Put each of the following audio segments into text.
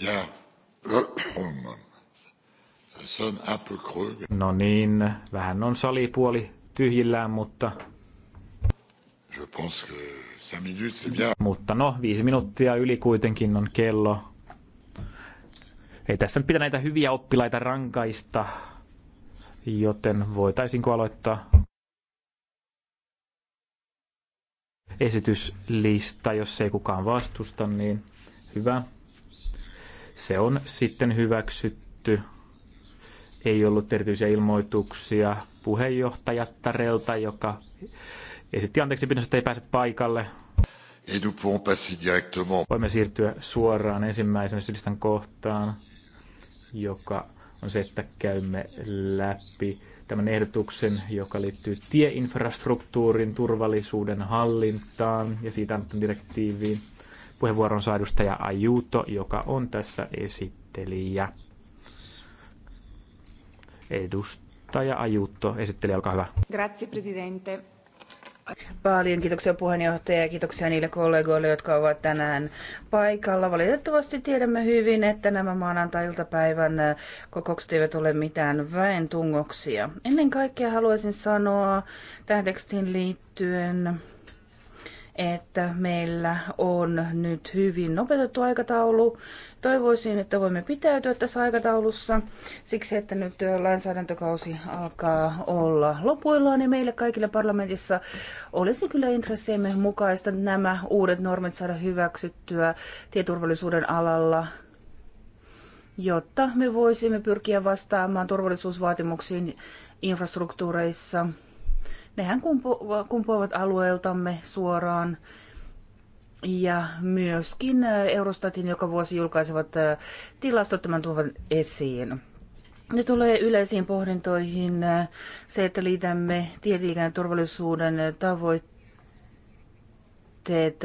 Bien. Oh, no niin, vähän on salipuoli tyhjillään, mutta... Je pense que minutes, bien. Mutta no, viisi minuuttia yli kuitenkin on kello. Ei tässä pitää näitä hyviä oppilaita rankaista, joten voitaisinko aloittaa esityslista, jos ei kukaan vastusta, niin hyvä. Se on sitten hyväksytty. Ei ollut erityisiä ilmoituksia puheenjohtajattarelta, joka esitti anteeksi pidänsä, että ei pääse paikalle. Et nous pouvons passer directement. Voimme siirtyä suoraan ensimmäisen sydistän kohtaan, joka on se, että käymme läpi tämän ehdotuksen, joka liittyy tieinfrastruktuurin turvallisuuden hallintaan ja siitä annettuun direktiiviin puheenvuoronsa edustaja Ajuto, joka on tässä esittelijä. Edustaja Ajuto, esittelijä, olkaa hyvä. Grazie, presidente. Paljon kiitoksia puheenjohtaja ja kiitoksia niille kollegoille, jotka ovat tänään paikalla. Valitettavasti tiedämme hyvin, että nämä maanantai-iltapäivän kokoukset eivät ole mitään väen tungoksia. Ennen kaikkea haluaisin sanoa tähän tekstiin liittyen että meillä on nyt hyvin nopeutettu aikataulu. Toivoisin, että voimme pitäytyä tässä aikataulussa siksi, että nyt lainsäädäntökausi alkaa olla lopuillaan niin meille kaikille parlamentissa olisi kyllä intressiemme mukaista nämä uudet normit saada hyväksyttyä tieturvallisuuden alalla jotta me voisimme pyrkiä vastaamaan turvallisuusvaatimuksiin infrastruktuureissa – Nehän kumpuavat alueeltamme suoraan ja myöskin Eurostatin joka vuosi julkaisevat tilastot tämän tuovan esiin. Ne tulee yleisiin pohdintoihin se, että liitämme turvallisuuden tavoitteet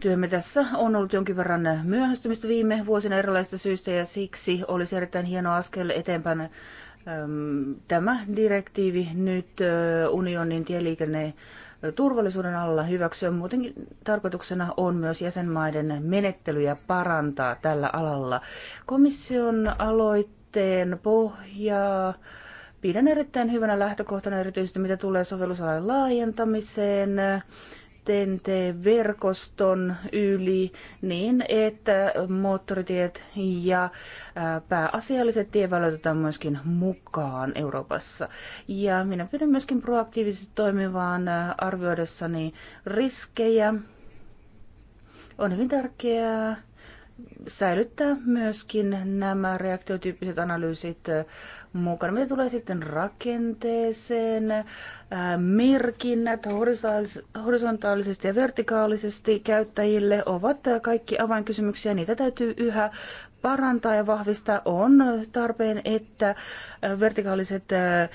työmme tässä on ollut jonkin verran myöhästymistä viime vuosina erilaisista syistä ja siksi olisi erittäin hieno askel eteenpäin tämä direktiivi nyt unionin tieliikenne turvallisuuden alla hyväksyä. Muutenkin tarkoituksena on myös jäsenmaiden menettelyjä parantaa tällä alalla. Komission aloitteen pohjaa pidän erittäin hyvänä lähtökohtana erityisesti mitä tulee sovellusalan laajentamiseen TNT-verkoston yli niin, että moottoritiet ja pääasialliset tieväylät otetaan myöskin mukaan Euroopassa. Ja minä pyydän myöskin proaktiivisesti toimivaan arvioidessani riskejä. On hyvin tärkeää säilyttää myöskin nämä reaktiotyyppiset analyysit mukana. Mitä tulee sitten rakenteeseen, äh, merkinnät horisontaalisesti ja vertikaalisesti käyttäjille ovat kaikki avainkysymyksiä. Niitä täytyy yhä parantaa ja vahvistaa on tarpeen, että äh, vertikaaliset äh,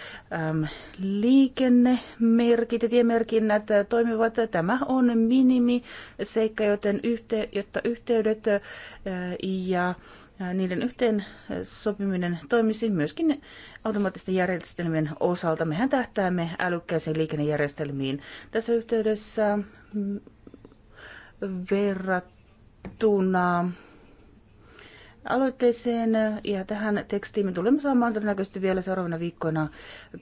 liikennemerkit ja tiemerkinnät äh, toimivat. Tämä on minimi seikka, joten yhte, jotta yhteydet ja niiden yhteen sopiminen toimisi myöskin automaattisten järjestelmien osalta. Mehän tähtäämme älykkäisiin liikennejärjestelmiin. Tässä yhteydessä mm, verrattuna aloitteeseen ja tähän tekstiin me tulemme saamaan todennäköisesti vielä seuraavana viikkoina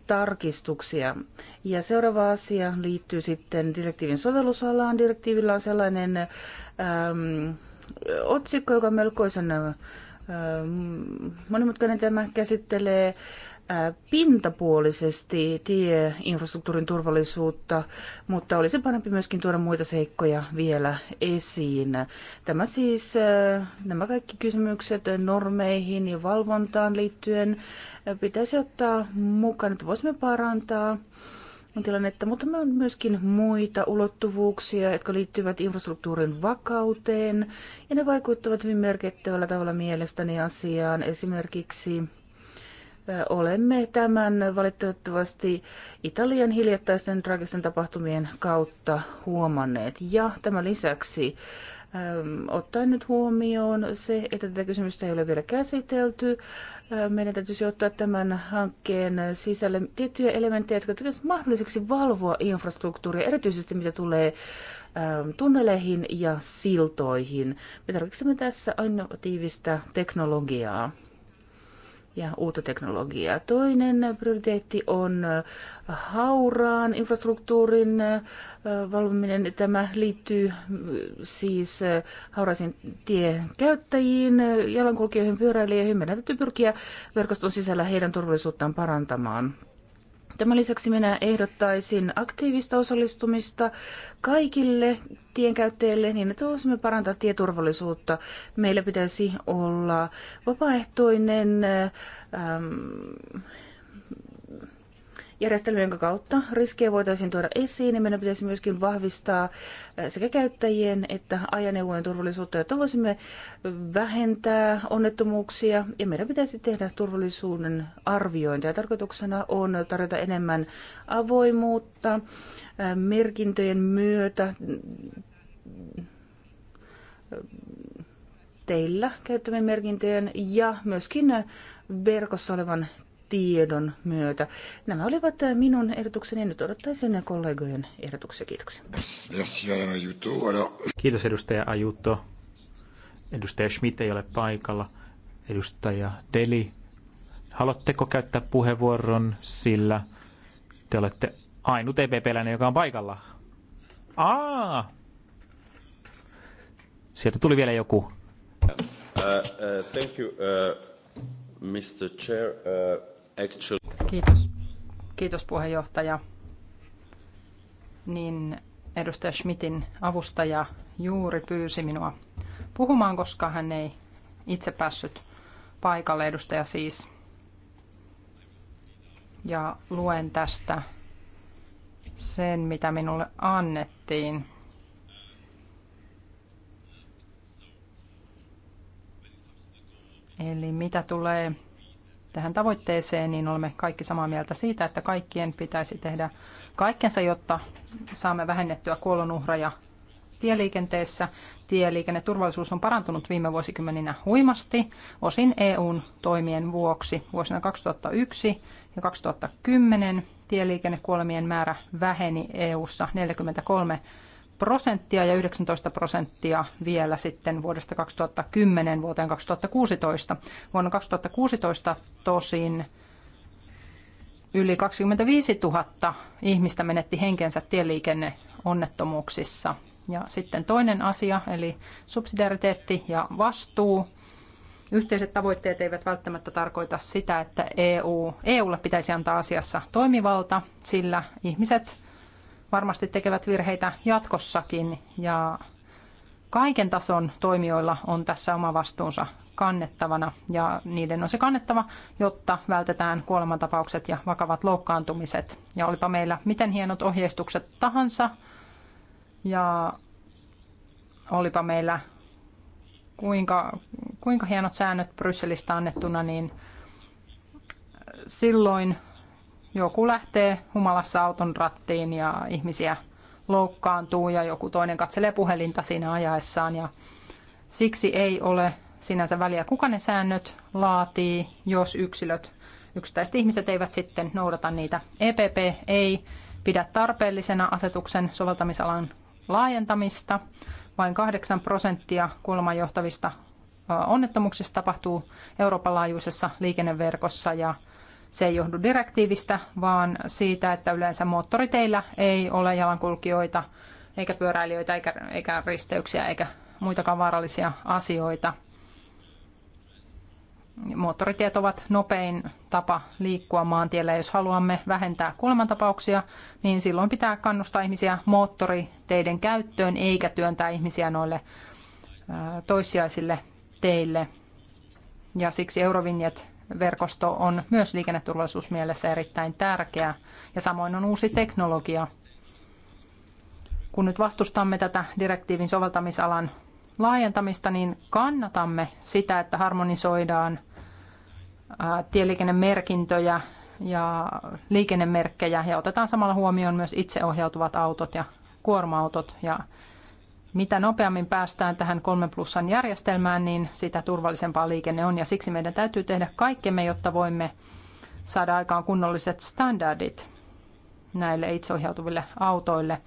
tarkistuksia. Ja seuraava asia liittyy sitten direktiivin sovellusalaan. Direktiivillä on sellainen äm, otsikko, joka on melkoisen äm, monimutkainen tämä käsittelee pintapuolisesti tieinfrastruktuurin turvallisuutta, mutta olisi parempi myöskin tuoda muita seikkoja vielä esiin. Tämä siis, nämä kaikki kysymykset normeihin ja valvontaan liittyen pitäisi ottaa mukaan, että voisimme parantaa tilannetta, mutta on myöskin muita ulottuvuuksia, jotka liittyvät infrastruktuurin vakauteen, ja ne vaikuttavat hyvin merkittävällä tavalla mielestäni asiaan. Esimerkiksi olemme tämän valitettavasti Italian hiljattaisten tragisten tapahtumien kautta huomanneet. Ja tämän lisäksi ähm, ottaen nyt huomioon se, että tätä kysymystä ei ole vielä käsitelty, äh, meidän täytyisi ottaa tämän hankkeen sisälle tiettyjä elementtejä, jotka tekevät mahdolliseksi valvoa infrastruktuuria, erityisesti mitä tulee ähm, tunneleihin ja siltoihin. Me tarvitsemme tässä innovatiivista teknologiaa ja uutta teknologiaa. Toinen prioriteetti on äh, hauraan infrastruktuurin äh, valvominen. Tämä liittyy äh, siis hauraisiin tiekäyttäjiin, jalankulkijoihin, pyöräilijöihin. Meidän täytyy pyrkiä verkoston sisällä heidän turvallisuuttaan parantamaan. Tämän lisäksi minä ehdottaisin aktiivista osallistumista kaikille tienkäyttäjille niin, että voisimme parantaa tieturvallisuutta. Meillä pitäisi olla vapaaehtoinen ähm, järjestely, jonka kautta riskejä voitaisiin tuoda esiin, niin meidän pitäisi myöskin vahvistaa sekä käyttäjien että ajaneuvojen turvallisuutta, jotta voisimme vähentää onnettomuuksia. Ja meidän pitäisi tehdä turvallisuuden arviointia. Tarkoituksena on tarjota enemmän avoimuutta merkintöjen myötä teillä käyttämien merkintöjen ja myöskin verkossa olevan tiedon myötä. Nämä olivat minun ehdotukseni. Nyt odottaisin kollegojen ehdotuksia. Kiitoksia. Kiitos edustaja Ajuto. Edustaja Schmidt ei ole paikalla. Edustaja Deli, haluatteko käyttää puheenvuoron, sillä te olette ainut epp joka on paikalla? Aa! Sieltä tuli vielä joku. Uh, uh, thank you, uh, Mr. Chair. Uh, actually... Kiitos. Kiitos puheenjohtaja. Niin edustaja Schmidtin avustaja juuri pyysi minua puhumaan, koska hän ei itse päässyt paikalle, edustaja siis. Ja luen tästä sen, mitä minulle annettiin. Eli mitä tulee tähän tavoitteeseen, niin olemme kaikki samaa mieltä siitä, että kaikkien pitäisi tehdä kaikkensa, jotta saamme vähennettyä kuolonuhraja tieliikenteessä. Tieliikenneturvallisuus on parantunut viime vuosikymmeninä huimasti, osin EUn toimien vuoksi. Vuosina 2001 ja 2010 tieliikennekuolemien määrä väheni EUssa 43 prosenttia ja 19 prosenttia vielä sitten vuodesta 2010 vuoteen 2016. Vuonna 2016 tosin yli 25 000 ihmistä menetti henkensä tieliikenneonnettomuuksissa. Ja sitten toinen asia, eli subsidiariteetti ja vastuu. Yhteiset tavoitteet eivät välttämättä tarkoita sitä, että EU, EUlle pitäisi antaa asiassa toimivalta, sillä ihmiset varmasti tekevät virheitä jatkossakin ja kaiken tason toimijoilla on tässä oma vastuunsa kannettavana ja niiden on se kannettava, jotta vältetään kuolemantapaukset ja vakavat loukkaantumiset. Ja olipa meillä miten hienot ohjeistukset tahansa ja olipa meillä kuinka, kuinka hienot säännöt Brysselistä annettuna, niin silloin joku lähtee humalassa auton rattiin ja ihmisiä loukkaantuu ja joku toinen katselee puhelinta siinä ajaessaan ja siksi ei ole sinänsä väliä, kuka ne säännöt laatii, jos yksilöt, yksittäiset ihmiset eivät sitten noudata niitä. EPP ei pidä tarpeellisena asetuksen soveltamisalan laajentamista. Vain 8 prosenttia kuolemaan johtavista onnettomuuksista tapahtuu Euroopan laajuisessa liikenneverkossa ja se ei johdu direktiivistä, vaan siitä, että yleensä moottoriteillä ei ole jalankulkijoita, eikä pyöräilijöitä, eikä, eikä risteyksiä, eikä muitakaan vaarallisia asioita. Moottoritiet ovat nopein tapa liikkua maantiellä. Jos haluamme vähentää kuolemantapauksia, niin silloin pitää kannustaa ihmisiä moottoriteiden käyttöön eikä työntää ihmisiä noille toissijaisille teille. Ja siksi Eurovinjet verkosto on myös liikenneturvallisuusmielessä erittäin tärkeä ja samoin on uusi teknologia. Kun nyt vastustamme tätä direktiivin soveltamisalan laajentamista, niin kannatamme sitä, että harmonisoidaan tieliikennemerkintöjä ja liikennemerkkejä ja otetaan samalla huomioon myös itseohjautuvat autot ja kuorma-autot ja mitä nopeammin päästään tähän kolmen plussan järjestelmään, niin sitä turvallisempaa liikenne on. Ja siksi meidän täytyy tehdä kaikkemme, jotta voimme saada aikaan kunnolliset standardit näille itseohjautuville autoille.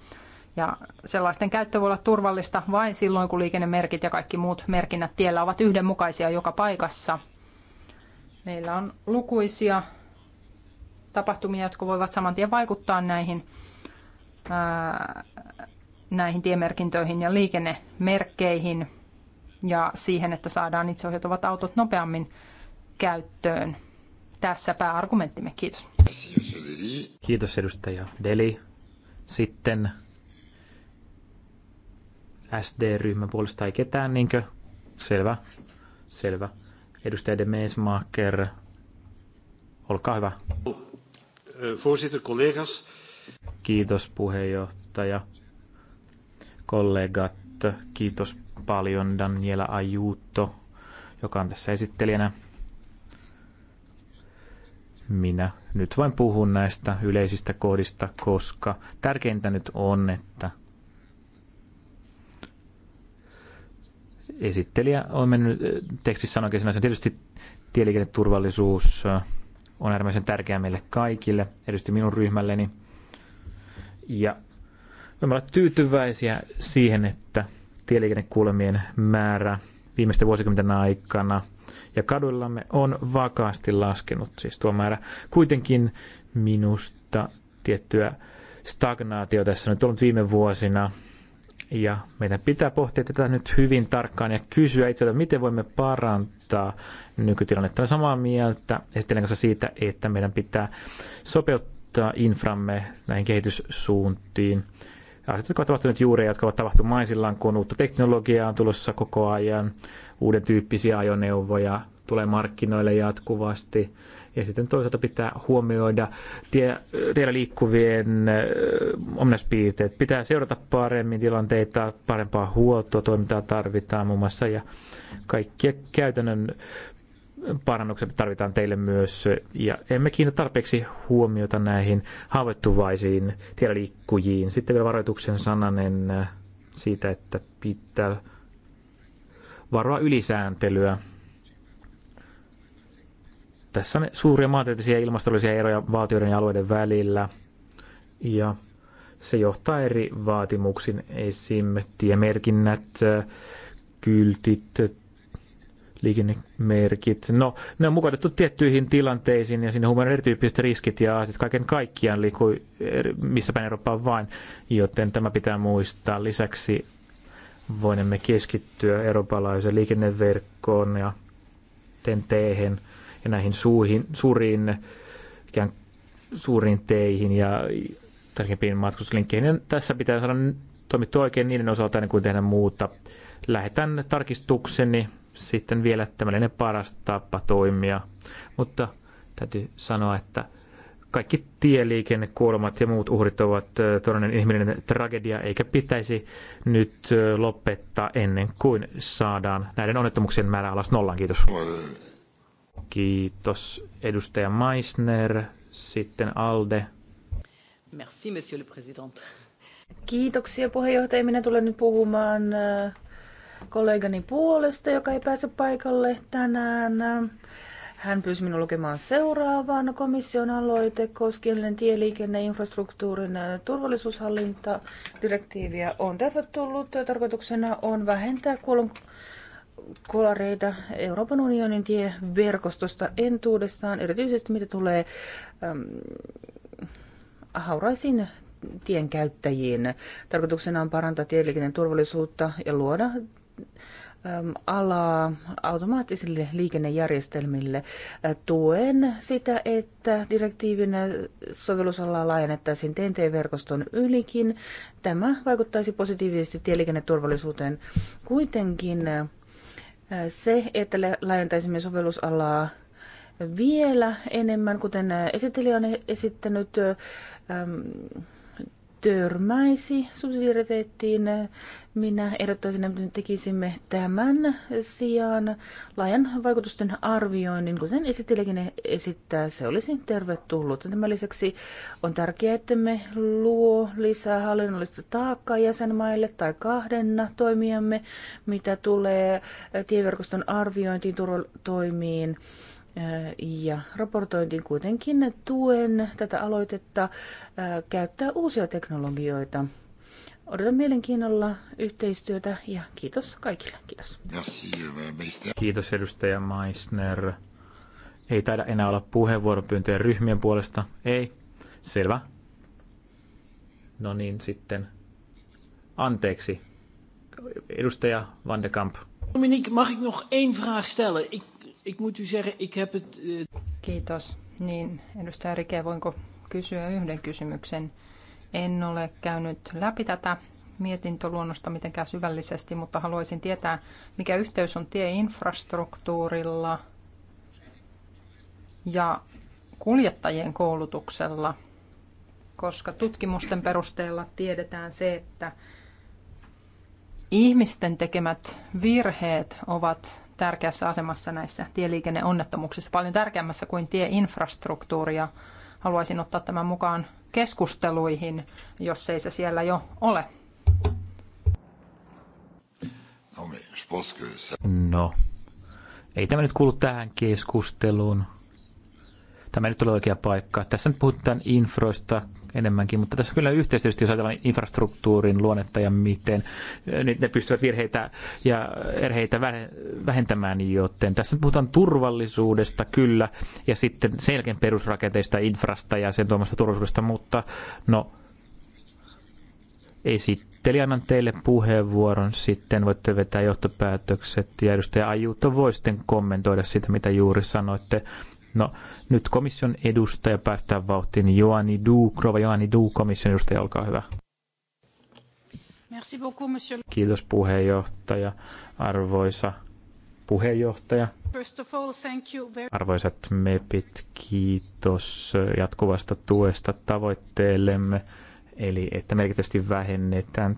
Ja sellaisten käyttö voi olla turvallista vain silloin, kun liikennemerkit ja kaikki muut merkinnät tiellä ovat yhdenmukaisia joka paikassa. Meillä on lukuisia tapahtumia, jotka voivat saman tien vaikuttaa näihin näihin tiemerkintöihin ja liikennemerkkeihin ja siihen, että saadaan itseohjautuvat autot nopeammin käyttöön. Tässä pääargumenttimme. Kiitos. Kiitos edustaja Deli. Sitten SD-ryhmän puolesta ei ketään, niinkö? Selvä. Selvä. Edustaja de Meesmaker, olkaa hyvä. Eh, Kiitos puheenjohtaja kollegat. Kiitos paljon Daniela ajuutto, joka on tässä esittelijänä. Minä nyt vain puhun näistä yleisistä kohdista, koska tärkeintä nyt on, että esittelijä on mennyt tekstissä sen asian, Tietysti tieliikenneturvallisuus on äärimmäisen tärkeää meille kaikille, erityisesti minun ryhmälleni. Ja Olemme tyytyväisiä siihen, että tieliikennekuulemien määrä viimeisten vuosikymmenten aikana ja kaduillamme on vakaasti laskenut, siis tuo määrä. Kuitenkin minusta tiettyä stagnaatio tässä nyt on ollut viime vuosina, ja meidän pitää pohtia tätä nyt hyvin tarkkaan ja kysyä itseltä, miten voimme parantaa nykytilannetta. Olen samaa mieltä esittelen kanssa siitä, että meidän pitää sopeuttaa inframme näihin kehityssuuntiin asiat, jotka ovat tapahtuneet juuri, jotka ovat maisillaan, kun uutta teknologiaa on tulossa koko ajan, uuden tyyppisiä ajoneuvoja tulee markkinoille jatkuvasti. Ja sitten toisaalta pitää huomioida tie, tiellä liikkuvien äh, ominaispiirteet. Pitää seurata paremmin tilanteita, parempaa huoltoa, toimintaa tarvitaan muun muassa ja kaikkia käytännön parannukset tarvitaan teille myös, ja emme kiinnitä tarpeeksi huomiota näihin haavoittuvaisiin tieliikkujiin. Sitten vielä varoituksen sananen siitä, että pitää varoa ylisääntelyä. Tässä on suuria maantieteellisiä ja ilmastollisia eroja valtioiden ja alueiden välillä, ja se johtaa eri vaatimuksiin, esim. tiemerkinnät, kyltit, liikennemerkit. No, ne on mukautettu tiettyihin tilanteisiin ja sinne huomioon erityyppiset riskit ja asiat kaiken kaikkiaan liikkuu missä päin Eurooppaan vain, joten tämä pitää muistaa. Lisäksi voimme keskittyä eurooppalaisen liikenneverkkoon ja tenteihin ja näihin suuhin, suuriin, ikään suuriin teihin ja tärkeimpiin matkustuslinkkeihin. Ja tässä pitää saada toimittua oikein niiden osalta ennen kuin tehdä muuta. Lähetän tarkistukseni sitten vielä tämmöinen paras tapa toimia. Mutta täytyy sanoa, että kaikki tieliikennekuolemat ja muut uhrit ovat todellinen ihminen tragedia, eikä pitäisi nyt lopettaa ennen kuin saadaan näiden onnettomuuksien määrä alas nollaan. Kiitos. Kiitos edustaja Meissner, sitten Alde. Merci, monsieur le président. Kiitoksia puheenjohtaja. Minä tulen nyt puhumaan kollegani puolesta, joka ei pääse paikalle tänään. Hän pyysi minua lukemaan seuraavan komission aloite koskien tieliikenneinfrastruktuurin äh, direktiiviä. on tervetullut. Tarkoituksena on vähentää kuolon kolareita Euroopan unionin tieverkostosta entuudestaan, erityisesti mitä tulee ähm, hauraisiin tienkäyttäjiin. Tarkoituksena on parantaa tieliikenteen turvallisuutta ja luoda alaa automaattisille liikennejärjestelmille. Tuen sitä, että direktiivin sovellusalaa laajennettaisiin TNT-verkoston ylikin. Tämä vaikuttaisi positiivisesti tieliikenneturvallisuuteen. Kuitenkin se, että laajentaisimme sovellusalaa vielä enemmän, kuten esittelijä on esittänyt, törmäisi subsidiariteettiin. Minä ehdottaisin, että tekisimme tämän sijaan laajan vaikutusten arvioinnin, kuten esittelijäkin esittää. Se olisi tervetullut. Tämän lisäksi on tärkeää, että me luo lisää hallinnollista taakkaa jäsenmaille tai kahdenna toimijamme, mitä tulee tieverkoston arviointiin, turvatoimiin ja raportointiin kuitenkin tuen tätä aloitetta käyttää uusia teknologioita. Odotan mielenkiinnolla yhteistyötä ja kiitos kaikille. Kiitos. Euh, kiitos edustaja Meissner. Ei taida enää olla puheenvuoropyyntöjä ryhmien puolesta. Ei. Selvä. No niin, sitten. Anteeksi. Edustaja Van de Kamp. Dominique, mag ik nog één vraag stellen? Ik Ik moet u zeggen, ik heb het... Eh, Kiitos. Niin, edustaja Rike, voinko kysyä yhden kysymyksen? En ole käynyt läpi tätä mietintöluonnosta mitenkään syvällisesti, mutta haluaisin tietää, mikä yhteys on tieinfrastruktuurilla ja kuljettajien koulutuksella, koska tutkimusten perusteella tiedetään se, että ihmisten tekemät virheet ovat tärkeässä asemassa näissä tieliikenneonnettomuuksissa, paljon tärkeämmässä kuin tieinfrastruktuuria. Haluaisin ottaa tämän mukaan keskusteluihin, jos ei se siellä jo ole. No, niin, no ei tämä nyt kuulu tähän keskusteluun. Tämä nyt ole oikea paikka. Tässä nyt puhutaan infroista, enemmänkin, mutta tässä kyllä yhteistyössä, jos ajatellaan infrastruktuurin luonnetta ja miten niin ne pystyvät virheitä ja erheitä vähentämään, joten tässä puhutaan turvallisuudesta kyllä ja sitten selkeän perusrakenteista, infrasta ja sen tuomasta turvallisuudesta, mutta no esitteli, annan teille puheenvuoron sitten, voitte vetää johtopäätökset ja edustaja Ajuutta voi sitten kommentoida sitä, mitä juuri sanoitte. No, nyt komission edustaja päästään vauhtiin. Joani Duukrova. Joani Du, komission edustaja, olkaa hyvä. Merci beaucoup, monsieur. Kiitos puheenjohtaja, arvoisa puheenjohtaja. First of all, thank you very... Arvoisat MEPit, kiitos jatkuvasta tuesta tavoitteellemme, eli että merkittävästi vähennetään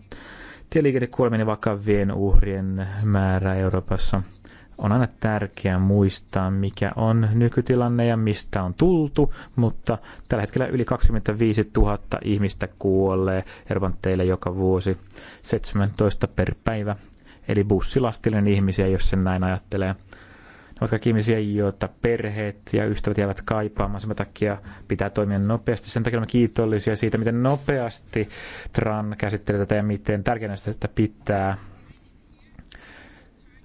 tieliikennekuolemien vakavien uhrien määrää Euroopassa – on aina tärkeää muistaa, mikä on nykytilanne ja mistä on tultu, mutta tällä hetkellä yli 25 000 ihmistä kuolee Ervanteille teille joka vuosi 17 per päivä. Eli bussilastillinen ihmisiä, jos sen näin ajattelee. Ne ovat kaikki ihmisiä, joita perheet ja ystävät jäävät kaipaamaan. Sen takia pitää toimia nopeasti. Sen takia olemme kiitollisia siitä, miten nopeasti TRAN käsittelee tätä ja miten tärkeänä sitä pitää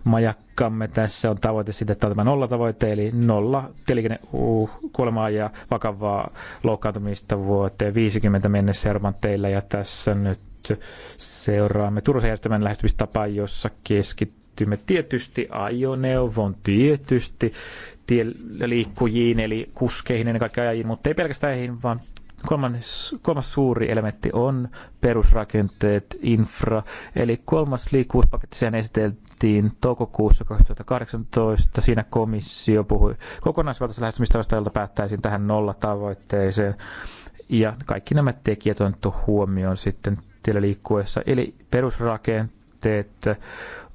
majakkamme tässä on tavoite siitä, että on tämä nollatavoite, eli nolla kuolemaa ja vakavaa loukkaantumista vuoteen 50 mennessä Euroopan teillä. Ja tässä nyt seuraamme järjestelmän lähestymistapaa, jossa keskittymme tietysti ajoneuvon, tietysti liikkujiin, eli kuskeihin ennen kaikkea ajajiin, mutta ei pelkästään heihin, vaan kolmas, kolmas suuri elementti on perusrakenteet, infra, eli kolmas liikkuvuuspaketti, sehän esiteltiin julkaistiin toukokuussa 2018. Siinä komissio puhui kokonaisvaltaisesta lähestymistavasta, jolta päättäisiin tähän nollatavoitteeseen. Ja kaikki nämä tekijät on otettu huomioon sitten tiellä liikkuessa. Eli perusrakenteet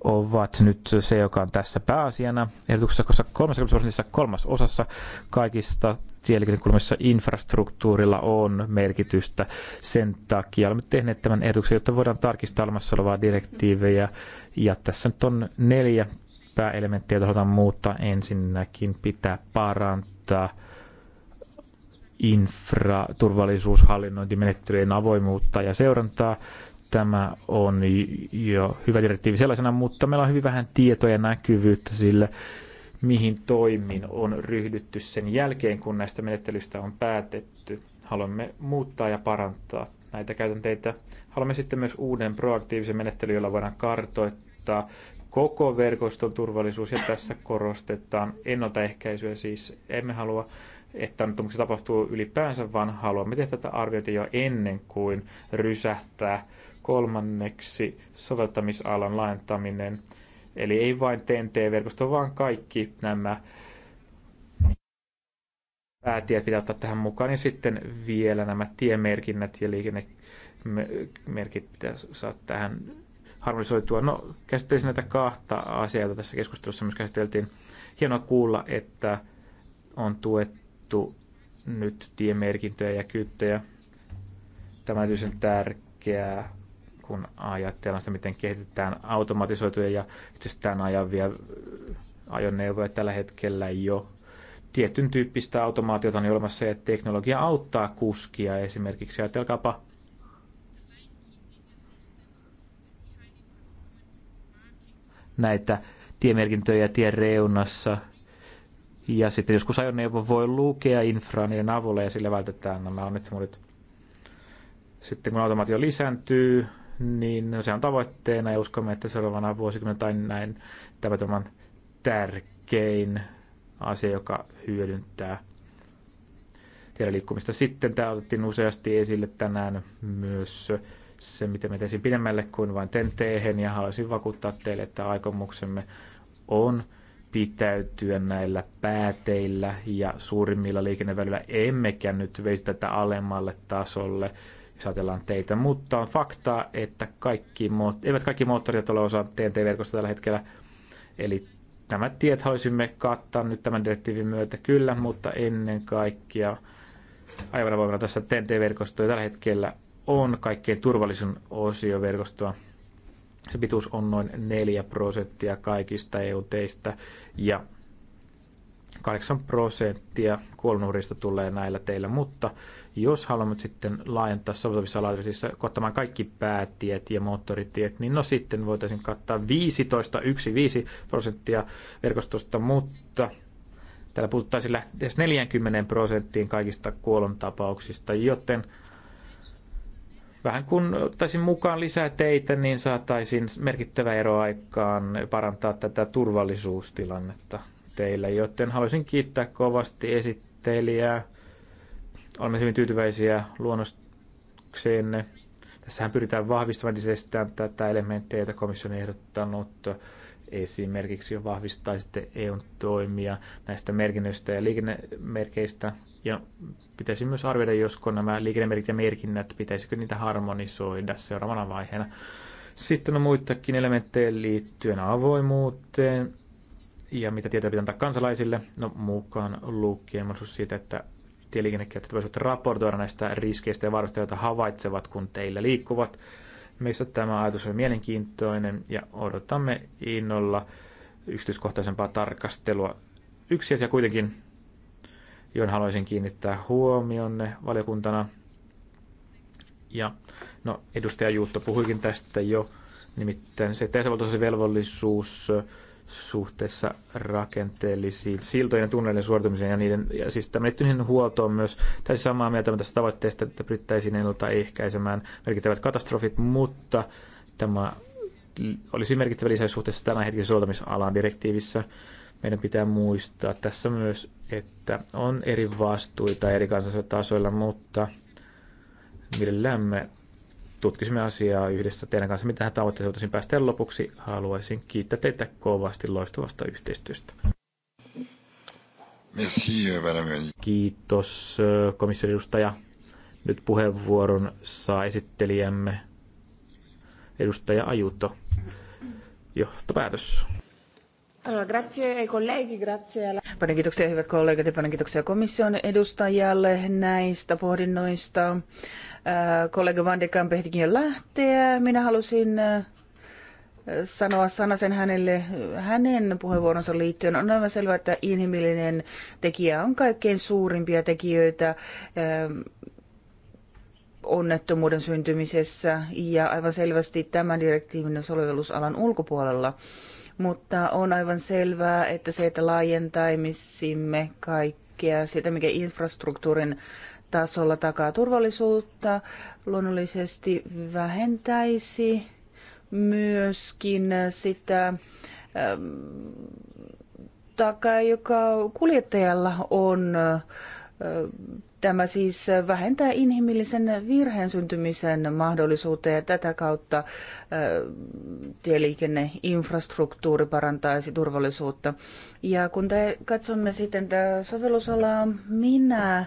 ovat nyt se, joka on tässä pääasiana. Ehdotuksessa, koska 30 prosentissa kolmas osassa kaikista tieliikennekulmissa infrastruktuurilla on merkitystä. Sen takia olemme tehneet tämän ehdotuksen, jotta voidaan tarkistaa olemassa olevaa direktiivejä ja tässä nyt on neljä pääelementtiä, joita halutaan muuttaa. Ensinnäkin pitää parantaa infraturvallisuushallinnointimenettelyjen avoimuutta ja seurantaa. Tämä on jo hyvä direktiivi sellaisena, mutta meillä on hyvin vähän tietoja ja näkyvyyttä sille, mihin toimin on ryhdytty sen jälkeen, kun näistä menettelyistä on päätetty. Haluamme muuttaa ja parantaa näitä käytänteitä. Haluamme sitten myös uuden proaktiivisen menettelyn, jolla voidaan kartoittaa varmistaa koko verkoston turvallisuus ja tässä korostetaan ennaltaehkäisyä. Siis emme halua, että onnettomuuksia tapahtuu ylipäänsä, vaan haluamme tehdä tätä arviointia jo ennen kuin rysähtää. Kolmanneksi soveltamisalan laajentaminen. Eli ei vain TNT-verkosto, vaan kaikki nämä päätiet pitää ottaa tähän mukaan. Ja sitten vielä nämä tiemerkinnät ja liikennemerkit pitää saada tähän harmonisoitua. No, käsittelisin näitä kahta asiaa, tässä keskustelussa myös käsiteltiin. Hienoa kuulla, että on tuettu nyt tiemerkintöjä ja kyyttejä. Tämä on erityisen tärkeää, kun ajatellaan sitä, miten kehitetään automatisoituja ja itsestään ajavia ajoneuvoja tällä hetkellä jo. Tietyn tyyppistä automaatiota on olemassa ja teknologia auttaa kuskia esimerkiksi. Ajatelkaapa näitä tiemerkintöjä tien reunassa. Ja sitten joskus ajoneuvo voi lukea infraa niiden avulla ja sillä vältetään nämä onnettomuudet. Sitten kun automaatio lisääntyy, niin no, se on tavoitteena ja uskomme, että seuraavana vuosikymmenen tai näin tämä on tärkein asia, joka hyödyntää tiedon liikkumista. Sitten tämä otettiin useasti esille tänään myös se, mitä me teisin pidemmälle kuin vain TEN-teehen, ja haluaisin vakuuttaa teille, että aikomuksemme on pitäytyä näillä pääteillä ja suurimmilla liikenneväylillä, emmekä nyt veisi tätä alemmalle tasolle, jos ajatellaan teitä. Mutta on faktaa, että kaikki, eivät kaikki moottorit ole osa TNT-verkosta tällä hetkellä, eli nämä tiet haluaisimme kattaa nyt tämän direktiivin myötä kyllä, mutta ennen kaikkea aivan voimalla tässä TNT-verkosto tällä hetkellä on kaikkein turvallisin osio verkostoa. Se pituus on noin 4 prosenttia kaikista EU-teistä ja 8 prosenttia kuolonuhrista tulee näillä teillä, mutta jos haluamme sitten laajentaa soveltamisaladressissa kohtamaan kaikki päätiet ja moottoritiet, niin no sitten voitaisiin kattaa 15, 1, 5 prosenttia verkostosta, mutta täällä puhuttaisiin lähes 40 prosenttiin kaikista kuolontapauksista, joten vähän kun ottaisin mukaan lisää teitä, niin saataisiin merkittävä ero aikaan parantaa tätä turvallisuustilannetta teille, joten haluaisin kiittää kovasti esittelijää. Olemme hyvin tyytyväisiä luonnokseenne. Tässähän pyritään vahvistamaan entisestään tätä elementtiä, jota komissio on ehdottanut. Esimerkiksi vahvistaisitte EUn toimia näistä merkinnöistä ja liikennemerkeistä ja pitäisi myös arvioida, josko nämä liikennemerkit ja merkinnät, pitäisikö niitä harmonisoida seuraavana vaiheena. Sitten on muitakin elementtejä liittyen avoimuuteen ja mitä tietoja pitää antaa kansalaisille. No mukaan lukien mahdollisuus siitä, että tieliikennekäyttäjät voisivat raportoida näistä riskeistä ja varoista, joita havaitsevat, kun teillä liikkuvat. Meistä tämä ajatus on mielenkiintoinen ja odotamme innolla yksityiskohtaisempaa tarkastelua. Yksi asia kuitenkin joihin haluaisin kiinnittää huomionne valiokuntana. Ja no, edustaja Juutto puhuikin tästä jo, nimittäin se täysivaltaisen velvollisuus suhteessa rakenteellisiin siltojen ja tunnelien suoritumiseen ja niiden, ja siis tämmöinen huoltoon myös täysin samaa mieltä tästä tavoitteesta, että pyrittäisiin ennaltaehkäisemään merkittävät katastrofit, mutta tämä olisi merkittävä lisäys suhteessa tämän hetken soveltamisalaan direktiivissä. Meidän pitää muistaa tässä myös että on eri vastuita eri kansallisilla tasoilla, mutta mielellään me tutkisimme asiaa yhdessä teidän kanssa. Mitä tavoitteeseen voitaisiin päästä lopuksi? Haluaisin kiittää teitä kovasti loistavasta yhteistyöstä. Merci, Kiitos äh, komission edustaja. Nyt puheenvuoron saa esittelijämme edustaja Ajuto. Johtopäätös. Paljon kiitoksia hyvät kollegat ja paljon kiitoksia komission edustajalle näistä pohdinnoista. Äh, kollega Van de Kamp ehtikin jo lähteä. Minä halusin äh, sanoa sanasen hänelle hänen puheenvuoronsa liittyen. On aivan selvää, että inhimillinen tekijä on kaikkein suurimpia tekijöitä äh, onnettomuuden syntymisessä ja aivan selvästi tämän direktiivin sovellusalan ulkopuolella mutta on aivan selvää, että se, että laajentaisimme kaikkea sitä, mikä infrastruktuurin tasolla takaa turvallisuutta, luonnollisesti vähentäisi myöskin sitä ähm, takaa, joka kuljettajalla on äh, Tämä siis vähentää inhimillisen virheen syntymisen mahdollisuutta ja tätä kautta tieliikenneinfrastruktuuri parantaisi turvallisuutta. Ja kun te katsomme sitten tätä sovellusalaa, minä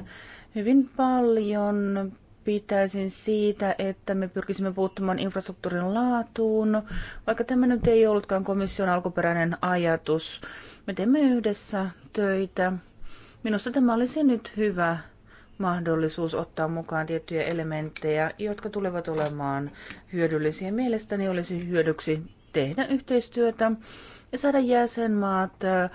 hyvin paljon pitäisin siitä, että me pyrkisimme puuttumaan infrastruktuurin laatuun, vaikka tämä nyt ei ollutkaan komission alkuperäinen ajatus. Me teemme yhdessä töitä. Minusta tämä olisi nyt hyvä mahdollisuus ottaa mukaan tiettyjä elementtejä, jotka tulevat olemaan hyödyllisiä. Mielestäni olisi hyödyksi tehdä yhteistyötä ja saada jäsenmaat äh,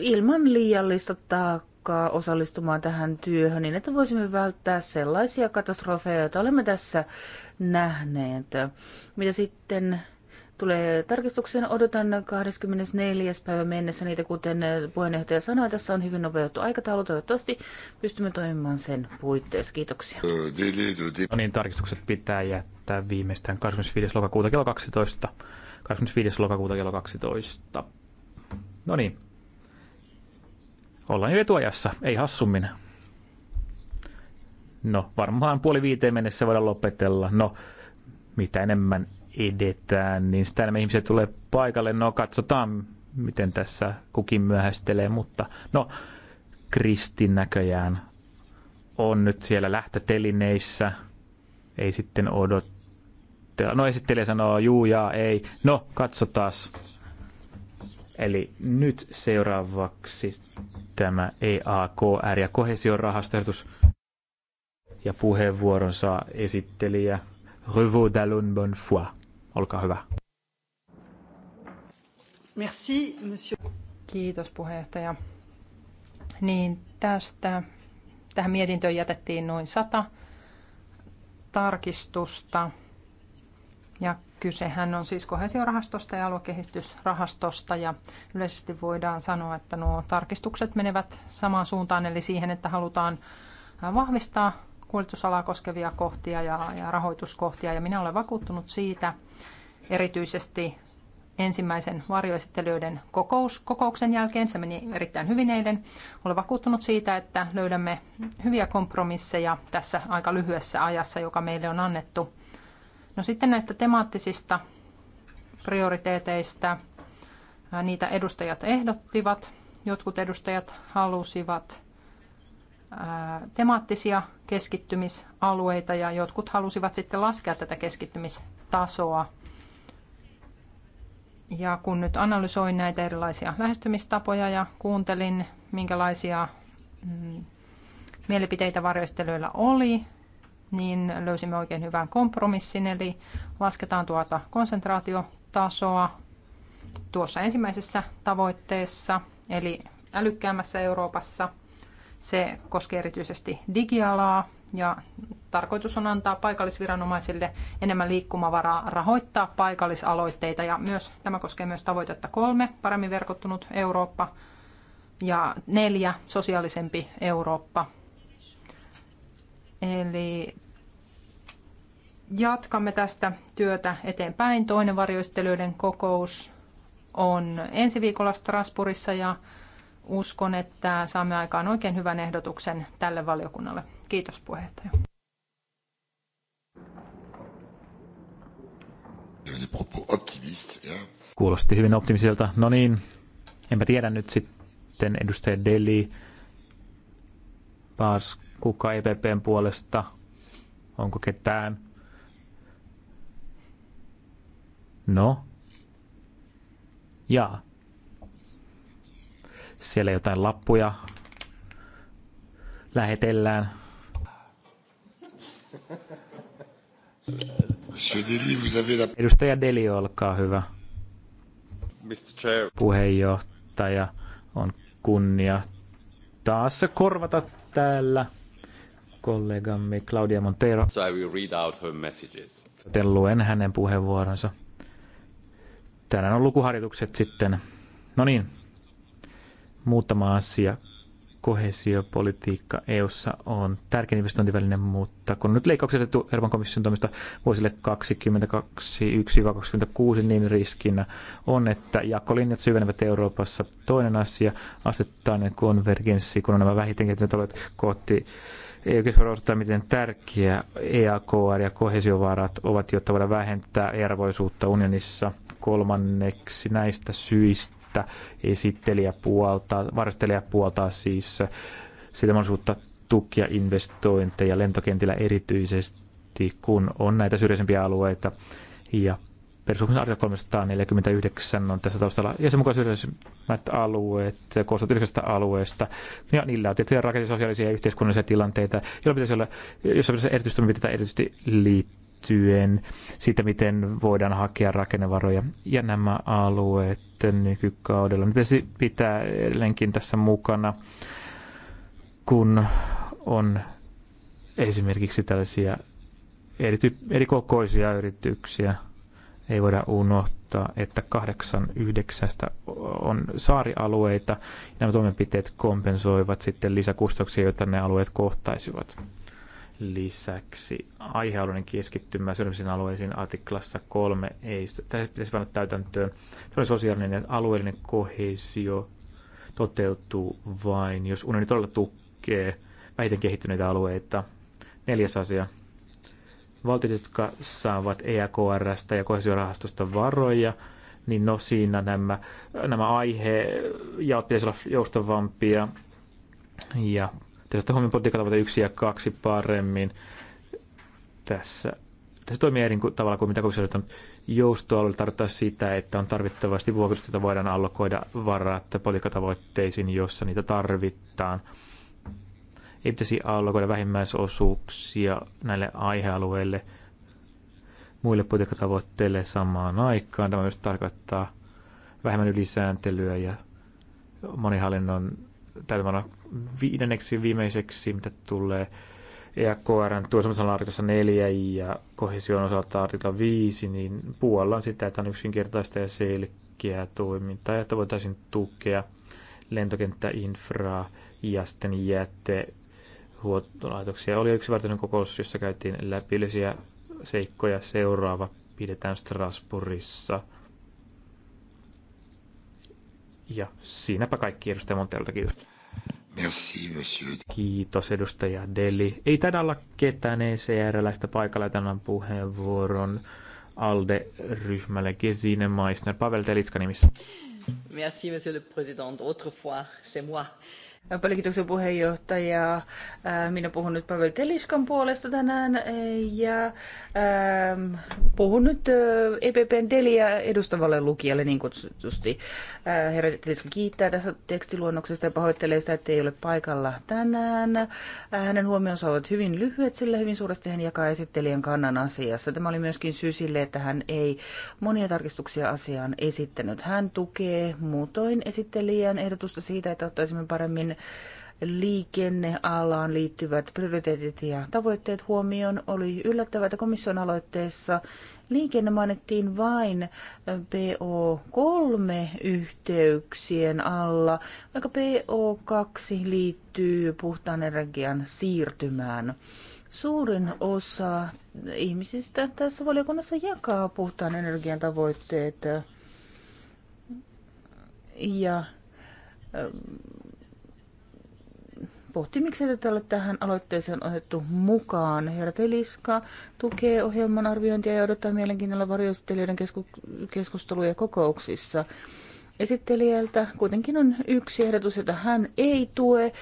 ilman liiallista taakkaa osallistumaan tähän työhön niin, että voisimme välttää sellaisia katastrofeja, joita olemme tässä nähneet. Mitä sitten tulee tarkistukseen. Odotan 24. päivä mennessä niitä, kuten puheenjohtaja sanoi. Tässä on hyvin nopeutettu aikataulu. Toivottavasti pystymme toimimaan sen puitteissa. Kiitoksia. No niin, tarkistukset pitää jättää viimeistään 25. lokakuuta kello 12. 25. lokakuuta kello 12. No niin. Ollaan jo etuajassa, ei hassummin. No, varmaan puoli viiteen mennessä voidaan lopetella. No, mitä enemmän edetään, niin sitä enemmän ihmisiä tulee paikalle. No katsotaan, miten tässä kukin myöhästelee, mutta no Kristin näköjään on nyt siellä lähtötelineissä. Ei sitten odottaa. No esittelijä sanoo juu ja ei. No katsotaan. Eli nyt seuraavaksi tämä EAKR ja kohesiorahastoehdotus ja puheenvuoron saa esittelijä Revaud d'Alon Bonfoy. Olkaa hyvä. Merci, monsieur. Kiitos puheenjohtaja. Niin tästä, tähän mietintöön jätettiin noin sata tarkistusta. Ja kysehän on siis kohesiorahastosta ja aluekehitysrahastosta ja yleisesti voidaan sanoa, että nuo tarkistukset menevät samaan suuntaan, eli siihen, että halutaan vahvistaa kuljetusalaa koskevia kohtia ja, ja rahoituskohtia. Ja minä olen vakuuttunut siitä, erityisesti ensimmäisen varjoesittelijöiden kokous, kokouksen jälkeen, se meni erittäin hyvin eilen, olen vakuuttunut siitä, että löydämme hyviä kompromisseja tässä aika lyhyessä ajassa, joka meille on annettu. No sitten näistä temaattisista prioriteeteista, niitä edustajat ehdottivat, jotkut edustajat halusivat temaattisia keskittymisalueita ja jotkut halusivat sitten laskea tätä keskittymistasoa. Ja kun nyt analysoin näitä erilaisia lähestymistapoja ja kuuntelin, minkälaisia mm, mielipiteitä varjoistelijoilla oli, niin löysimme oikein hyvän kompromissin, eli lasketaan tuota konsentraatiotasoa tuossa ensimmäisessä tavoitteessa, eli älykkäämmässä Euroopassa – se koskee erityisesti digialaa ja tarkoitus on antaa paikallisviranomaisille enemmän liikkumavaraa rahoittaa paikallisaloitteita ja myös, tämä koskee myös tavoitetta kolme, paremmin verkottunut Eurooppa ja neljä, sosiaalisempi Eurooppa. Eli jatkamme tästä työtä eteenpäin. Toinen varjoistelijoiden kokous on ensi viikolla Strasbourgissa ja uskon, että saamme aikaan oikein hyvän ehdotuksen tälle valiokunnalle. Kiitos puheenjohtaja. Kuulosti hyvin optimiselta. No niin, enpä tiedä nyt sitten edustaja Deli, Paas Kuka EPPn puolesta, onko ketään? No? Jaa, siellä jotain lappuja lähetellään. Edustaja Deli, olkaa hyvä. Mr. Chair. Puheenjohtaja, on kunnia taas korvata täällä kollegamme Claudia Montero. So I will read out her messages. Joten luen hänen puheenvuoronsa. Täällä on lukuharjoitukset sitten. No niin, Muutama asia. Kohesiopolitiikka EU:ssa on tärkein investointiväline, mutta kun nyt leikkaukset otettu Euroopan komission toimesta vuosille 2021-2026, niin riskinä on, että jakolinjat syvenevät Euroopassa. Toinen asia, asettainen konvergenssi, kun on nämä vähiten kehittyneet alueet kohti EU-keskustelua osoittaa, miten tärkeä EAKR ja kohesiovarat ovat, jotta voidaan vähentää eroavaisuutta unionissa. Kolmanneksi näistä syistä että esittelijä puoltaa, varastelija puoltaa siis sitä mahdollisuutta tukia investointeja lentokentillä erityisesti, kun on näitä syrjäisempiä alueita. Ja perusopimuksen artikla 349 on tässä taustalla jäsenmukaisuudelliset alueet, koostuvat yhdeksästä alueesta, ja niillä on tiettyjä rakenteellisia, sosiaalisia ja yhteiskunnallisia tilanteita, joilla pitäisi olla, jossa pitäisi erityistoimenpiteitä erityisesti liittyä liittyen siitä, miten voidaan hakea rakennevaroja. Ja nämä alueet nykykaudella. Nyt pitäisi pitää edelleenkin tässä mukana, kun on esimerkiksi tällaisia erity, erikokoisia yrityksiä. Ei voida unohtaa, että kahdeksan yhdeksästä on saarialueita. Nämä toimenpiteet kompensoivat sitten lisäkustannuksia, joita ne alueet kohtaisivat lisäksi aihealueiden keskittymä syrjäisiin alueisiin artiklassa kolme ei. Tässä pitäisi panna täytäntöön. Se on sosiaalinen ja alueellinen kohesio toteutuu vain, jos unioni todella tukee vähiten kehittyneitä alueita. Neljäs asia. Valtiot, jotka saavat EAKRstä ja kohesiorahastosta varoja, niin no siinä nämä, nämä ja pitäisi olla joustavampia ja Teistä huomioon tavoite yksi ja kaksi paremmin. Tässä, tässä toimii eri tavalla kuin mitä komissio on joustoalueella tarkoittaa sitä, että on tarvittavasti vuokrasta, jota voidaan allokoida varat politiikkatavoitteisiin, jossa niitä tarvitaan. Ei pitäisi allokoida vähimmäisosuuksia näille aihealueille muille politiikkatavoitteille samaan aikaan. Tämä myös tarkoittaa vähemmän ylisääntelyä ja monihallinnon täytäntöönpano viidenneksi viimeiseksi, mitä tulee EAKRn tuossa artiklassa neljä ja kohesion osalta artikla viisi, niin puolella on sitä, että on yksinkertaista ja selkeää toimintaa, että voitaisiin tukea lentokenttäinfraa ja sitten jätehuoltolaitoksia. Oli yksi vartinen kokous, jossa käytiin läpillisiä seikkoja. Seuraava pidetään Strasbourgissa ja siinäpä kaikki edustaja Montelta, kiitos. Merci, monsieur. Kiitos edustaja Deli. Ei taida olla ketään ECR-läistä paikalla tämän puheenvuoron ALDE-ryhmälle Gesine Meissner. Pavel Telitska nimissä. Merci, monsieur le président. Autrefois, c'est moi. Palkituksen puheenjohtaja. Minä puhun nyt Pavel Teliskan puolesta tänään ja ähm, puhun nyt EPPn Delia edustavalle lukijalle niin kutsutusti. Herra Teliska kiittää tästä tekstiluonnoksesta ja pahoittelee sitä, että ei ole paikalla tänään. Hänen huomionsa ovat hyvin lyhyet, sillä hyvin suuresti hän jakaa esittelijän kannan asiassa. Tämä oli myöskin syy sille, että hän ei monia tarkistuksia asiaan esittänyt. Hän tukee muutoin esittelijän ehdotusta siitä, että ottaisimme paremmin liikennealaan liittyvät prioriteetit ja tavoitteet huomioon. Oli yllättävää, että komission aloitteessa liikenne mainittiin vain PO3-yhteyksien alla, vaikka PO2 liittyy puhtaan energian siirtymään. Suurin osa ihmisistä tässä valiokunnassa jakaa puhtaan energian tavoitteet ja pohti, miksi tätä tähän aloitteeseen otettu mukaan. Herra Teliska tukee ohjelman arviointia ja odottaa mielenkiinnolla varjoistelijoiden kesku- keskusteluja kokouksissa. Esittelijältä kuitenkin on yksi ehdotus, jota hän ei tue.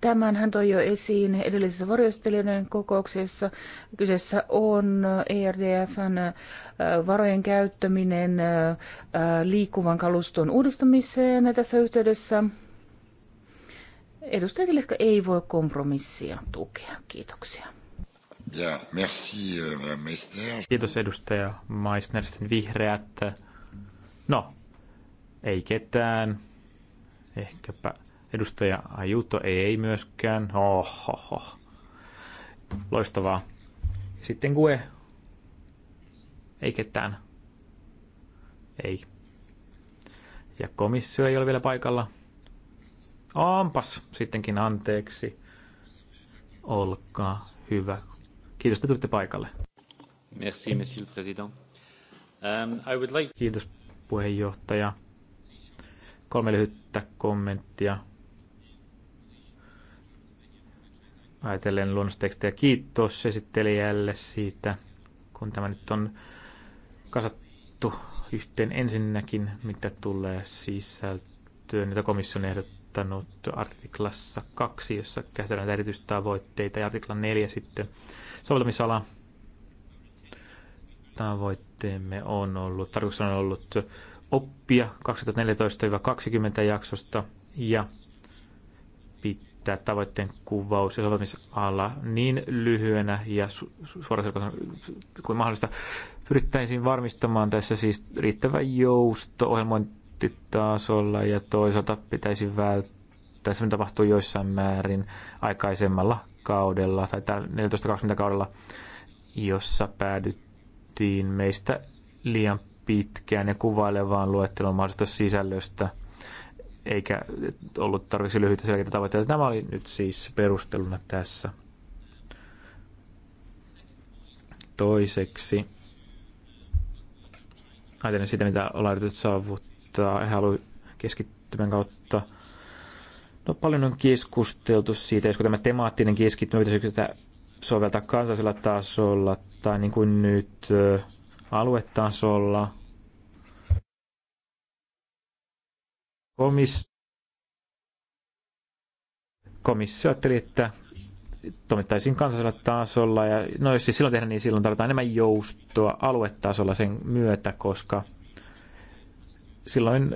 Tämän hän toi jo esiin edellisessä varjostelijoiden kokouksessa. Kyseessä on ERDFn äh, varojen käyttäminen äh, äh, liikkuvan kaluston uudistamiseen tässä yhteydessä edustaja Kiliska ei voi kompromissia tukea. Kiitoksia. Ja, merci, euh, Kiitos edustaja Meissner, vihreät. No, ei ketään. Ehkäpä edustaja Ajuto ei, ei myöskään. Ohoho. Loistavaa. Sitten kue. Ei ketään. Ei. Ja komissio ei ole vielä paikalla. Ampas sittenkin anteeksi. Olkaa hyvä. Kiitos, että tulitte paikalle. Merci, monsieur le président. Um, I would like... Kiitos, puheenjohtaja. Kolme lyhyttä kommenttia. Ajatellen luonnostekstejä. Kiitos esittelijälle siitä, kun tämä nyt on kasattu yhteen ensinnäkin, mitä tulee sisältöön, mitä komission ehdottaa kirjoittanut artiklassa 2, jossa käsitellään erityistavoitteita, ja artikla 4 sitten soveltamisala. Tavoitteemme on ollut, tarkoitus on ollut oppia 2014-2020 jaksosta ja pitää tavoitteen kuvaus ja soveltamisala niin lyhyenä ja su- suoraan kuin mahdollista. Pyrittäisiin varmistamaan tässä siis riittävä jousto ohjelmointi prosenttitasolla ja toisaalta pitäisi välttää, se tapahtuu joissain määrin aikaisemmalla kaudella tai 14-20 kaudella, jossa päädyttiin meistä liian pitkään ja kuvailevaan luettelon mahdollisesta sisällöstä, eikä ollut tarvitse lyhyitä selkeitä tavoitteita. Tämä oli nyt siis perusteluna tässä. Toiseksi, ajatellen sitä, mitä ollaan yritetty saavuttaa mutta he haluavat keskittymän kautta. No, paljon on keskusteltu siitä, josko tämä temaattinen keskittymä pitäisi sitä soveltaa kansallisella tasolla tai niin kuin nyt aluetasolla. Komis- komissio ajatteli, että toimittaisiin kansallisella tasolla. Ja, no jos siis silloin tehdään, niin silloin tarvitaan enemmän joustoa aluetasolla sen myötä, koska silloin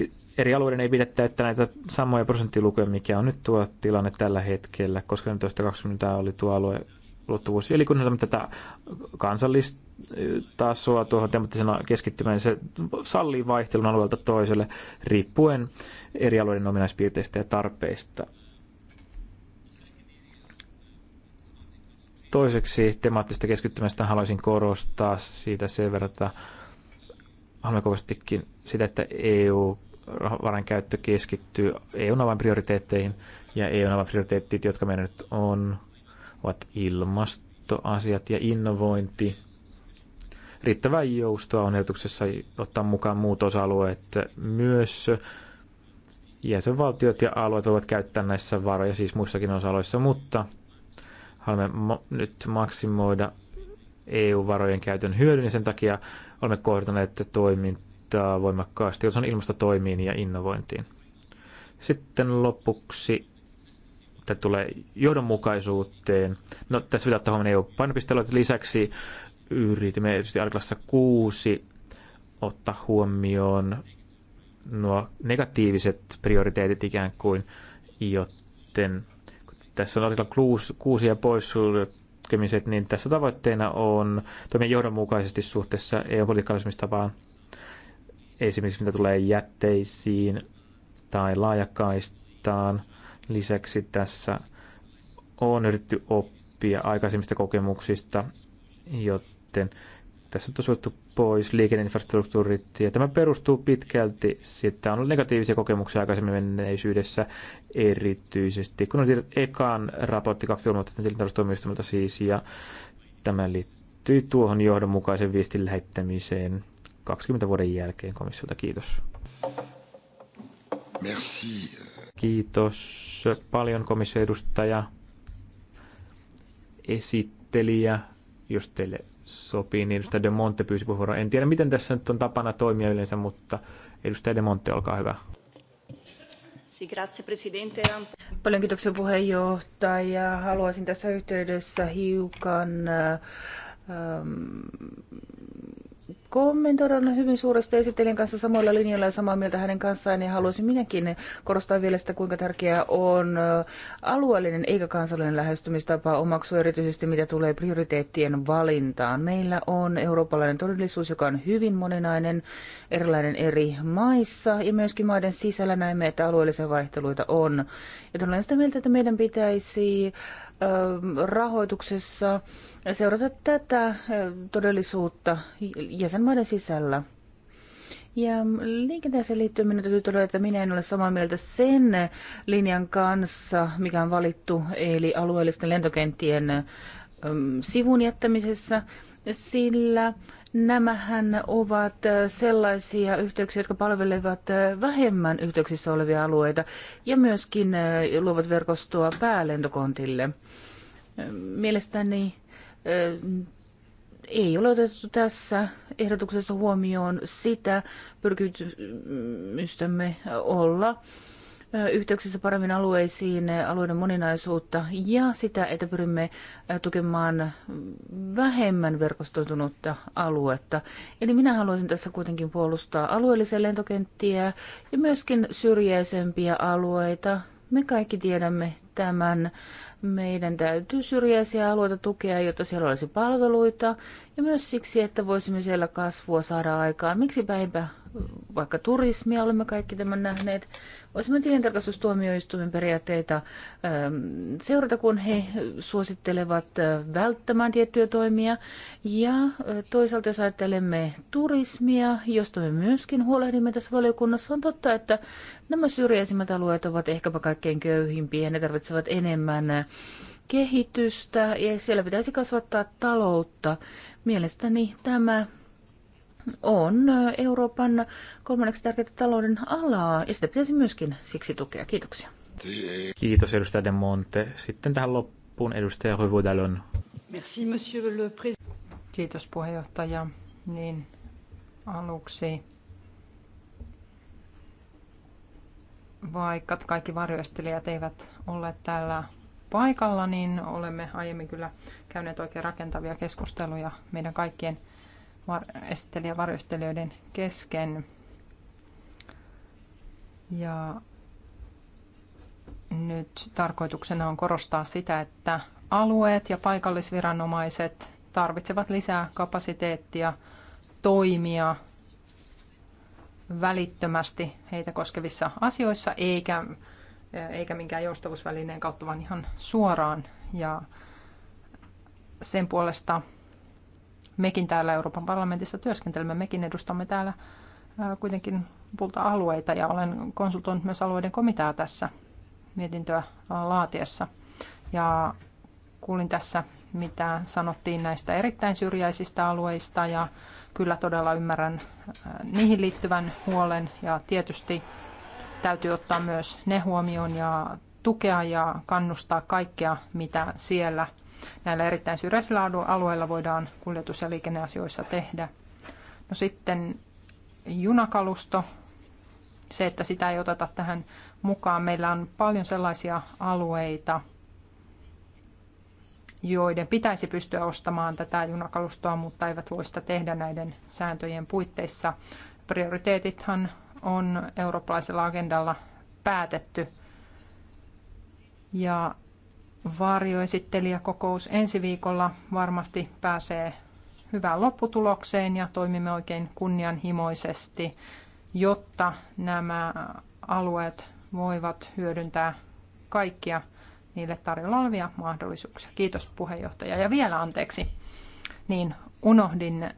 äh, eri alueiden ei pidä täyttää näitä samoja prosenttilukuja, mikä on nyt tuo tilanne tällä hetkellä, koska 1920 oli tuo alue luottuvuus. Eli kun on tätä kansallistasoa tuohon temaattiseen keskittymään, se sallii vaihtelun alueelta toiselle riippuen eri alueiden ominaispiirteistä ja tarpeista. Toiseksi temaattista keskittymästä haluaisin korostaa siitä sen verran, että haluamme kovastikin sitä, että EU varan käyttö keskittyy EUn avain prioriteetteihin ja EUn avain prioriteettit, jotka meillä nyt on, ovat ilmastoasiat ja innovointi. Riittävää joustoa on ehdotuksessa ottaa mukaan muut osa-alueet myös. Jäsenvaltiot ja alueet voivat käyttää näissä varoja siis muissakin osa-alueissa, mutta haluamme ma- nyt maksimoida EU-varojen käytön hyödyn ja sen takia olemme kohdentaneet toimintaa voimakkaasti, jos on toimiin ja innovointiin. Sitten lopuksi tämä tulee johdonmukaisuuteen. No, tässä pitää ottaa huomioon EU-painopistealueet. Lisäksi yritimme tietysti artiklassa kuusi ottaa huomioon nuo negatiiviset prioriteetit ikään kuin, joten tässä on artikla kuusi ja poissuljettu tutkimiset, niin tässä tavoitteena on toimia johdonmukaisesti suhteessa EU-politiikkallismistapaan, esimerkiksi mitä tulee jätteisiin tai laajakaistaan. Lisäksi tässä on yritetty oppia aikaisemmista kokemuksista, joten tässä on suojattu pois liikenneinfrastruktuurit, ja tämä perustuu pitkälti, että on ollut negatiivisia kokemuksia aikaisemmin menneisyydessä, erityisesti, kun oli ekan raportti kaksi sitten tilintarkastustoimistomalta siis, ja tämä liittyy tuohon johdonmukaisen viestin lähettämiseen 20 vuoden jälkeen komissiolta. Kiitos. Merci. Kiitos paljon komission edustaja, esittelijä, jos teille sopii, niin edustaja De Monte pyysi puheenvuoron. En tiedä, miten tässä nyt on tapana toimia yleensä, mutta edustaja De Monte, olkaa hyvä. Paljon kiitoksia puheenjohtaja. Haluaisin tässä yhteydessä hiukan ähm, kommentoida. No, hyvin suuresti esittelijän kanssa samoilla linjoilla ja samaa mieltä hänen kanssaan. niin haluaisin minäkin korostaa vielä sitä, kuinka tärkeää on alueellinen eikä kansallinen lähestymistapa omaksua erityisesti, mitä tulee prioriteettien valintaan. Meillä on eurooppalainen todellisuus, joka on hyvin moninainen, erilainen eri maissa ja myöskin maiden sisällä näemme, että alueellisia vaihteluita on. Ja olen sitä mieltä, että meidän pitäisi rahoituksessa seurata tätä todellisuutta jäsenmaiden sisällä. Ja liikenteeseen liittyen minun täytyy todeta, että minä en ole samaa mieltä sen linjan kanssa, mikä on valittu, eli alueellisten lentokenttien sivun jättämisessä, sillä Nämähän ovat äh, sellaisia yhteyksiä, jotka palvelevat äh, vähemmän yhteyksissä olevia alueita ja myöskin äh, luovat verkostoa päälentokontille. Mielestäni ei ole otettu tässä ehdotuksessa huomioon sitä pyrkimystämme olla yhteyksissä paremmin alueisiin, alueiden moninaisuutta ja sitä, että pyrimme tukemaan vähemmän verkostoitunutta aluetta. Eli minä haluaisin tässä kuitenkin puolustaa alueellisia lentokenttiä ja myöskin syrjäisempiä alueita. Me kaikki tiedämme tämän. Meidän täytyy syrjäisiä alueita tukea, jotta siellä olisi palveluita ja myös siksi, että voisimme siellä kasvua saada aikaan. Miksi päivä vaikka turismia, olemme kaikki tämän nähneet. Voisimme tilintarkastustuomioistuimen periaatteita ähm, seurata, kun he suosittelevat äh, välttämään tiettyjä toimia. Ja äh, toisaalta, jos ajattelemme turismia, josta me myöskin huolehdimme tässä valiokunnassa, on totta, että nämä syrjäisimmät alueet ovat ehkäpä kaikkein köyhimpiä ja ne tarvitsevat enemmän äh, kehitystä ja siellä pitäisi kasvattaa taloutta. Mielestäni tämä on Euroopan kolmanneksi tärkeintä talouden alaa, ja sitä pitäisi myöskin siksi tukea. Kiitoksia. Kiitos edustaja De Monte. Sitten tähän loppuun edustaja Revaudalon. Merci, monsieur le président. Kiitos puheenjohtaja. Niin aluksi vaikka kaikki varjoistelijat eivät ole täällä paikalla, niin olemme aiemmin kyllä käyneet oikein rakentavia keskusteluja meidän kaikkien esittelijä varjostelijoiden kesken. Ja nyt tarkoituksena on korostaa sitä, että alueet ja paikallisviranomaiset tarvitsevat lisää kapasiteettia toimia välittömästi heitä koskevissa asioissa, eikä, eikä minkään joustavuusvälineen kautta, vaan ihan suoraan. Ja sen puolesta mekin täällä Euroopan parlamentissa työskentelemme, mekin edustamme täällä kuitenkin lopulta alueita ja olen konsultoinut myös alueiden komitea tässä mietintöä laatiessa. Ja kuulin tässä, mitä sanottiin näistä erittäin syrjäisistä alueista ja kyllä todella ymmärrän niihin liittyvän huolen ja tietysti täytyy ottaa myös ne huomioon ja tukea ja kannustaa kaikkea, mitä siellä – näillä erittäin syrjäisillä alueilla voidaan kuljetus- ja liikenneasioissa tehdä. No sitten junakalusto, se, että sitä ei oteta tähän mukaan. Meillä on paljon sellaisia alueita, joiden pitäisi pystyä ostamaan tätä junakalustoa, mutta eivät voi sitä tehdä näiden sääntöjen puitteissa. Prioriteetithan on eurooppalaisella agendalla päätetty. Ja varjoesittelijäkokous ensi viikolla varmasti pääsee hyvään lopputulokseen ja toimimme oikein kunnianhimoisesti, jotta nämä alueet voivat hyödyntää kaikkia niille tarjolla olevia mahdollisuuksia. Kiitos puheenjohtaja. Ja vielä anteeksi, niin unohdin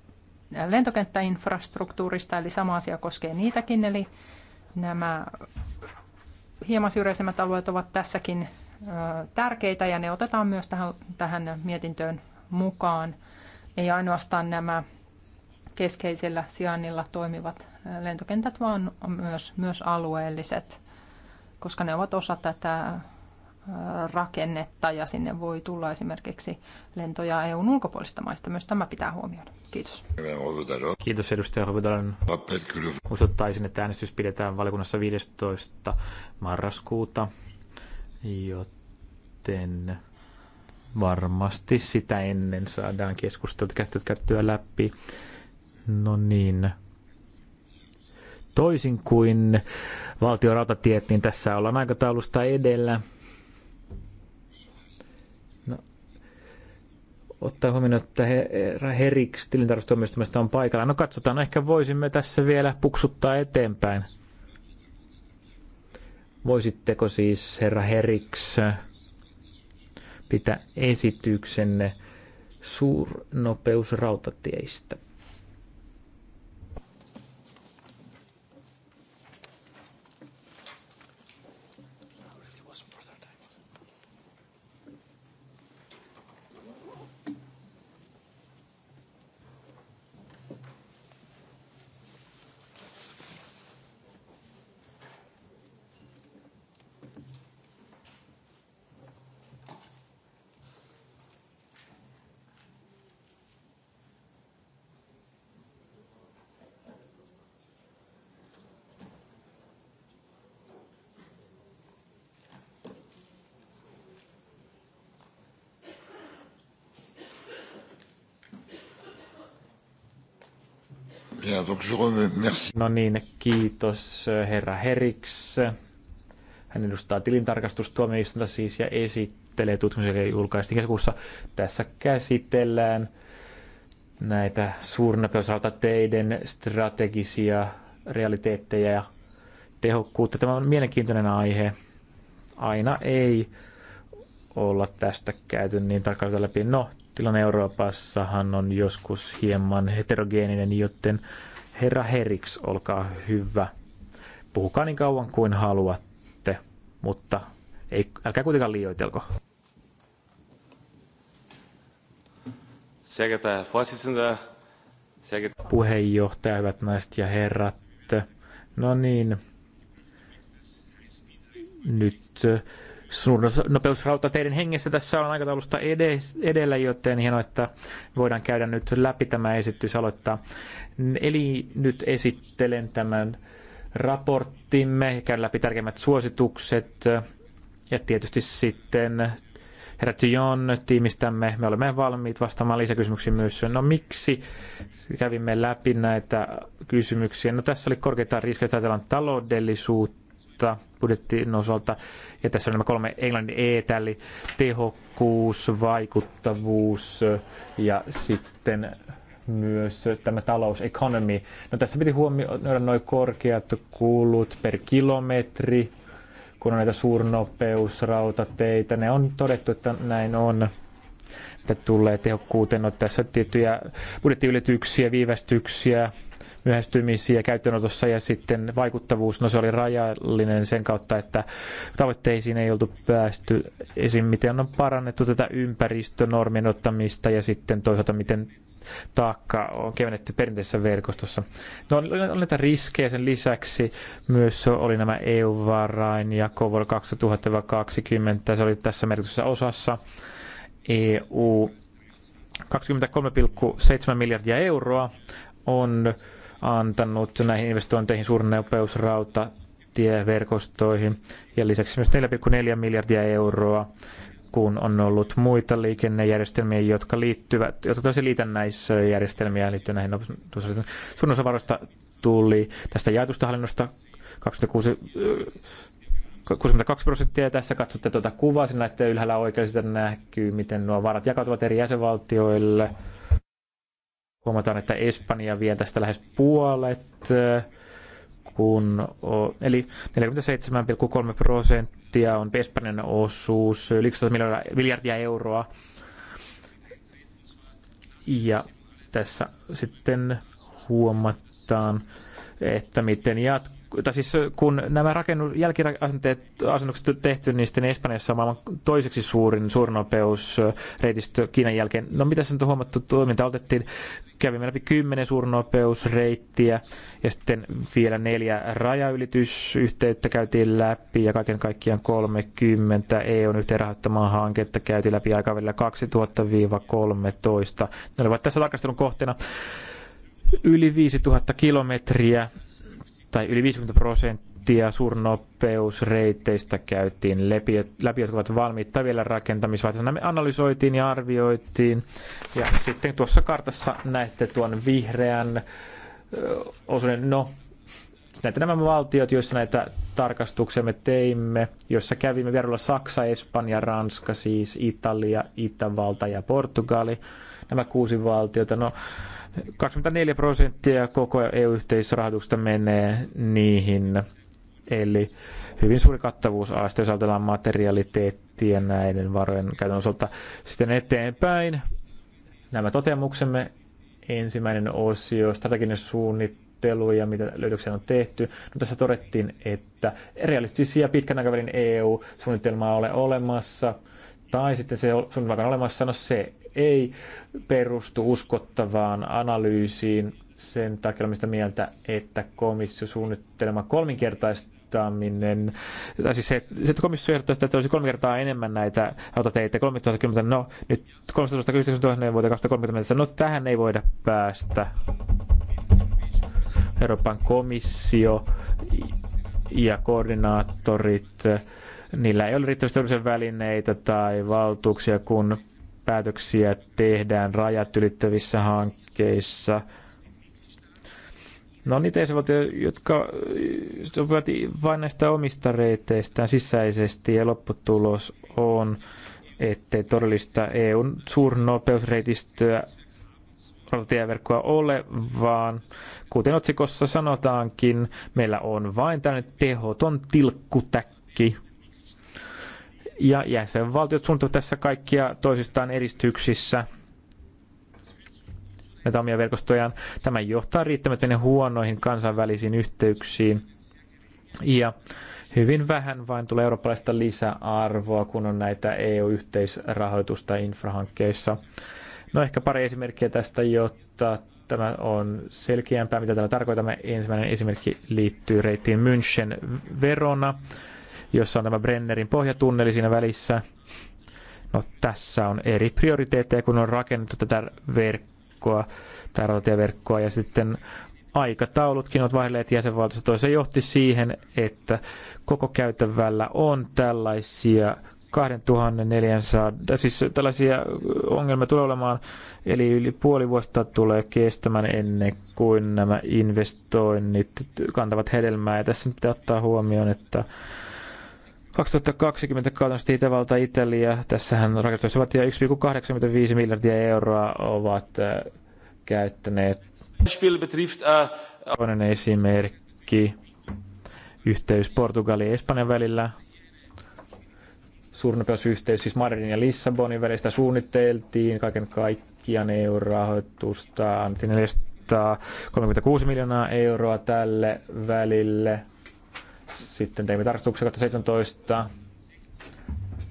lentokenttäinfrastruktuurista, eli sama asia koskee niitäkin, eli nämä hieman syrjäisemmät alueet ovat tässäkin tärkeitä ja ne otetaan myös tähän, tähän mietintöön mukaan. Ei ainoastaan nämä keskeisellä sijainnilla toimivat lentokentät, vaan myös, myös alueelliset, koska ne ovat osa tätä rakennetta ja sinne voi tulla esimerkiksi lentoja EUn ulkopuolista maista. Myös tämä pitää huomioida. Kiitos. Kiitos edustaja Hovidalan. Muistuttaisin, että äänestys pidetään valiokunnassa 15. marraskuuta joten varmasti sitä ennen saadaan keskustelut käsittelyt käyttöä läpi. No niin. Toisin kuin valtion rautatiet, niin tässä ollaan aikataulusta edellä. No, ottaa huomioon, että herra Heriks tilintarkastustuomioistuimesta on paikalla. No katsotaan, ehkä voisimme tässä vielä puksuttaa eteenpäin. Voisitteko siis, herra Heriks, pitää esityksenne suurnopeusrautatieistä? No niin, kiitos eh, herra Heriks. Hän edustaa tilintarkastustuomioistuinta siis ja esittelee tutkimuksen joka julkaistiin kesäkuussa. Tässä käsitellään näitä suurnopeusalta teiden strategisia realiteetteja ja tehokkuutta. Tämä on mielenkiintoinen aihe. Aina ei olla tästä käyty niin tarkkaan läpi. No, tilanne Euroopassahan on joskus hieman heterogeeninen, joten Herra Heriks, olkaa hyvä. Puhukaa niin kauan kuin haluatte, mutta ei, älkää kuitenkaan liioitelko. Puheenjohtaja, hyvät naiset ja herrat. No niin, nyt suurnopeusrautateiden hengessä tässä on aikataulusta edes, edellä, joten hienoa, että voidaan käydä nyt läpi tämä esitys aloittaa. Eli nyt esittelen tämän raporttimme käydään läpi tärkeimmät suositukset ja tietysti sitten herra Tion tiimistämme, me olemme valmiit vastaamaan lisäkysymyksiin myös. No miksi kävimme läpi näitä kysymyksiä? No tässä oli korkeita riskejä, ajatellaan taloudellisuutta tota, budjettin osalta, ja tässä on nämä kolme englannin E, eli tehokkuus, vaikuttavuus ja sitten myös tämä talous, economy. No tässä piti huomioida noin korkeat kulut per kilometri, kun on näitä suurnopeusrautateitä. Ne on todettu, että näin on että tulee tehokkuuteen. No, tässä on tiettyjä budjettiylityksiä, viivästyksiä, myöhästymisiä käyttöönotossa ja sitten vaikuttavuus, no se oli rajallinen sen kautta, että tavoitteisiin ei oltu päästy esim. miten on parannettu tätä ympäristönormien ottamista ja sitten toisaalta miten taakka on kevennetty perinteisessä verkostossa. No oli näitä riskejä sen lisäksi myös oli nämä EU-varain ja vuonna 2020, se oli tässä merkityksessä osassa. EU 23,7 miljardia euroa on antanut näihin investointeihin suurnopeuslauta tieverkostoihin ja lisäksi myös 4,4 miljardia euroa, kun on ollut muita liikennejärjestelmiä, jotka liittyvät, jotka tosiaan liitännäisjärjestelmiä liittyen näihin Suurin osa varoista tuli tästä jaetusta hallinnosta 26, 62 äh, prosenttia. Ja tässä katsotte tuota kuvaa, sinä näette ylhäällä oikealla, sitä näkyy, miten nuo varat jakautuvat eri jäsenvaltioille. Huomataan, että Espanja vie tästä lähes puolet, eh, kun, eli 47,3 prosenttia on Espanjan osuus, 11 miljardia euroa. Ja tässä sitten huomataan, että miten jatkuu tai siis äh, kun nämä rakennus, jälkiasennukset on tehty, niin sitten Espanjassa on maailman toiseksi suurin suurnopeusreitistö äh, Kiinan jälkeen. No mitä se nyt on huomattu toiminta? Otettiin, kävimme läpi kymmenen suurnopeusreittiä ja sitten vielä neljä rajaylitysyhteyttä käytiin läpi ja kaiken kaikkiaan 30 EUn yhteen hanketta käytiin läpi aikavälillä 2000-13. Ne olivat tässä tarkastelun kohteena yli 5000 kilometriä tai yli 50 prosenttia suurnopeusreitteistä käytiin läpi, läpi jotka ovat valmiit tai vielä rakentamisvaiheessa. Nämä analysoitiin ja arvioitiin. Ja sitten tuossa kartassa näette tuon vihreän osuuden. No, näitä nämä valtiot, joissa näitä tarkastuksia me teimme, joissa kävimme vierailla Saksa, Espanja, Ranska, siis Italia, Itävalta ja Portugali nämä kuusi valtiota. No, 24 prosenttia koko EU-yhteisrahoituksesta menee niihin. Eli hyvin suuri kattavuusaste, jos ajatellaan materialiteettia näiden varojen käytön osalta. Sitten eteenpäin nämä toteamuksemme. Ensimmäinen osio, strateginen suunnittelu ja mitä löydöksiä on tehty. No, tässä todettiin, että realistisia pitkän aikavälin EU-suunnitelmaa ole olemassa – tai sitten se sun vaikka olemassa, että no se ei perustu uskottavaan analyysiin sen takia mistä mieltä, että komissio suunnittelema kolminkertaistaminen, tai siis se, että komissio ehdottaa sitä, että olisi kolme kertaa enemmän näitä rautateitä, 30, no nyt 13.19 vuoteen 2030, no tähän ei voida päästä. Euroopan komissio ja koordinaattorit niillä ei ole riittävästi välineitä tai valtuuksia, kun päätöksiä tehdään rajat ylittävissä hankkeissa. No niitä jäsenvaltioita, jotka sopivat vain näistä omista reiteistään sisäisesti ja lopputulos on, ettei todellista EUn suurnopeusreitistöä rautatieverkkoa ole, vaan kuten otsikossa sanotaankin, meillä on vain tällainen tehoton tilkkutäkki ja jäsenvaltiot suuntavat tässä kaikkia toisistaan eristyksissä näitä omia verkostojaan. Tämä johtaa riittämättömiin huonoihin kansainvälisiin yhteyksiin ja hyvin vähän vain tulee eurooppalaista lisäarvoa, kun on näitä EU-yhteisrahoitusta infrahankkeissa. No ehkä pari esimerkkiä tästä, jotta tämä on selkeämpää, mitä tällä tarkoitamme. Ensimmäinen esimerkki liittyy reittiin München Verona jossa on tämä Brennerin pohjatunneli siinä välissä. No tässä on eri prioriteetteja, kun on rakennettu tätä verkkoa, tätä rautatieverkkoa ja sitten aikataulutkin ovat vaihdelleet jäsenvaltiosta Toisaalta johti siihen, että koko käytävällä on tällaisia 2400, siis tällaisia ongelmia tulee olemaan, eli yli puoli vuotta tulee kestämään ennen kuin nämä investoinnit kantavat hedelmää, ja tässä nyt pitää ottaa huomioon, että 2020 kauden Itävalta Italia, tässähän rakennustyössä ja 1,85 miljardia euroa ovat äh, käyttäneet. Äh, Toinen esimerkki, yhteys Portugali ja Espanjan välillä. Suurnopeusyhteys siis Madridin ja Lissabonin välistä suunniteltiin kaiken kaikkiaan EU-rahoitusta. Annettiin 436 miljoonaa euroa tälle välille. Sitten teimme tarkastuksia 2017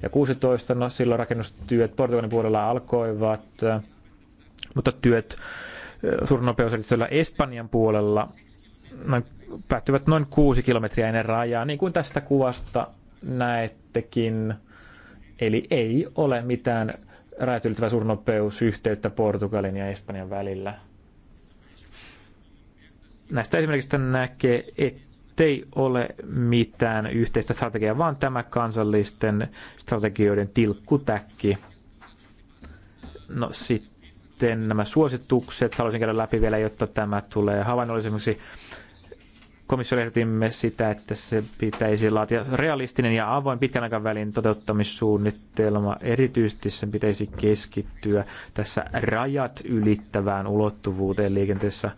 ja 16. No, silloin rakennustyöt Portugalin puolella alkoivat, mutta työt suurnopeusjärjestöllä Espanjan puolella no, noin, päättyvät noin 6 kilometriä ennen rajaa, niin kuin tästä kuvasta näettekin. Eli ei ole mitään rajat ylittävää suurnopeusyhteyttä Portugalin ja Espanjan välillä. Näistä esimerkiksi näkee, että ei ole mitään yhteistä strategiaa, vaan tämä kansallisten strategioiden tilkkutäkki. No sitten nämä suositukset haluaisin käydä läpi vielä, jotta tämä tulee havainnollisemmaksi. Komissio ehdotimme sitä, että se pitäisi laatia realistinen ja avoin pitkän aikavälin toteuttamissuunnitelma. Erityisesti sen pitäisi keskittyä tässä rajat ylittävään ulottuvuuteen liikenteessä.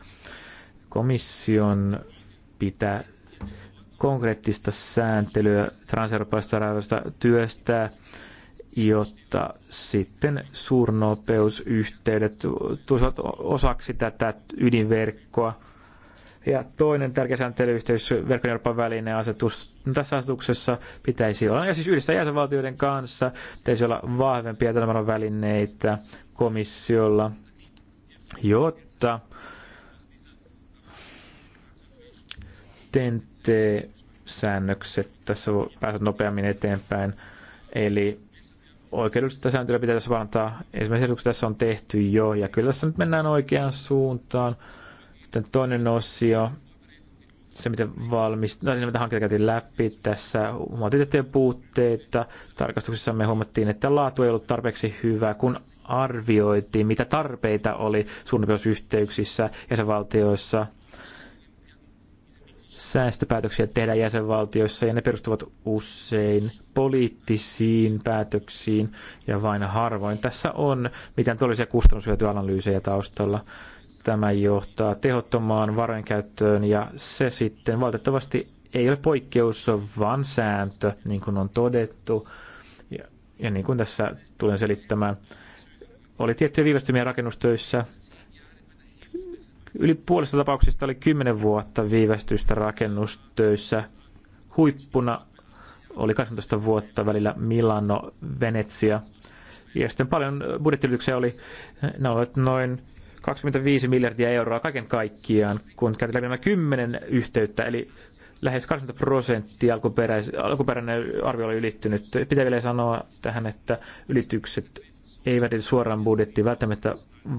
Komission pitää konkreettista sääntelyä transeurooppalaisesta rajoista työstää, jotta sitten suurnopeusyhteydet tulisivat osaksi tätä ydinverkkoa. Ja toinen tärkeä sääntelyyhteys, verkon Euroopan välinen asetus, no tässä asetuksessa pitäisi olla, ja siis yhdessä jäsenvaltioiden kanssa pitäisi olla vahvempia tämän välineitä komissiolla, jotta ten IT-säännökset tässä pääset nopeammin eteenpäin. Eli oikeudellista sääntelyä pitää tässä parantaa. Esimerkiksi tässä on tehty jo, ja kyllä tässä nyt mennään oikeaan suuntaan. Sitten toinen osio, se miten valmist... no, niin mitä hankkeita käytiin läpi tässä, huomattiin puutteita. Tarkastuksessa me huomattiin, että laatu ei ollut tarpeeksi hyvä, kun arvioitiin, mitä tarpeita oli ja valtioissa säästöpäätöksiä tehdään jäsenvaltioissa ja ne perustuvat usein poliittisiin päätöksiin ja vain harvoin. Tässä on mitään todellisia kustannushyötyanalyysejä taustalla. Tämä johtaa tehottomaan käyttöön ja se sitten valitettavasti ei ole poikkeus, se on vaan sääntö, niin kuin on todettu. Ja, ja niin kuin tässä tulen selittämään, oli tiettyjä viivästymiä rakennustöissä, Yli puolessa tapauksista oli 10 vuotta viivästystä rakennustöissä. Huippuna oli 18 vuotta välillä Milano, Venetsia. Ja sitten paljon budjettiylityksiä oli noin 25 miljardia euroa kaiken kaikkiaan, kun käytetään nämä 10 yhteyttä, eli lähes 20 prosenttia alkuperäinen arvio oli ylittynyt. Pitää vielä sanoa tähän, että ylitykset eivät suoraan budjettiin. Välttämättä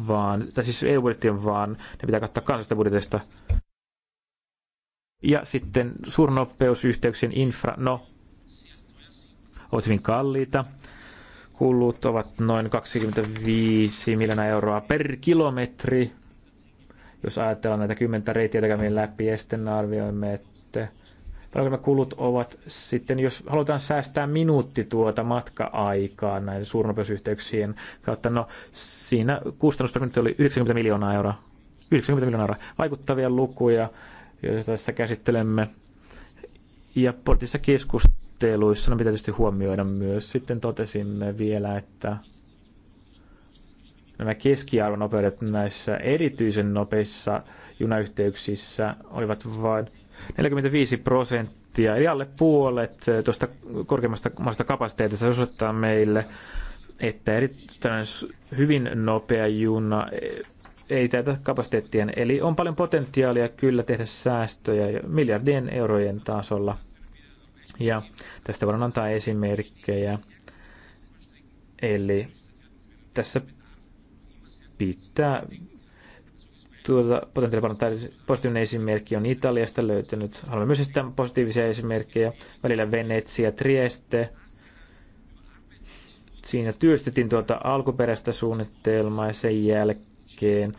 vaan, tai siis EU-budjetti on vaan, ne pitää kattaa kansallisesta budjetista. Ja sitten suurnopeusyhteyksien infra, no, ovat hyvin kalliita. Kulut ovat noin 25 miljoonaa euroa per kilometri. Jos ajatellaan näitä kymmentä reittiä, joita läpi, ja sitten arvioimme, että paljonko kulut ovat sitten, jos halutaan säästää minuutti tuota matka-aikaa näiden suurnopeusyhteyksien kautta, no siinä kustannus per minuutti oli 90 miljoonaa euroa. 90 miljoonaa euroa. Vaikuttavia lukuja, joita tässä käsittelemme. Ja poliittisissa keskusteluissa no, pitää tietysti huomioida myös. Sitten totesimme vielä, että nämä keskiarvonopeudet näissä erityisen nopeissa junayhteyksissä olivat vain 45 prosenttia, eli alle puolet eh, tuosta korkeimmasta maasta kapasiteetista osoittaa meille, että erittäin hyvin nopea juna eh, ei täytä kapasiteettien. Eli on paljon potentiaalia kyllä tehdä säästöjä miljardien eurojen tasolla. Ja tästä voidaan antaa esimerkkejä. Eli tässä pitää tuota potentiaalipano positiivinen esimerkki on Italiasta löytynyt. Haluamme myös esittää positiivisia esimerkkejä. Välillä Venetsia, Trieste. Siinä työstettiin tuota alkuperäistä suunnitelmaa ja sen jälkeen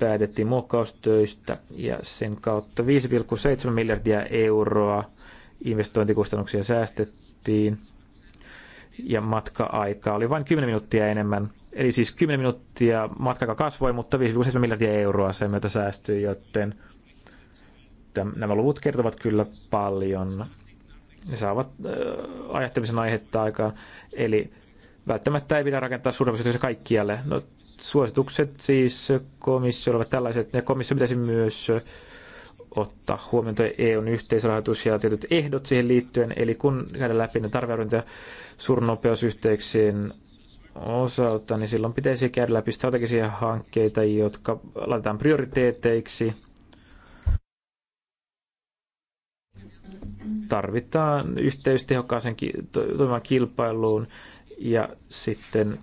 päätettiin muokkaustöistä ja sen kautta 5,7 miljardia euroa investointikustannuksia säästettiin ja matka-aikaa oli vain 10 minuuttia enemmän Eli siis 10 minuuttia matkaka kasvoi, mutta 5,7 miljardia euroa sen myötä säästyi, joten nämä luvut kertovat kyllä paljon. Ne saavat äh, ajattelemisen aihetta aikaan. Eli välttämättä ei pidä rakentaa suurempia kaikkialle. No, suositukset siis komissio ovat tällaiset, ja komissio pitäisi myös ottaa huomioon tuo EUn yhteisrahoitus ja tietyt ehdot siihen liittyen. Eli kun käydään läpi ne tarvearvointia suurnopeusyhteyksiin, osalta, niin silloin pitäisi käydä läpi strategisia hankkeita, jotka laitetaan prioriteeteiksi. Tarvitaan yhteys tehokkaaseen toimivan kilpailuun ja sitten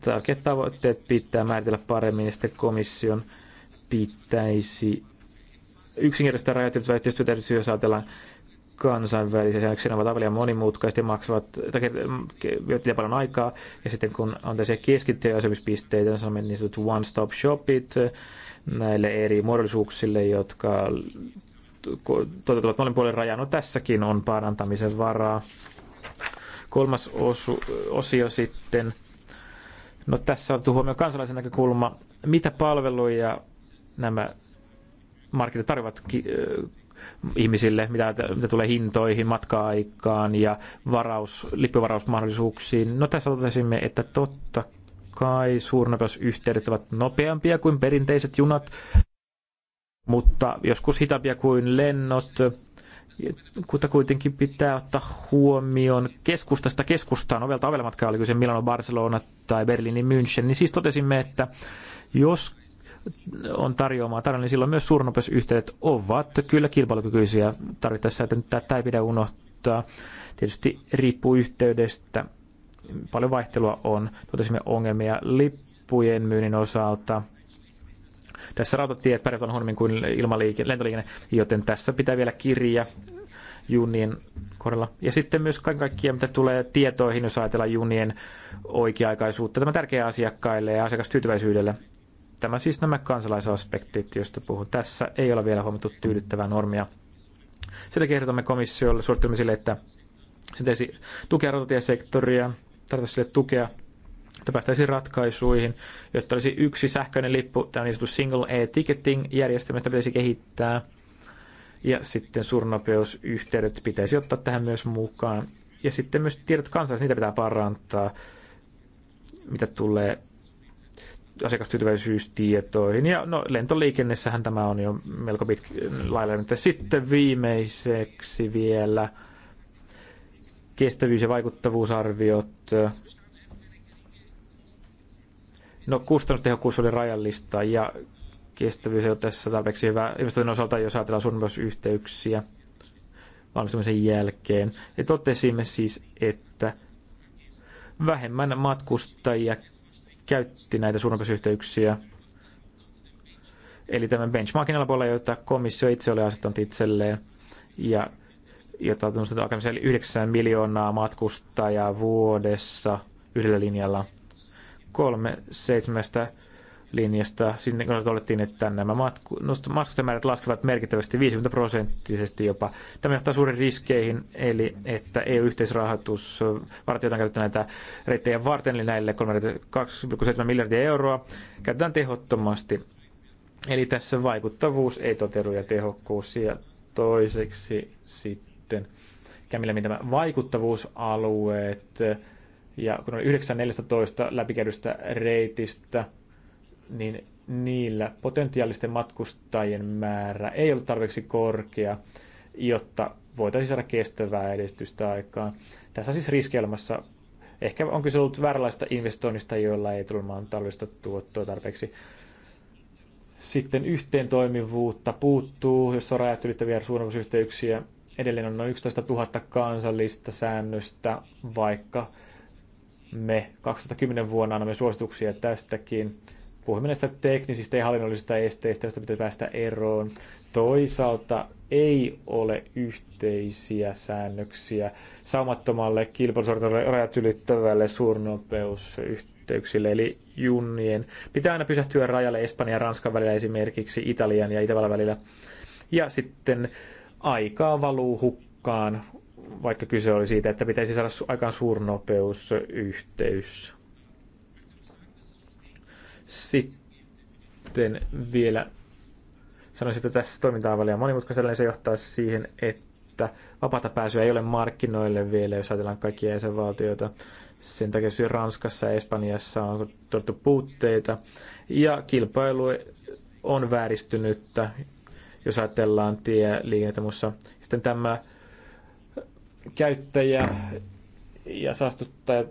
tärkeät tavoitteet pitää määritellä paremmin ja sitten komission pitäisi yksinkertaisesti rajoitettua yhteistyötä, jos ajatellaan kansainvälisiä säännöksiä, ne ovat aivan monimutkaisesti maksavat, tai viettää paljon aikaa, ja sitten kun on tällaisia keskittyjä asetuspisteitä, niin sanomme niin one-stop shopit näille eri muodollisuuksille, jotka toteutuvat molemmin puolen rajan. No tässäkin on parantamisen varaa. Kolmas osu, osio sitten. No tässä on huomioon kansalaisen näkökulma. Mitä palveluja nämä markkinat tarjoavat ihmisille, mitä, mitä tulee hintoihin, matka-aikaan ja varaus, lippuvarausmahdollisuuksiin. No tässä totesimme, että totta kai suurnopeusyhteydet ovat nopeampia kuin perinteiset junat, mutta joskus hitaampia kuin lennot mutta kuitenkin pitää ottaa huomioon keskustasta keskustaan, ovelta ovelmatkaa, oli kyse Milano, Barcelona tai Berliini, München, niin siis totesimme, että jos on tarjoamaan tarjolla, niin silloin myös suurnopeusyhteydet ovat kyllä kilpailukykyisiä tarvittaessa, että tätä ei pidä unohtaa. Tietysti riippuu yhteydestä. Paljon vaihtelua on. Totesimme ongelmia lippujen myynnin osalta. Tässä rautatiet pärjätään huonommin kuin ilmaliikenne, lentoliikenne, joten tässä pitää vielä kirja junien kohdalla. Ja sitten myös kaiken kaikkiaan, mitä tulee tietoihin, jos ajatellaan junien oikea-aikaisuutta. Tämä on tärkeä asiakkaille ja asiakastyytyväisyydelle. Tämä siis nämä kansalaisaspektit, joista puhun tässä, ei ole vielä huomattu tyydyttävää normia. Sitä ehdotamme komissiolle suosittelemme että se teisi tukea rautatiesektoria, tarvitaan sille tukea, että päästäisiin ratkaisuihin, jotta olisi yksi sähköinen lippu, tämä niin sanottu single e-ticketing järjestelmästä pitäisi kehittää, ja sitten suurnopeusyhteydet pitäisi ottaa tähän myös mukaan. Ja sitten myös tiedot kansalaisille, niitä pitää parantaa, mitä tulee asiakastyytyväisyystietoihin. Ja no, lentoliikennessähän tämä on jo melko pitkä lailla nyt. Sitten viimeiseksi vielä kestävyys- ja vaikuttavuusarviot. No kustannustehokkuus oli rajallista ja kestävyys ei ole tässä tarpeeksi hyvä investoinnin osalta, jos ajatellaan suunnitelmasyhteyksiä valmistumisen jälkeen. Ja totesimme siis, että vähemmän matkustajia käytti näitä suurempisyhteyksiä. Eli tämän benchmarkin alapuolella, jota komissio itse oli asettanut itselleen, ja jota on 9 miljoonaa matkustajaa vuodessa yhdellä linjalla. Kolme seitsemästä linjasta. Sinne todettiin, että nämä matkustajamäärät laskevat merkittävästi 50 prosenttisesti jopa. Tämä johtaa suuriin riskeihin, eli että EU-yhteisrahoitus vartijoita käytetään näitä reittejä varten, eli näille 2,7 miljardia euroa käytetään tehottomasti. Eli tässä vaikuttavuus ei toteudu ja tehokkuus. Ja toiseksi sitten kämillä tämä vaikuttavuusalueet, ja kun oli 9.14 läpikäydystä reitistä, niin niillä potentiaalisten matkustajien määrä ei ollut tarpeeksi korkea, jotta voitaisiin saada kestävää edistystä aikaan. Tässä siis riskelmässä ehkä on kyse ollut vääränlaista investoinnista, joilla ei tullut maan taloudellista tuottoa tarpeeksi. Sitten yhteen toimivuutta puuttuu, jos on rajat ylittäviä suunnitelmusyhteyksiä. Edelleen on noin 11 000 kansallista säännöstä, vaikka me 2010 vuonna annamme suosituksia tästäkin. Puhumme näistä teknisistä ja hallinnollisista esteistä, joista pitää päästä eroon. Toisaalta ei ole yhteisiä säännöksiä saumattomalle kilpailusuoritalle rajat ylittävälle suurnopeusyhteyksille, eli junnien. Pitää aina pysähtyä rajalle Espanjan ja Ranskan välillä esimerkiksi Italian ja Itävallan välillä. Ja sitten aikaa valuu hukkaan, vaikka kyse oli siitä, että pitäisi saada aikaan suurnopeusyhteys. Sitten vielä sanoisin, että tässä toiminta on väliä monimutkaisella, niin se johtaa siihen, että vapaata pääsyä ei ole markkinoille vielä, jos ajatellaan kaikkia jäsenvaltioita. Sen takia syy Ranskassa ja Espanjassa on todettu puutteita. Ja kilpailu on vääristynyttä, jos ajatellaan tieliikennettä muussa. Sitten tämä käyttäjä ja saastuttaja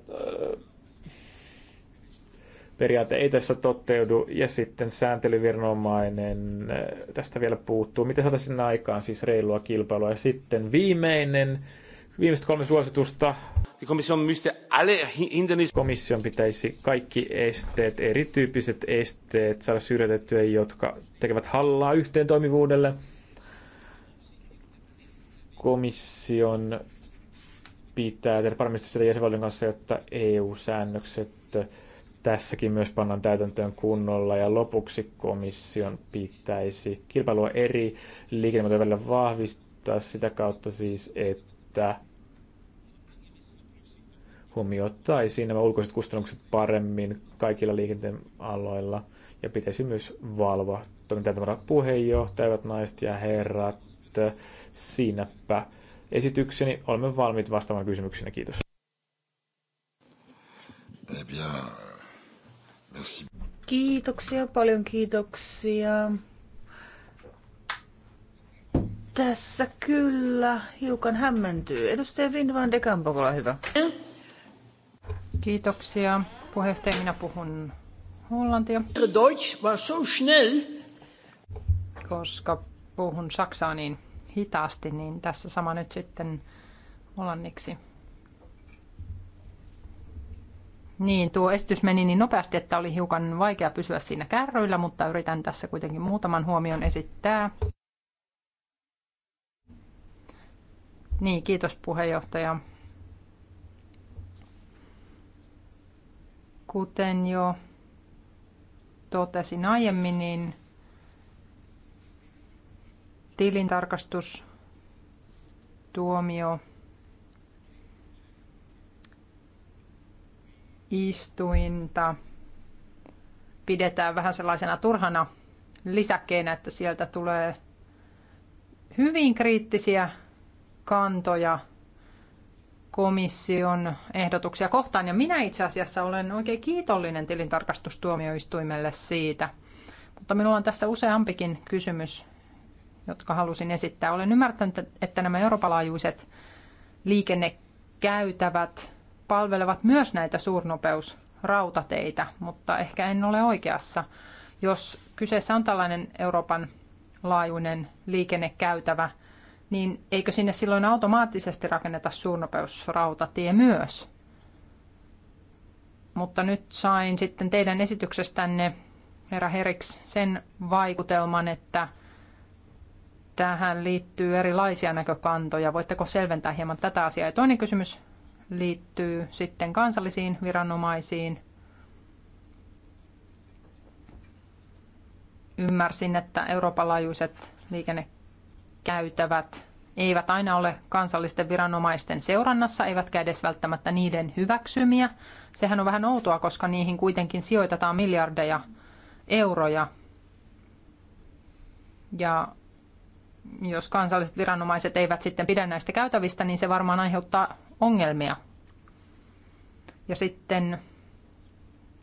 periaate ei tässä toteudu ja sitten sääntelyviranomainen äh, tästä vielä puuttuu. Miten saataisiin aikaan siis reilua kilpailua? Ja sitten viimeinen, viimeiset kolme suositusta. Komission pitäisi kaikki esteet, erityyppiset esteet saada syrjätettyä, jotka tekevät hallaa yhteen toimivuudelle. Komission pitää tehdä paremmin jäsenvaltion kanssa, jotta EU-säännökset tässäkin myös pannaan täytäntöön kunnolla. Ja lopuksi komission pitäisi kilpailua eri liikennemuotojen välillä vahvistaa sitä kautta siis, että huomioitaisiin nämä ulkoiset kustannukset paremmin kaikilla liikenteen aloilla ja pitäisi myös valvoa toimintajatamalla puheenjohtajat, naiset ja herrat. Siinäpä esitykseni. Olemme valmiit vastaamaan kysymyksiin. Kiitos. Eh bien, Merci. Kiitoksia, paljon kiitoksia. Tässä kyllä hiukan hämmentyy. Edustaja Vindvan Dekampo, ole hyvä. Kiitoksia. Puheenjohtaja, minä puhun hollantia. Deutsch war so schnell. Koska puhun saksaa niin hitaasti, niin tässä sama nyt sitten hollanniksi. Niin, tuo esitys meni niin nopeasti, että oli hiukan vaikea pysyä siinä kärryillä, mutta yritän tässä kuitenkin muutaman huomion esittää. Niin, kiitos puheenjohtaja. Kuten jo totesin aiemmin, niin tilintarkastustuomio istuinta pidetään vähän sellaisena turhana lisäkkeenä, että sieltä tulee hyvin kriittisiä kantoja komission ehdotuksia kohtaan. Ja minä itse asiassa olen oikein kiitollinen tilintarkastustuomioistuimelle siitä. Mutta minulla on tässä useampikin kysymys, jotka halusin esittää. Olen ymmärtänyt, että nämä euroopan liikennekäytävät palvelevat myös näitä suurnopeusrautateitä, mutta ehkä en ole oikeassa. Jos kyseessä on tällainen Euroopan laajuinen liikennekäytävä, niin eikö sinne silloin automaattisesti rakenneta suurnopeusrautatie myös? Mutta nyt sain sitten teidän esityksestänne, herra Heriks, sen vaikutelman, että tähän liittyy erilaisia näkökantoja. Voitteko selventää hieman tätä asiaa? Ja toinen kysymys liittyy sitten kansallisiin viranomaisiin. Ymmärsin, että Euroopan laajuiset liikennekäytävät eivät aina ole kansallisten viranomaisten seurannassa, eivätkä edes välttämättä niiden hyväksymiä. Sehän on vähän outoa, koska niihin kuitenkin sijoitetaan miljardeja euroja. Ja jos kansalliset viranomaiset eivät sitten pidä näistä käytävistä, niin se varmaan aiheuttaa ongelmia. Ja sitten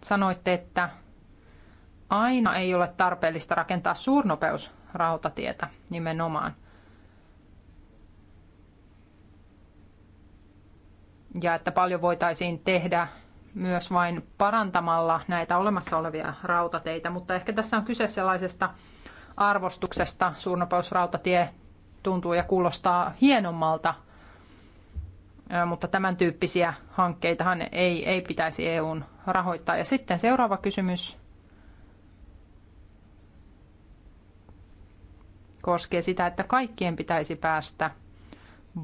sanoitte, että aina ei ole tarpeellista rakentaa suurnopeusrautatietä nimenomaan. Ja että paljon voitaisiin tehdä myös vain parantamalla näitä olemassa olevia rautateitä, mutta ehkä tässä on kyse sellaisesta arvostuksesta. Suurnopeusrautatie tuntuu ja kuulostaa hienommalta – mutta tämän tyyppisiä hankkeitahan ei, ei pitäisi EUn rahoittaa. Ja sitten seuraava kysymys koskee sitä, että kaikkien pitäisi päästä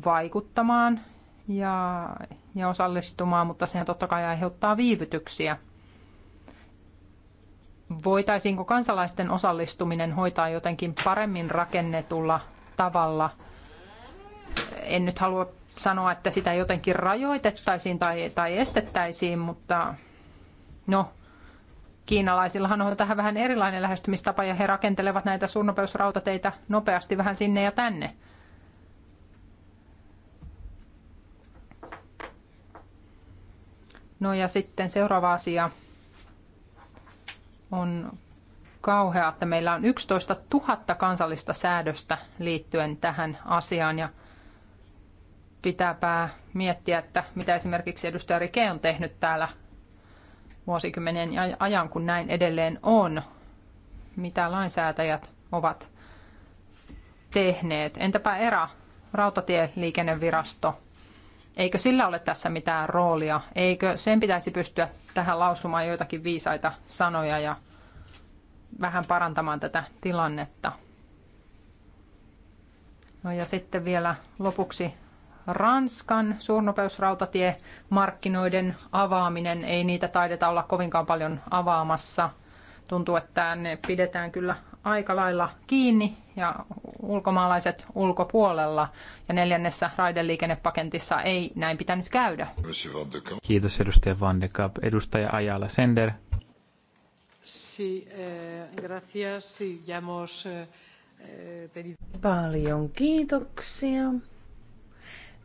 vaikuttamaan ja, ja osallistumaan, mutta sehän totta kai aiheuttaa viivytyksiä. Voitaisiinko kansalaisten osallistuminen hoitaa jotenkin paremmin rakennetulla tavalla? En nyt halua sanoa, että sitä jotenkin rajoitettaisiin tai, tai estettäisiin, mutta no, kiinalaisillahan on tähän vähän erilainen lähestymistapa ja he rakentelevat näitä suurnopeusrautateitä nopeasti vähän sinne ja tänne. No ja sitten seuraava asia on kauhea, että meillä on 11 000 kansallista säädöstä liittyen tähän asiaan ja pitääpä miettiä, että mitä esimerkiksi edustaja Rike on tehnyt täällä vuosikymmenien ajan, kun näin edelleen on. Mitä lainsäätäjät ovat tehneet? Entäpä ERA, rautatieliikennevirasto? Eikö sillä ole tässä mitään roolia? Eikö sen pitäisi pystyä tähän lausumaan joitakin viisaita sanoja ja vähän parantamaan tätä tilannetta? No ja sitten vielä lopuksi Ranskan suurnopeusrautatiemarkkinoiden avaaminen. Ei niitä taideta olla kovinkaan paljon avaamassa. Tuntuu, että ne pidetään kyllä aika lailla kiinni ja ulkomaalaiset ulkopuolella. Ja neljännessä raideliikennepaketissa ei näin pitänyt käydä. Kiitos edustaja Van de Kapp. Edustaja Ajala Sender. eh, gracias. ya hemos, eh, eh Paljon kiitoksia.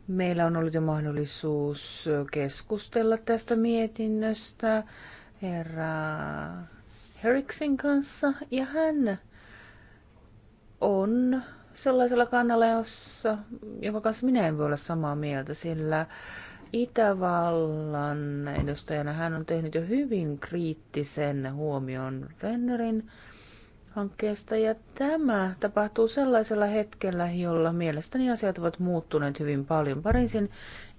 Meillä on ollut jo mahdollisuus keskustella tästä mietinnöstä herra Heriksin kanssa, ja hän on sellaisella kannalla, jossa, jonka kanssa minä en voi olla samaa mieltä, sillä Itävallan edustajana hän on tehnyt jo hyvin kriittisen huomion Rennerin hankkeesta ja tämä tapahtuu sellaisella hetkellä, jolla mielestäni asiat ovat muuttuneet hyvin paljon Pariisin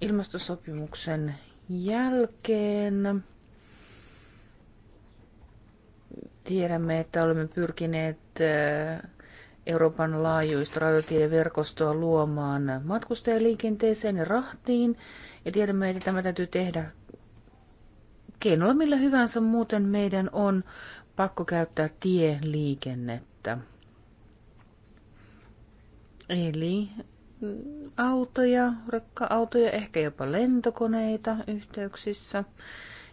ilmastosopimuksen jälkeen. Tiedämme, että olemme pyrkineet eh, Euroopan laajuista rautatieverkostoa luomaan matkustajaliikenteeseen ja rahtiin. Ja tiedämme, että tämä täytyy tehdä keinolla millä hyvänsä, muuten meidän on pakko käyttää tieliikennettä. Eli autoja, rekka-autoja, ehkä jopa lentokoneita yhteyksissä.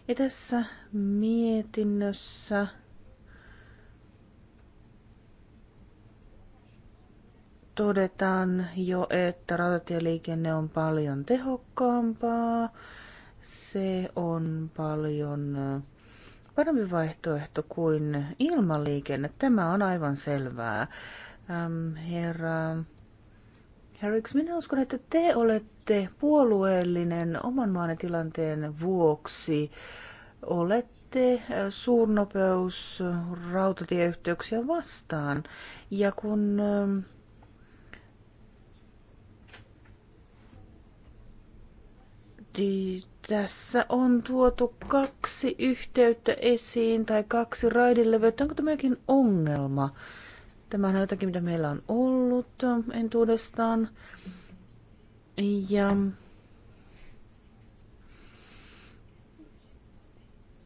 Ja tässä mietinnössä todetaan jo, että rautatieliikenne on paljon tehokkaampaa. Se on paljon parempi vaihtoehto kuin ilmaliikenne. Tämä on aivan selvää. Ähm, herra Harriks, minä uskon, että te olette puolueellinen oman maan tilanteen vuoksi. Olette äh, suurnopeus rautatieyhteyksiä vastaan. Ja kun ähm, tässä on tuotu kaksi yhteyttä esiin tai kaksi raidelevyyttä. Onko tämä jokin ongelma? Tämä on jotakin, mitä meillä on ollut entuudestaan. Ja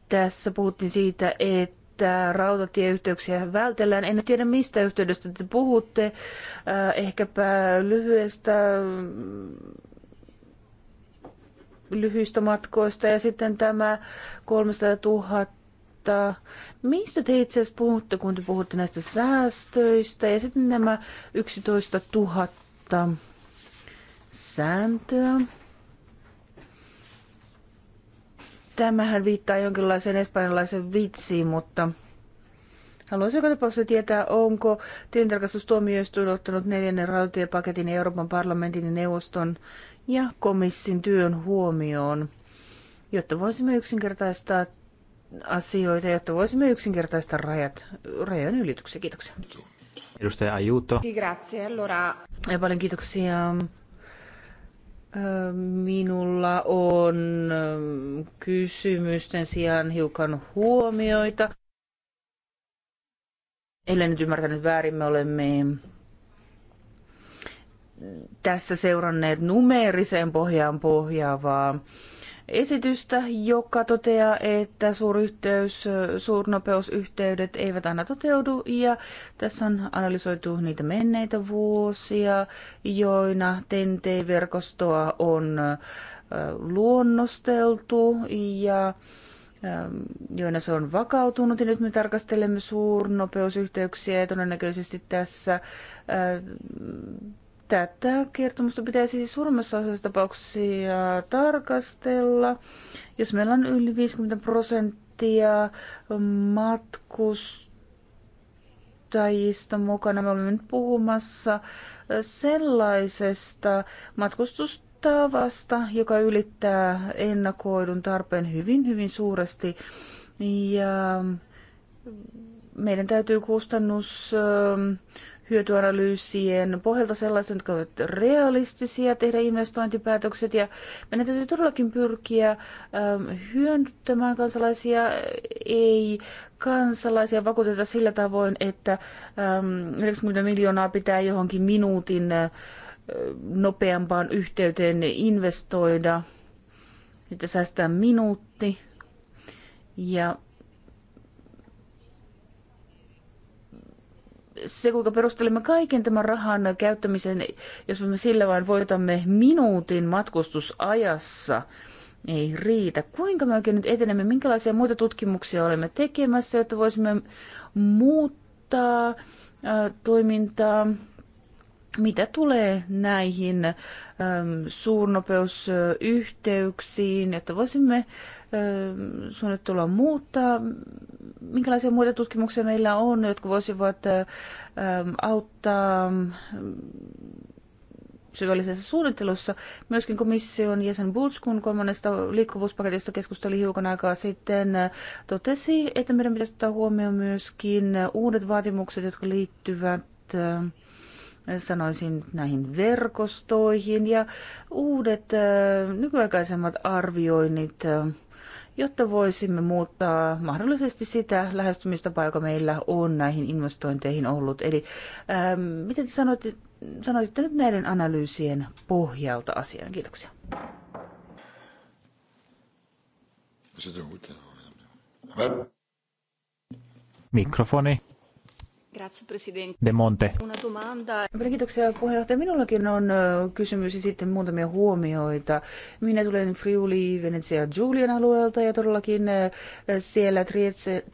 tässä puhuttiin siitä, että rautatieyhteyksiä vältellään. En tiedä, mistä yhteydestä te puhutte. Äh, ehkäpä lyhyestä lyhyistä matkoista ja sitten tämä 300 000 Mistä te itse asiassa puhutte, kun te puhutte näistä säästöistä ja sitten nämä 11 000 sääntöä? Tämähän viittaa jonkinlaiseen espanjalaisen vitsiin, mutta Haluaisin joka tapauksessa tietää, onko tilintarkastustuomioistuin ottanut neljännen rautatiepaketin Euroopan parlamentin ja neuvoston ja komissin työn huomioon, jotta voisimme yksinkertaistaa asioita, jotta voisimme yksinkertaistaa rajat, rajan ylityksiä. Kiitoksia. Edustaja Ajuto. Grazie, allora. Ja paljon kiitoksia. Minulla on kysymysten sijaan hiukan huomioita. Ellen nyt ymmärtänyt väärin, me olemme tässä seuranneet numeeriseen pohjaan pohjaavaa esitystä, joka toteaa, että suuryhteys, suurnopeusyhteydet eivät aina toteudu ja tässä on analysoitu niitä menneitä vuosia, joina TNT-verkostoa on luonnosteltu ja joina se on vakautunut ja nyt me tarkastelemme suurnopeusyhteyksiä ja todennäköisesti tässä Tätä kertomusta pitäisi siis suurimmassa osassa tapauksia tarkastella. Jos meillä on yli 50 prosenttia matkustajista mukana, me olemme nyt puhumassa sellaisesta matkustustavasta, joka ylittää ennakoidun tarpeen hyvin, hyvin suuresti. Ja meidän täytyy kustannus äh, hyötyanalyysien pohjalta sellaiset, jotka ovat realistisia, tehdä investointipäätökset ja meidän täytyy todellakin pyrkiä ähm, hyödyttämään kansalaisia, ei kansalaisia vakuuteta sillä tavoin, että 90 ähm, miljoonaa pitää johonkin minuutin äh, nopeampaan yhteyteen investoida, että säästää minuutti ja se, kuinka perustelemme kaiken tämän rahan käyttämisen, jos me sillä vain voitamme minuutin matkustusajassa, ei riitä. Kuinka me oikein nyt etenemme, minkälaisia muita tutkimuksia olemme tekemässä, jotta voisimme muuttaa toimintaa, mitä tulee näihin Ähm, suurnopeusyhteyksiin, jotta voisimme ähm, suunnittelua muuttaa. Minkälaisia muita tutkimuksia meillä on, jotka voisivat äh, ähm, auttaa syvällisessä suunnittelussa. Myöskin komission jäsen Bulls, kun kolmannesta liikkuvuuspaketista keskusteli hiukan aikaa sitten, totesi, että meidän pitäisi ottaa huomioon myöskin uudet vaatimukset, jotka liittyvät sanoisin näihin verkostoihin ja uudet nykyaikaisemmat arvioinnit, jotta voisimme muuttaa mahdollisesti sitä lähestymistapaa, joka meillä on näihin investointeihin ollut. Eli miten mitä te sanoitte, sanoisitte nyt näiden analyysien pohjalta asiaan? Kiitoksia. Mikrofoni. Demonte, Kiitoksia puheenjohtaja. Minullakin on kysymys ja sitten muutamia huomioita. Minä tulen Friuli, Venetsia Julian alueelta ja todellakin siellä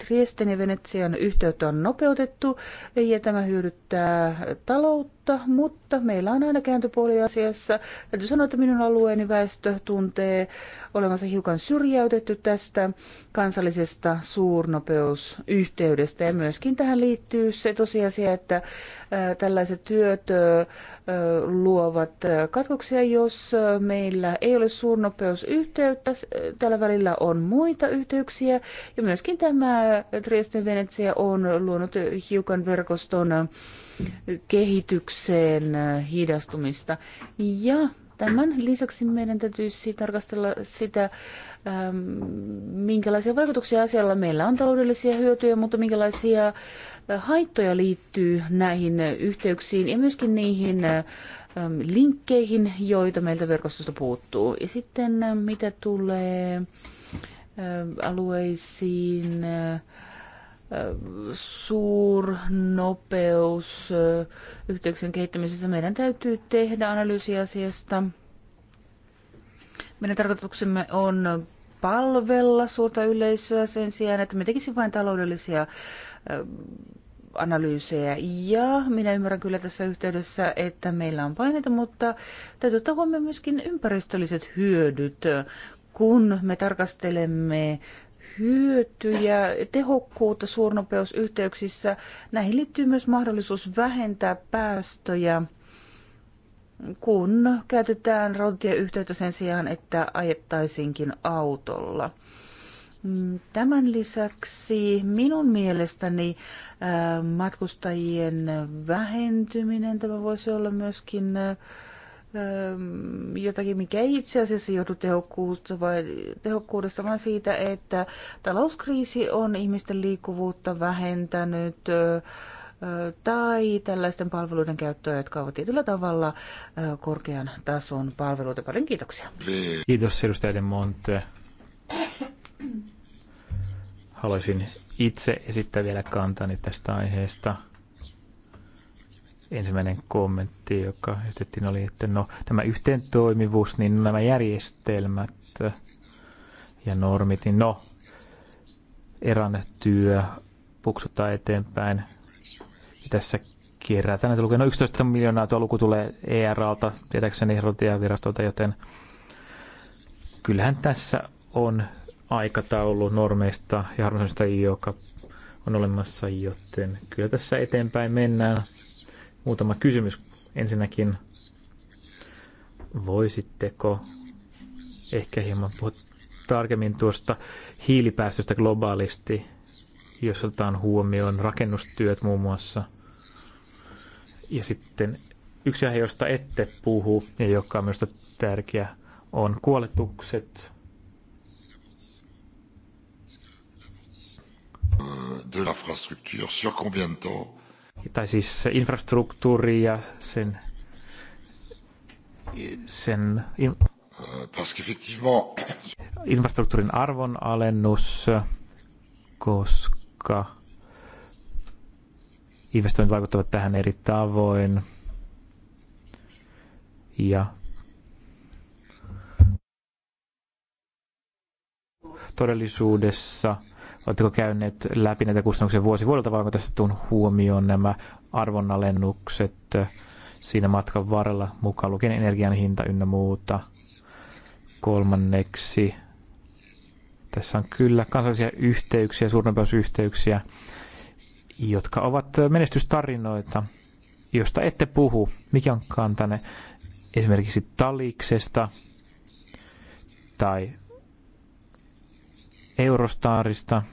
Triesten ja Venetsian yhteyttä on nopeutettu ja tämä hyödyttää taloutta mutta, mutta meillä on aina kääntöpuoli asiassa. Täytyy sanoa, että minun alueeni väestö tuntee olevansa hiukan syrjäytetty tästä kansallisesta suurnopeusyhteydestä. Ja myöskin tähän liittyy se tosiasia, että tällaiset työt luovat katkoksia, jos meillä ei ole suurnopeusyhteyttä. Tällä välillä on muita yhteyksiä ja myöskin tämä trieste Venetsia on luonut hiukan verkoston kehitykseen hidastumista. Ja tämän lisäksi meidän täytyisi tarkastella sitä, minkälaisia vaikutuksia asialla meillä on taloudellisia hyötyjä, mutta minkälaisia haittoja liittyy näihin yhteyksiin ja myöskin niihin linkkeihin, joita meiltä verkostosta puuttuu. Ja sitten mitä tulee alueisiin, suurnopeus yhteyksien kehittämisessä. Meidän täytyy tehdä analyysi asiasta. Meidän tarkoituksemme on palvella suurta yleisöä sen sijaan, että me tekisimme vain taloudellisia analyysejä. Ja minä ymmärrän kyllä tässä yhteydessä, että meillä on paineita, mutta täytyy ottaa huomioon myöskin ympäristölliset hyödyt, kun me tarkastelemme hyötyjä, tehokkuutta suurnopeusyhteyksissä. Näihin liittyy myös mahdollisuus vähentää päästöjä, kun käytetään rautatieyhteyttä sen sijaan, että ajettaisinkin autolla. Tämän lisäksi minun mielestäni matkustajien vähentyminen, tämä voisi olla myöskin jotakin, mikä ei itse asiassa johdu tehokkuudesta, vai tehokkuudesta, vaan siitä, että talouskriisi on ihmisten liikkuvuutta vähentänyt tai tällaisten palveluiden käyttöä, jotka ovat tietyllä tavalla korkean tason palveluita. Paljon kiitoksia. Kiitos edustaja De Monte. Haluaisin itse esittää vielä kantani tästä aiheesta ensimmäinen kommentti, joka esitettiin, oli, että no, tämä yhteentoimivuus, niin no, nämä järjestelmät ja normit, niin no, eran työ puksuttaa eteenpäin. Ja tässä kerätään näitä lukee No 11 miljoonaa tuo luku tulee ERAlta, tietääkseni virastolta, joten kyllähän tässä on aikataulu normeista ja harmonisoinnista, joka on olemassa, joten kyllä tässä eteenpäin mennään. Muutama kysymys ensinnäkin. Voisitteko ehkä hieman puhua tarkemmin tuosta hiilipäästöstä globaalisti, jos otetaan huomioon rakennustyöt muun muassa. Ja sitten yksi aihe, josta ette puhu ja joka on minusta tärkeä, on kuoletukset. De l'infrastructure, sur combien de temps tai siis se infrastruktuuri ja sen, sen in, infrastruktuurin arvon alennus, koska investoinnit vaikuttavat tähän eri tavoin. Ja todellisuudessa Oletteko käyneet läpi näitä kustannuksia vuosi vuodelta vai onko tässä tuun huomioon nämä arvonalennukset äh, siinä matkan varrella, mukaan lukien energian hinta ynnä muuta? Kolmanneksi, tässä on kyllä kansallisia yhteyksiä, suurnopeusyhteyksiä, jotka ovat äh, menestystarinoita, josta ette puhu. Mikä on kantane esimerkiksi Taliksesta tai Eurostarista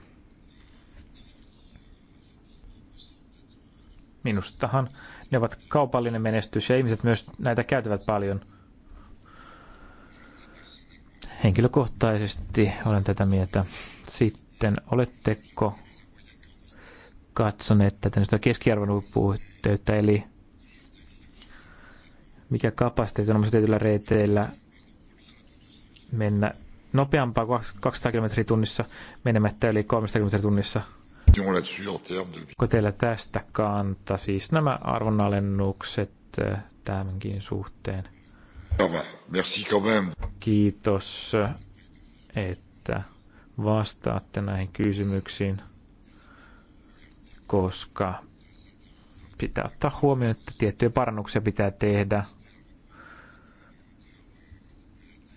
Minustahan ne ovat kaupallinen menestys ja ihmiset myös näitä käytävät paljon. Henkilökohtaisesti olen tätä mieltä. Sitten oletteko katsoneet tätä nyt keskiarvon huippuyhteyttä, eli mikä kapasiteetti on tietyillä reiteillä mennä nopeampaa kuin 200 km tunnissa menemättä yli 30 kilometriä tunnissa. Onko teillä tästä kanta, siis nämä arvonalennukset äh, tämänkin suhteen? Kiitos, että vastaatte näihin kysymyksiin, koska pitää ottaa huomioon, että tiettyjä parannuksia pitää tehdä.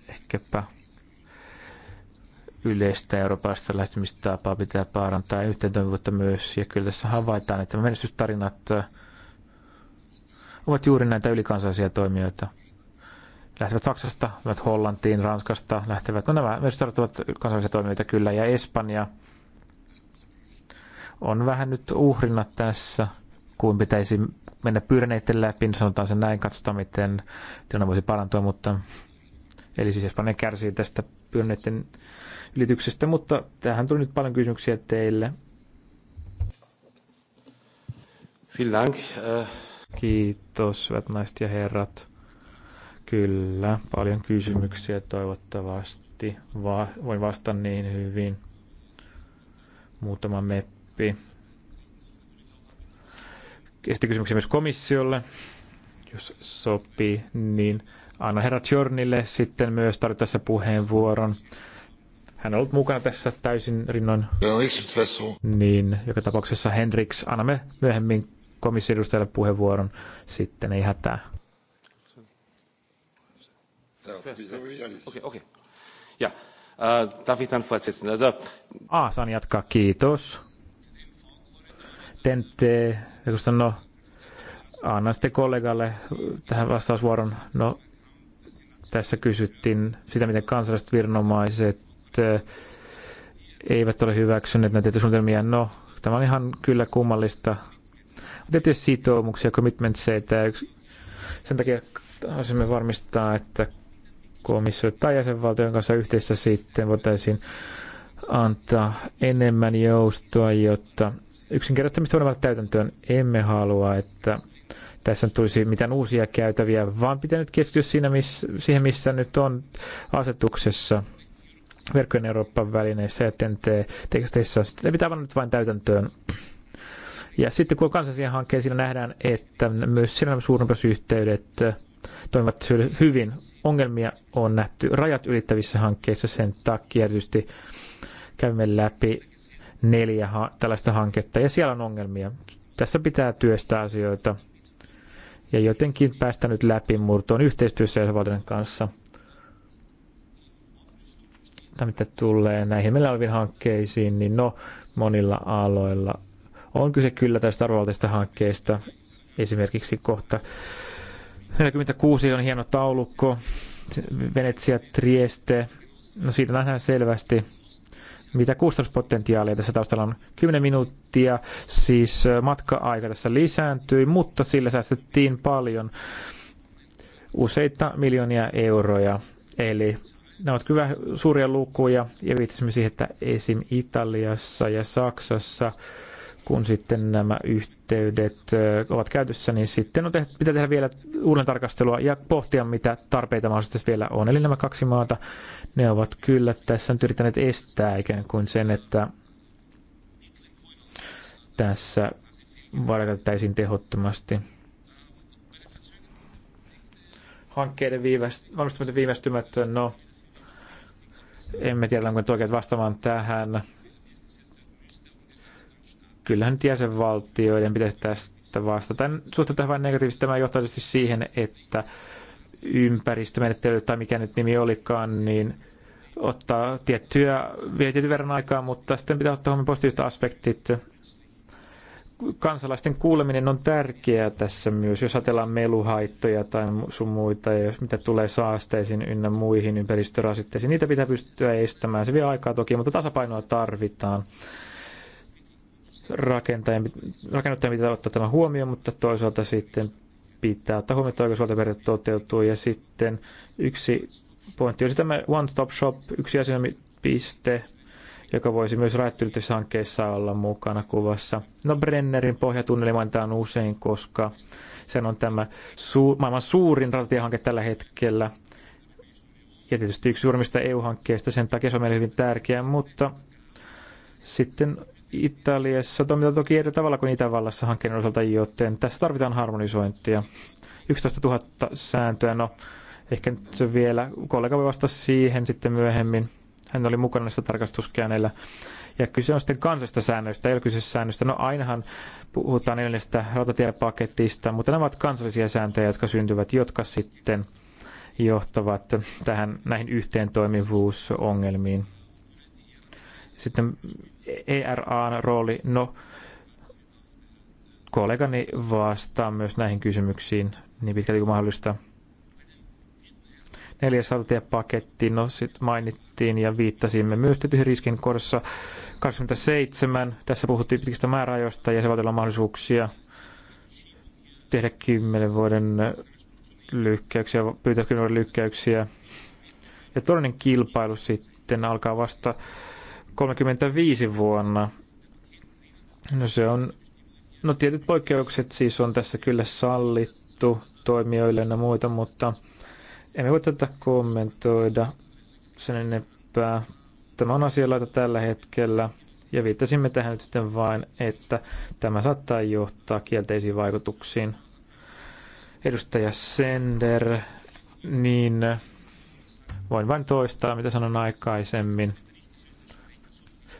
Ehkäpä yleistä eurooppalaista lähestymistapaa pitää parantaa ja yhteentoimivuutta myös. Ja kyllä tässä havaitaan, että menestystarinat äh, ovat juuri näitä ylikansallisia toimijoita. Lähtevät Saksasta, lähtevät Hollantiin, Ranskasta, lähtevät, no nämä menestystarinat ovat kansallisia toimijoita kyllä, ja Espanja on vähän nyt uhrina tässä, kuin pitäisi mennä pyörineiden läpi, niin sanotaan se näin, katsotaan miten tilanne voisi parantua, mutta eli siis Espanja kärsii tästä pyörineiden ylityksestä, mutta tähän tuli nyt paljon kysymyksiä teille. Dank. Äh. Kiitos, hyvät naiset ja herrat. Kyllä, paljon kysymyksiä toivottavasti. Va- voin vastata niin hyvin. Muutama meppi. Sitten kysymyksiä myös komissiolle, jos sopii, niin anna herra Jornille sitten myös tarvittaessa puheenvuoron. Hän on ollut mukana tässä täysin rinnoin. Niin, joka tapauksessa Hendrix, annamme myöhemmin edustajalle puheenvuoron sitten, ei hätää. Okei, okei. Ja, Ah, saan jatkaa, kiitos. Tente, no, annan sitten kollegalle tähän vastausvuoron. No, tässä kysyttiin sitä, miten kansalliset viranomaiset Eh, eivät ole hyväksyneet näitä suunnitelmia. No, tämä on ihan kyllä kummallista. Mutta tietysti sitoumuksia, commitmentseitä. Sen takia haluaisimme varmistaa, että komissio tai jäsenvaltion kanssa yhteisessä sitten voitaisiin antaa enemmän joustoa, jotta yksinkertaistamista voidaan täytäntöön emme halua, että tässä nyt tulisi mitään uusia käytäviä, vaan pitää nyt keskittyä siinä, miss, siihen, missä nyt on asetuksessa – verkkojen Euroopan välineissä eh, ja TNT-teksteissä. pitää vaan nyt vain täytäntöön. Ja sitten kun on kansallisia hankkeita, siinä nähdään, että myös siellä suurimmat yhteydet eh, toimivat hyvin. Ongelmia on nähty rajat ylittävissä hankkeissa sen takia tietysti käymme läpi neljä ha- tällaista hanketta ja siellä on ongelmia. Tässä pitää työstää asioita ja jotenkin päästä nyt läpimurtoon yhteistyössä ja kanssa – tai mitä tulee näihin meillä oleviin hankkeisiin, niin no, monilla aloilla on kyse kyllä tästä arvovaltaisesta hankkeesta. Esimerkiksi kohta 46 on hieno taulukko, Venetsia, Trieste. No siitä nähdään selvästi, mitä kustannuspotentiaalia tässä taustalla on. 10 minuuttia, siis matka-aika tässä lisääntyi, mutta sillä säästettiin paljon useita miljoonia euroja. Eli nämä ovat kyllä suuria lukuja ja viittasimme siihen, että esim. Italiassa ja Saksassa, kun sitten nämä yhteydet ovat käytössä, niin sitten on tehty, pitää tehdä vielä uuden tarkastelua ja pohtia, mitä tarpeita mahdollisesti vielä on. Eli nämä kaksi maata, ne ovat kyllä tässä nyt yrittäneet estää ikään kuin sen, että tässä varkattaisiin tehottomasti hankkeiden viiväst- viivästymät, no emme tiedä, onko oikeat vastaamaan tähän. Kyllähän nyt jäsenvaltioiden pitäisi tästä vastata. Suhtautuu vain negatiivisesti. Tämä johtaa tietysti siihen, että ympäristömenettely tai mikä nyt nimi olikaan, niin ottaa tiettyä, vie tietyn verran aikaa, mutta sitten pitää ottaa huomioon positiiviset aspektit kansalaisten kuuleminen on tärkeää tässä myös, jos ajatellaan meluhaittoja tai sun muita, ja jos mitä tulee saasteisiin ynnä muihin ympäristörasitteisiin, niitä pitää pystyä estämään. Se vie aikaa toki, mutta tasapainoa tarvitaan. Rakentajien, rakennuttajien pitää ottaa tämä huomioon, mutta toisaalta sitten pitää ottaa huomioon, että oikeusvaltioperiaate toteutuu. Ja sitten yksi pointti on tämä one-stop shop, yksi asia, piste, joka voisi myös rajattelytyshankkeissa olla mukana kuvassa. No Brennerin pohjatunneli mainitaan usein, koska sen on tämä su- maailman suurin rautatiehanke tällä hetkellä. Ja tietysti yksi suurimmista EU-hankkeista, sen takia se on meille hyvin tärkeä, mutta sitten Italiassa toimitaan toki eri tavalla kuin Itävallassa hankkeen osalta, joten tässä tarvitaan harmonisointia. 11 000 sääntöä, no ehkä nyt se vielä, kollega voi vastata siihen sitten myöhemmin hän oli mukana näissä tarkastuskäänneillä. Ja kyse on sitten kansallista säännöistä, ei kyse säännöistä. No ainahan puhutaan edellisestä rautatiepaketista, mutta nämä ovat kansallisia sääntöjä, jotka syntyvät, jotka sitten johtavat tähän, näihin yhteentoimivuusongelmiin. Sitten ERAn rooli, no kollegani vastaa myös näihin kysymyksiin niin pitkälti kuin mahdollista neljäs rautatiepaketti, no sit mainittiin ja viittasimme myös tietyihin riskin kohdassa 27. Tässä puhuttiin pitkistä määräajoista ja se mahdollisuuksia tehdä 10 vuoden lykkäyksiä, pyytää 10 vuoden lykkäyksiä. Ja toinen kilpailu sitten alkaa vasta 35 vuonna. No se on, no tietyt poikkeukset siis on tässä kyllä sallittu toimijoille ja muita, mutta emme voi tätä kommentoida sen enempää. Tämä on asialaita tällä hetkellä ja viittasimme tähän nyt sitten vain, että tämä saattaa johtaa kielteisiin vaikutuksiin. Edustaja Sender, niin voin vain toistaa, mitä sanon aikaisemmin.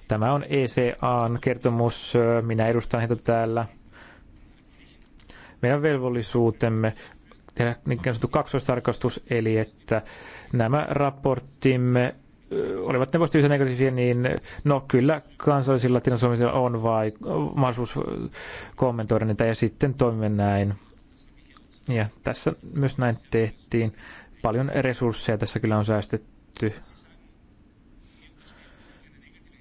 Tämä on ECAn kertomus, minä edustan heitä täällä. Meidän velvollisuutemme tehdä niin sanottu kaksoistarkastus, eli että nämä raporttimme olivat ne positiivisia negatiivisia, niin no kyllä kansallisilla tilastoimisilla on vai, mahdollisuus kommentoida niitä ja sitten toimimme näin. Ja tässä myös näin tehtiin. Paljon resursseja tässä kyllä on säästetty.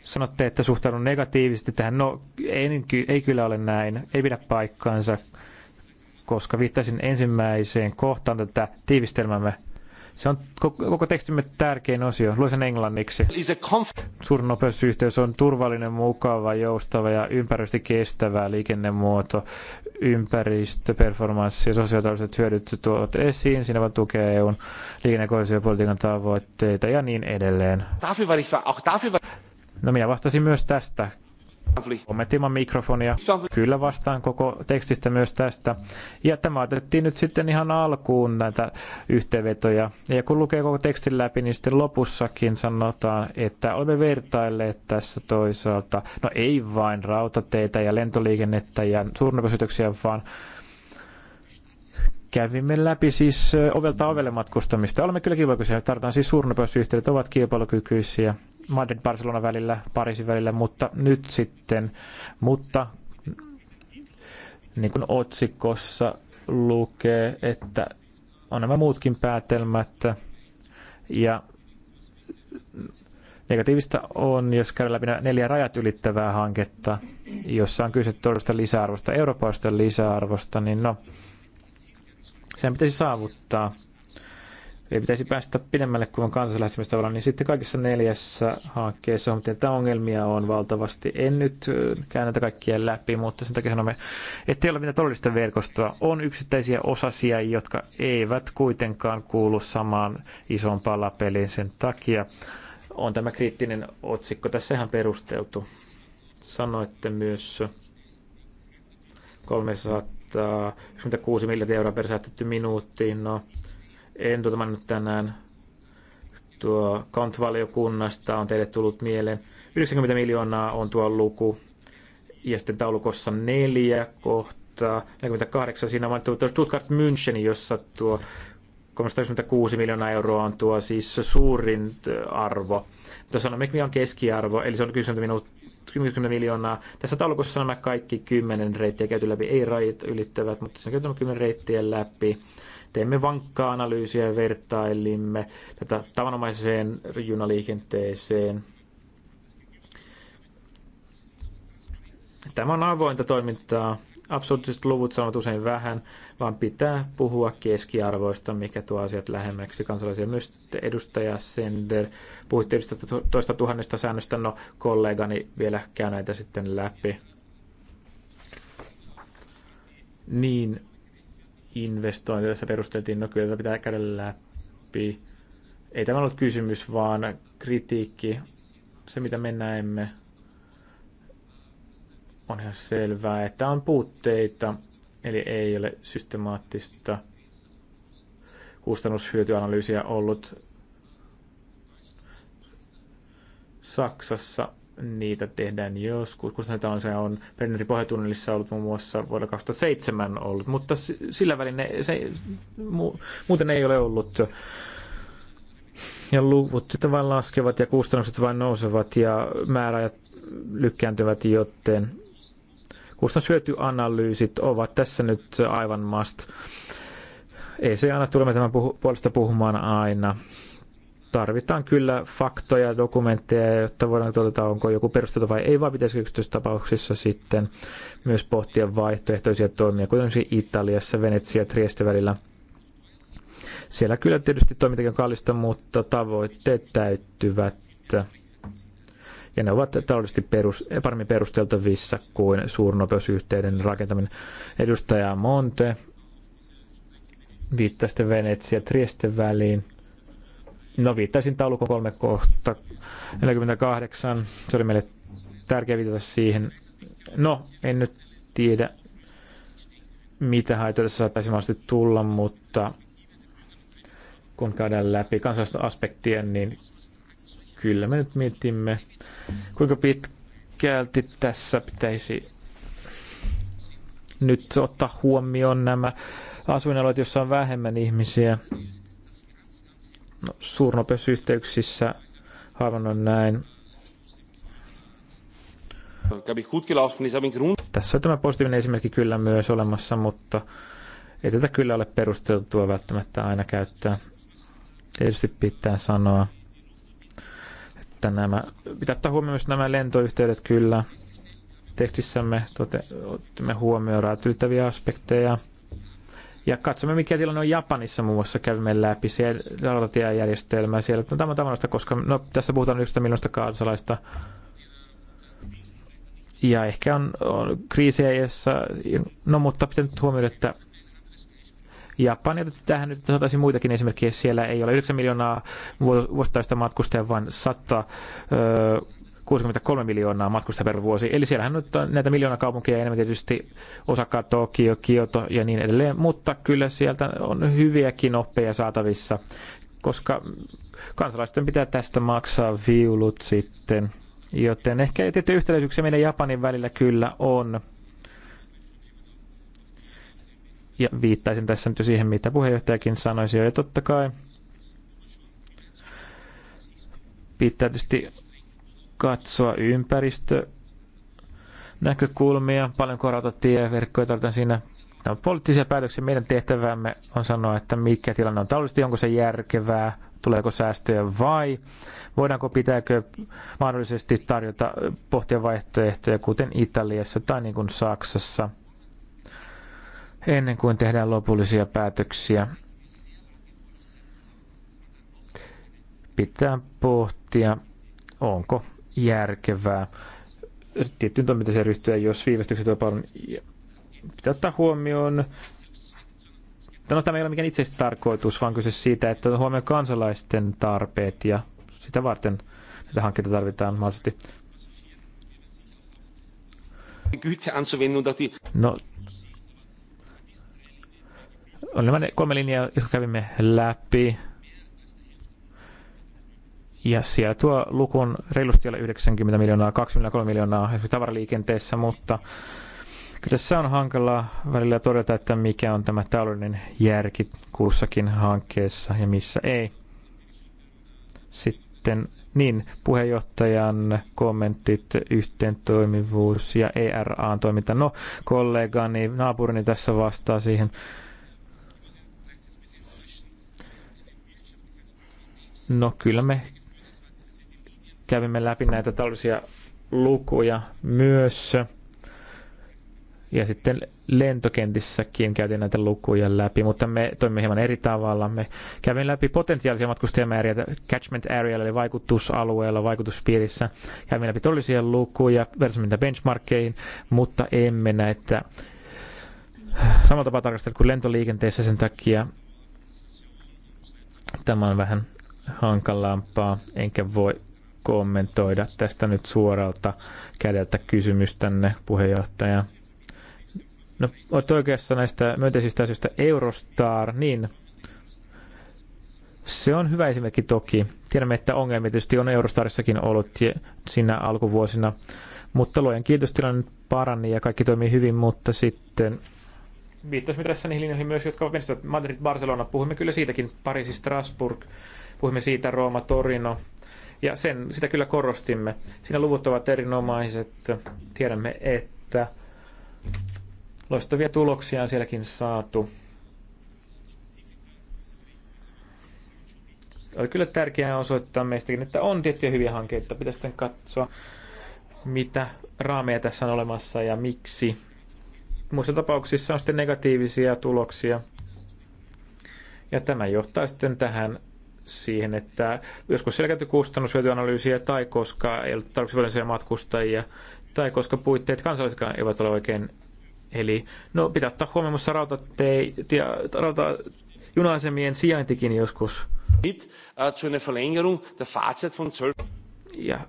Sanotte, että suhtaudun negatiivisesti tähän. No ei, niin ei kyllä ole näin. Ei pidä paikkaansa koska viittasin ensimmäiseen kohtaan tätä tiivistelmämme. Se on koko tekstimme tärkein osio. Luen sen englanniksi. Suurin nopeusyhteys on turvallinen, mukava, joustava ja ympäristö kestävä liikennemuoto. Ympäristö, performanssi ja sosiaaliset hyödyt tuot esiin. Siinä vaan tukee EUn liikennekoisiopolitiikan tavoitteita ja niin edelleen. No minä vastasin myös tästä, Kommentti mikrofonia. Kyllä vastaan koko tekstistä myös tästä. Ja tämä otettiin nyt sitten ihan alkuun näitä yhteenvetoja. Ja kun lukee koko tekstin läpi, niin sitten lopussakin sanotaan, että olemme vertailleet tässä toisaalta, no ei vain rautateitä ja lentoliikennettä ja suurnopeusytöksiä, vaan kävimme läpi siis ovelta ovelle matkustamista. Olemme kyllä kilpailukykyisiä, tarvitaan siis suurnopeusyhteydet, ovat kilpailukykyisiä Madrid-Barcelona välillä, Pariisin välillä, mutta nyt sitten, mutta niin kuin otsikossa lukee, että on nämä muutkin päätelmät ja Negatiivista on, jos käydään läpi neljä rajat ylittävää hanketta, jossa on kyse todellista lisäarvosta, eurooppalaisesta lisäarvosta, niin no, sen pitäisi saavuttaa ei pitäisi päästä pidemmälle kuin on kansallislähestymistavalla, niin sitten kaikissa neljässä hankkeessa on, että ongelmia on valtavasti. En nyt käy näitä kaikkia läpi, mutta sen takia sanomme, että ei ole mitään todellista verkostoa. On yksittäisiä osasia, jotka eivät kuitenkaan kuulu samaan isoon palapeliin sen takia. On tämä kriittinen otsikko tässä ihan perusteltu. Sanoitte myös 396 miljardia euroa per säästetty minuuttiin. No, en tuota nyt tänään. Tuo kant on teille tullut mieleen. 90 miljoonaa on tuo luku. Ja sitten taulukossa neljä kohtaa. 48 siinä on mainittu Stuttgart München, jossa tuo 396 miljoonaa euroa on tuo siis suurin äh, arvo. Mutta on mikä on keskiarvo, eli se on 90 minuuttia 10 miljoonaa. Tässä taulukossa nämä kaikki 10 reittiä käyty läpi, ei rajat ylittävät, mutta se on käyty 10 reittiä läpi. Teemme vankkaa analyysiä ja vertailimme tätä tavanomaiseen junaliikenteeseen. Tämä on avointa toimintaa. Absoluuttiset luvut sanovat usein vähän, vaan pitää puhua keskiarvoista, mikä tuo asiat lähemmäksi kansalaisia. Myös edustaja Sender, puhuitte toista tuhannesta säännöstä, no kollegani vielä käy näitä sitten läpi. Niin, investointi, tässä perusteltiin, no kyllä pitää käydä läpi. Ei tämä ollut kysymys, vaan kritiikki. Se, mitä me näemme, on ihan selvää, että on puutteita, eli ei ole systemaattista kustannushyötyanalyysiä ollut Saksassa niitä tehdään joskus. kun näitä on Brennerin pohjatunnelissa ollut muun muassa vuonna 2007 ollut, mutta sillä välin ne, se, mu, muuten ei ole ollut. Ja luvut sitten vain laskevat ja kustannukset vain nousevat ja määräajat lykkääntyvät, joten kustannushyötyanalyysit ovat tässä nyt aivan must. Ei se aina tulemme tämän puhu- puolesta puhumaan aina tarvitaan kyllä faktoja ja dokumentteja, jotta voidaan todeta, onko joku perusteltu vai ei, vaan pitäisikö yksityistapauksissa sitten myös pohtia vaihtoehtoisia toimia, kuten Italiassa, Venetsia ja Trieste välillä. Siellä kyllä tietysti toimintakin on kallista, mutta tavoitteet täyttyvät. Ja ne ovat taloudellisesti perus, paremmin perusteltavissa kuin suurnopeusyhteyden rakentaminen. Edustaja Monte sitten Venetsia Trieste väliin No viittaisin taulukon kolme kohta 48. Se oli meille tärkeä viitata siihen. No, en nyt tiedä, mitä haitoja saattaisi mahdollisesti tulla, mutta kun käydään läpi kansallista aspektia, niin kyllä me nyt mietimme, kuinka pitkälti tässä pitäisi nyt ottaa huomioon nämä asuinalueet, joissa on vähemmän ihmisiä, no, suurnopeusyhteyksissä on näin. Niin Tässä on tämä positiivinen esimerkki kyllä myös olemassa, mutta ei tätä kyllä ole perusteltua välttämättä aina käyttää. Tietysti pitää sanoa, että nämä, pitää ottaa huomioon myös nämä lentoyhteydet kyllä. Tekstissämme otimme huomioon rajat aspekteja, ja katsomme, mikä tilanne on Japanissa muun muassa. Kävimme läpi siellä rautatiejärjestelmää siellä. No, tämä on tämmöistä, koska no, tässä puhutaan yksistä miljoonasta kansalaista. Ja ehkä on, on kriisejä, jossa... No, mutta pitää nyt huomioida, että Japani että tähän nyt, että saataisiin muitakin esimerkkejä. Siellä ei ole 9 miljoonaa vuosittaista matkustajaa, vaan 100 öö, 63 miljoonaa matkustajia per vuosi. Eli siellähän nyt on näitä miljoona kaupunkia enemmän tietysti Osaka, Tokio, Kioto ja niin edelleen, mutta kyllä sieltä on hyviäkin oppeja saatavissa, koska kansalaisten pitää tästä maksaa viulut sitten. Joten ehkä tiettyjä yhtäläisyyksiä meidän Japanin välillä kyllä on. Ja viittaisin tässä nyt jo siihen, mitä puheenjohtajakin sanoisi jo. Ja totta kai pitää tietysti katsoa ympäristö näkökulmia, paljonko tieverkkoja, tarvitaan siinä. Nämä no, on poliittisia päätöksiä. Meidän tehtävämme on sanoa, että mikä tilanne on taloudellisesti, onko se järkevää, tuleeko säästöjä vai voidaanko pitääkö mahdollisesti tarjota pohtia vaihtoehtoja, kuten Italiassa tai niin kuin Saksassa, ennen kuin tehdään lopullisia päätöksiä. Pitää pohtia, onko järkevää tiettyyn toimintaiseen ryhtyä, jos viivästykset on paljon. Pitää ottaa huomioon No, tämä ei ole mikään itseistä tarkoitus, vaan kyse siitä, että on huomioon kansalaisten tarpeet ja sitä varten näitä hankkeita tarvitaan mahdollisesti. No, on nämä kolme linjaa, jotka kävimme läpi. Ja siellä tuo luku on reilusti alle 90 miljoonaa, 23 miljoonaa tavaraliikenteessä, mutta kyllä tässä on hankalaa välillä todeta, että mikä on tämä taloudellinen järki kussakin hankkeessa ja missä ei. Sitten niin, puheenjohtajan kommentit, yhteentoimivuus ja era toiminta. No, kollegani, naapurini tässä vastaa siihen. No kyllä me kävimme läpi näitä tällaisia lukuja myös. Ja sitten lentokentissäkin käytiin näitä lukuja läpi, mutta me toimimme hieman eri tavalla. Me kävimme läpi potentiaalisia matkustajamääriä catchment area, eli vaikutusalueella, vaikutuspiirissä. Kävimme läpi todellisia lukuja, versus benchmarkkeihin, mutta emme näitä samalla tapaa tarkastella kuin lentoliikenteessä sen takia. Tämä on vähän hankalampaa, enkä voi kommentoida tästä nyt suoralta kädeltä kysymystänne, puheenjohtaja. No, olet oikeassa näistä myönteisistä asioista. Eurostar, niin se on hyvä esimerkki toki. Tiedämme, että ongelmia tietysti on Eurostarissakin ollut siinä alkuvuosina, mutta luojan kiitos tilanne parani ja kaikki toimii hyvin, mutta sitten viittasimme tässä niihin linjoihin myös, jotka menestyvät Madrid, Barcelona. Puhumme kyllä siitäkin, Pariisi, Strasbourg, puhumme siitä Rooma, Torino, ja sen, sitä kyllä korostimme. Siinä luvut ovat erinomaiset. Tiedämme, että loistavia tuloksia on sielläkin saatu. Oli kyllä tärkeää osoittaa meistäkin, että on tiettyjä hyviä hankkeita. Pitäisi sitten katsoa, mitä raameja tässä on olemassa ja miksi. Muissa tapauksissa on sitten negatiivisia tuloksia. Ja tämä johtaa sitten tähän siihen, että joskus siellä käyty kustannushyötyanalyysiä tai koska ei ollut tarpeeksi paljon matkustajia tai koska puitteet kansallisetkaan eivät ole oikein. Eli no, pitää ottaa huomioon muassa rauta juna sijaintikin joskus. Äh, ja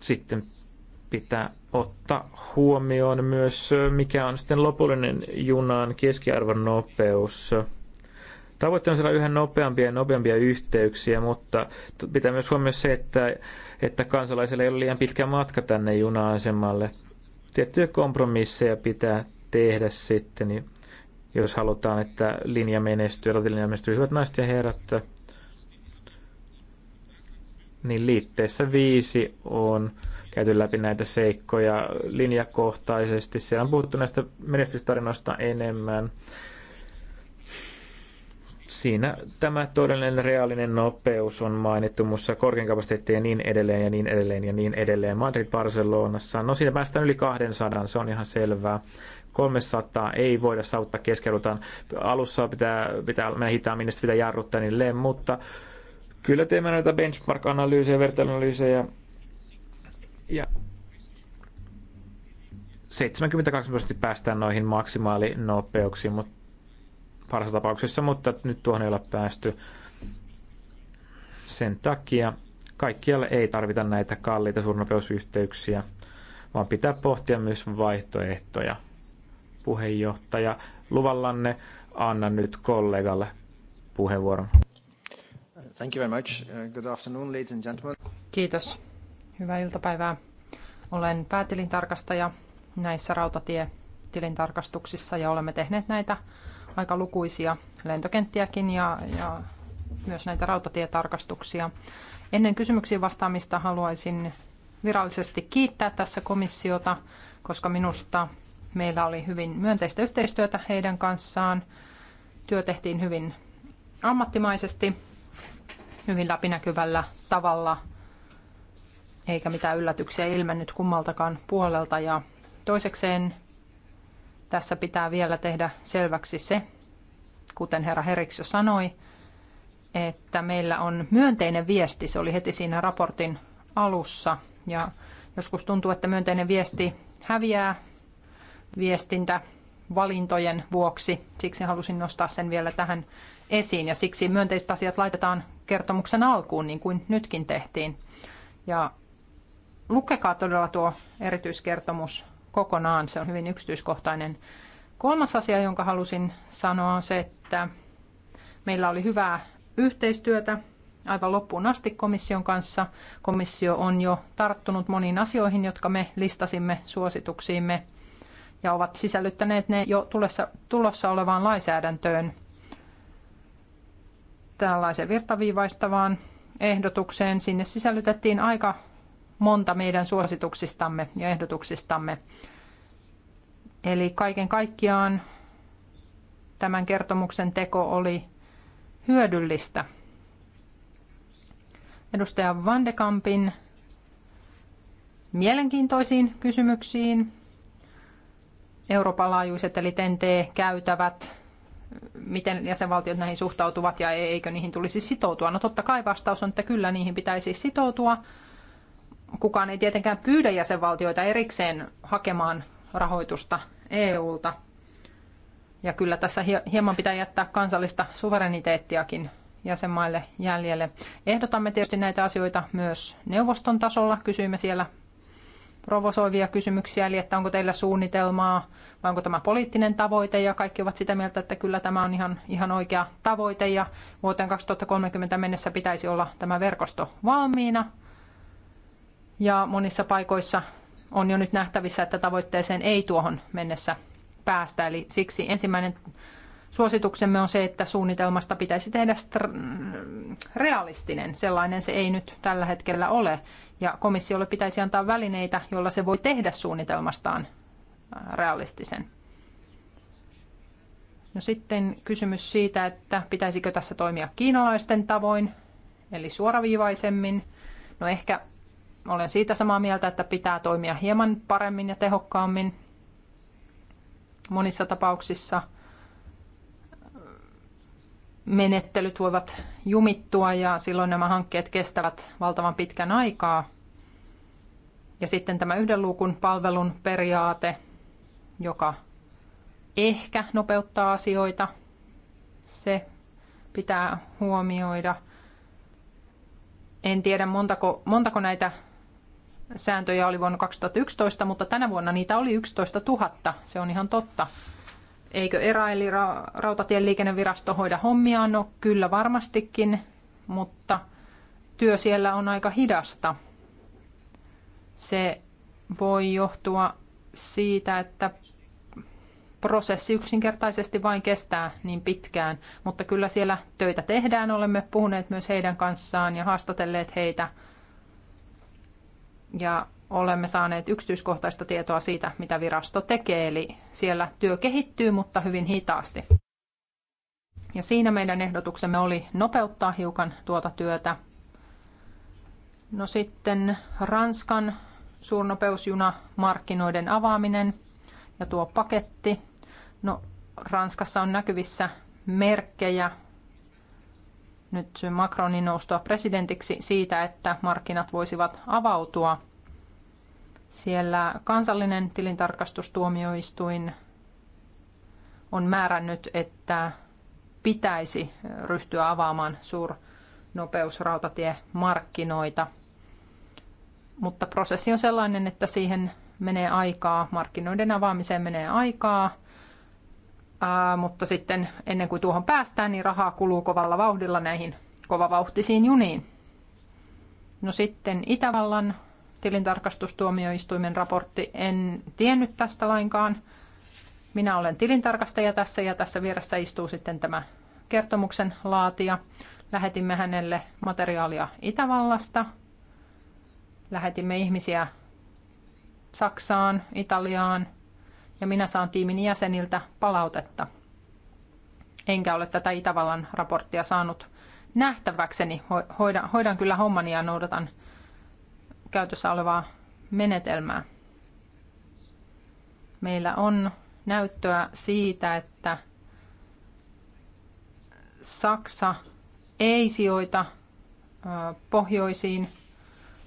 sitten pitää ottaa huomioon myös, äh, mikä on sitten lopullinen junan keskiarvon nopeus. Tavoitteena on siellä yhä nopeampia ja nopeampia yhteyksiä, mutta pitää myös huomioida se, että, että kansalaisilla ei ole liian pitkä matka tänne juna-asemalle. Tiettyjä kompromisseja pitää tehdä sitten, niin jos halutaan, että linja menestyy, ratilinja menestyy, hyvät naiset ja herrat, niin liitteessä viisi on käyty läpi näitä seikkoja linjakohtaisesti. Siellä on puhuttu näistä menestystarinoista enemmän siinä tämä todellinen reaalinen nopeus on mainittu muussa korkean kapasiteetti ja niin edelleen ja niin edelleen ja niin edelleen Madrid Barcelonassa. No siinä päästään yli 200, se on ihan selvää. 300 ei voida saavuttaa keskiarvotaan. Alussa pitää, pitää mennä hitaammin, niin sitten pitää jarruttaa niilleen, mutta kyllä teemme näitä benchmark-analyysejä, vertailuanalyysejä ja 72 prosenttia päästään noihin maksimaalinopeuksiin, nopeuksiin, mutta parhaassa tapauksessa, mutta nyt tuohon ei ole päästy. Sen takia kaikkialle ei tarvita näitä kalliita suurnopeusyhteyksiä, vaan pitää pohtia myös vaihtoehtoja. Puheenjohtaja, luvallanne annan nyt kollegalle puheenvuoron. Thank you very much. Uh, good afternoon, ladies and gentlemen. Kiitos. Hyvää iltapäivää. Olen päätilintarkastaja näissä rautatietilintarkastuksissa ja olemme tehneet näitä aika lukuisia lentokenttiäkin ja, ja myös näitä rautatietarkastuksia. Ennen kysymyksiin vastaamista haluaisin virallisesti kiittää tässä komissiota, koska minusta meillä oli hyvin myönteistä yhteistyötä heidän kanssaan. Työ tehtiin hyvin ammattimaisesti, hyvin läpinäkyvällä tavalla, eikä mitään yllätyksiä ilmennyt kummaltakaan puolelta. Ja toisekseen tässä pitää vielä tehdä selväksi se, kuten herra Heriks jo sanoi, että meillä on myönteinen viesti, se oli heti siinä raportin alussa, ja joskus tuntuu, että myönteinen viesti häviää viestintä valintojen vuoksi. Siksi halusin nostaa sen vielä tähän esiin ja siksi myönteiset asiat laitetaan kertomuksen alkuun niin kuin nytkin tehtiin. Ja lukekaa todella tuo erityiskertomus kokonaan. Se on hyvin yksityiskohtainen. Kolmas asia, jonka halusin sanoa, on se, että meillä oli hyvää yhteistyötä aivan loppuun asti komission kanssa. Komissio on jo tarttunut moniin asioihin, jotka me listasimme suosituksiimme ja ovat sisällyttäneet ne jo tulossa, tulossa olevaan lainsäädäntöön tällaiseen virtaviivaistavaan ehdotukseen. Sinne sisällytettiin aika monta meidän suosituksistamme ja ehdotuksistamme. Eli kaiken kaikkiaan tämän kertomuksen teko oli hyödyllistä. Edustaja Vandekampin mielenkiintoisiin kysymyksiin. Euroopan laajuiset eli TNT-käytävät, miten jäsenvaltiot näihin suhtautuvat ja e- eikö niihin tulisi sitoutua? No totta kai vastaus on, että kyllä niihin pitäisi sitoutua kukaan ei tietenkään pyydä jäsenvaltioita erikseen hakemaan rahoitusta EUlta. Ja kyllä tässä hieman pitää jättää kansallista suvereniteettiakin jäsenmaille jäljelle. Ehdotamme tietysti näitä asioita myös neuvoston tasolla. Kysyimme siellä provosoivia kysymyksiä, eli että onko teillä suunnitelmaa vai onko tämä poliittinen tavoite, ja kaikki ovat sitä mieltä, että kyllä tämä on ihan, ihan oikea tavoite, ja vuoteen 2030 mennessä pitäisi olla tämä verkosto valmiina ja monissa paikoissa on jo nyt nähtävissä, että tavoitteeseen ei tuohon mennessä päästä. Eli siksi ensimmäinen suosituksemme on se, että suunnitelmasta pitäisi tehdä realistinen. Sellainen se ei nyt tällä hetkellä ole. Ja komissiolle pitäisi antaa välineitä, joilla se voi tehdä suunnitelmastaan äh, realistisen. No sitten kysymys siitä, että pitäisikö tässä toimia kiinalaisten tavoin, eli suoraviivaisemmin. No ehkä olen siitä samaa mieltä, että pitää toimia hieman paremmin ja tehokkaammin monissa tapauksissa – menettelyt voivat jumittua ja silloin nämä hankkeet kestävät valtavan pitkän aikaa. Ja sitten tämä yhden luukun palvelun periaate, joka ehkä nopeuttaa asioita, se pitää huomioida. En tiedä montako, montako näitä sääntöjä oli vuonna 2011, mutta tänä vuonna niitä oli 11 000. Se on ihan totta. Eikö ERA eli Rautatien liikennevirasto hoida hommiaan? No kyllä varmastikin, mutta työ siellä on aika hidasta. Se voi johtua siitä, että prosessi yksinkertaisesti vain kestää niin pitkään, mutta kyllä siellä töitä tehdään. Olemme puhuneet myös heidän kanssaan ja haastatelleet heitä ja olemme saaneet yksityiskohtaista tietoa siitä, mitä virasto tekee, eli siellä työ kehittyy, mutta hyvin hitaasti. Ja siinä meidän ehdotuksemme oli nopeuttaa hiukan tuota työtä. No sitten Ranskan suurnopeusjuna markkinoiden avaaminen ja tuo paketti. No Ranskassa on näkyvissä merkkejä nyt Macronin noustua presidentiksi siitä, että markkinat voisivat avautua. Siellä kansallinen tilintarkastustuomioistuin on määrännyt, että pitäisi ryhtyä avaamaan suurnopeusrautatiemarkkinoita. Mutta prosessi on sellainen, että siihen menee aikaa, markkinoiden avaamiseen menee aikaa – mutta sitten ennen kuin tuohon päästään, niin rahaa kuluu kovalla vauhdilla näihin kovavauhtisiin juniin. No sitten Itävallan tilintarkastustuomioistuimen raportti. En tiennyt tästä lainkaan. Minä olen tilintarkastaja tässä ja tässä vieressä istuu sitten tämä kertomuksen laatija. Lähetimme hänelle materiaalia Itävallasta. Lähetimme ihmisiä Saksaan, Italiaan, ja minä saan tiimin jäseniltä palautetta. Enkä ole tätä Itävallan raporttia saanut nähtäväkseni. Hoidan, hoidan kyllä hommani ja noudatan käytössä olevaa menetelmää. Meillä on näyttöä siitä, että Saksa ei sijoita pohjoisiin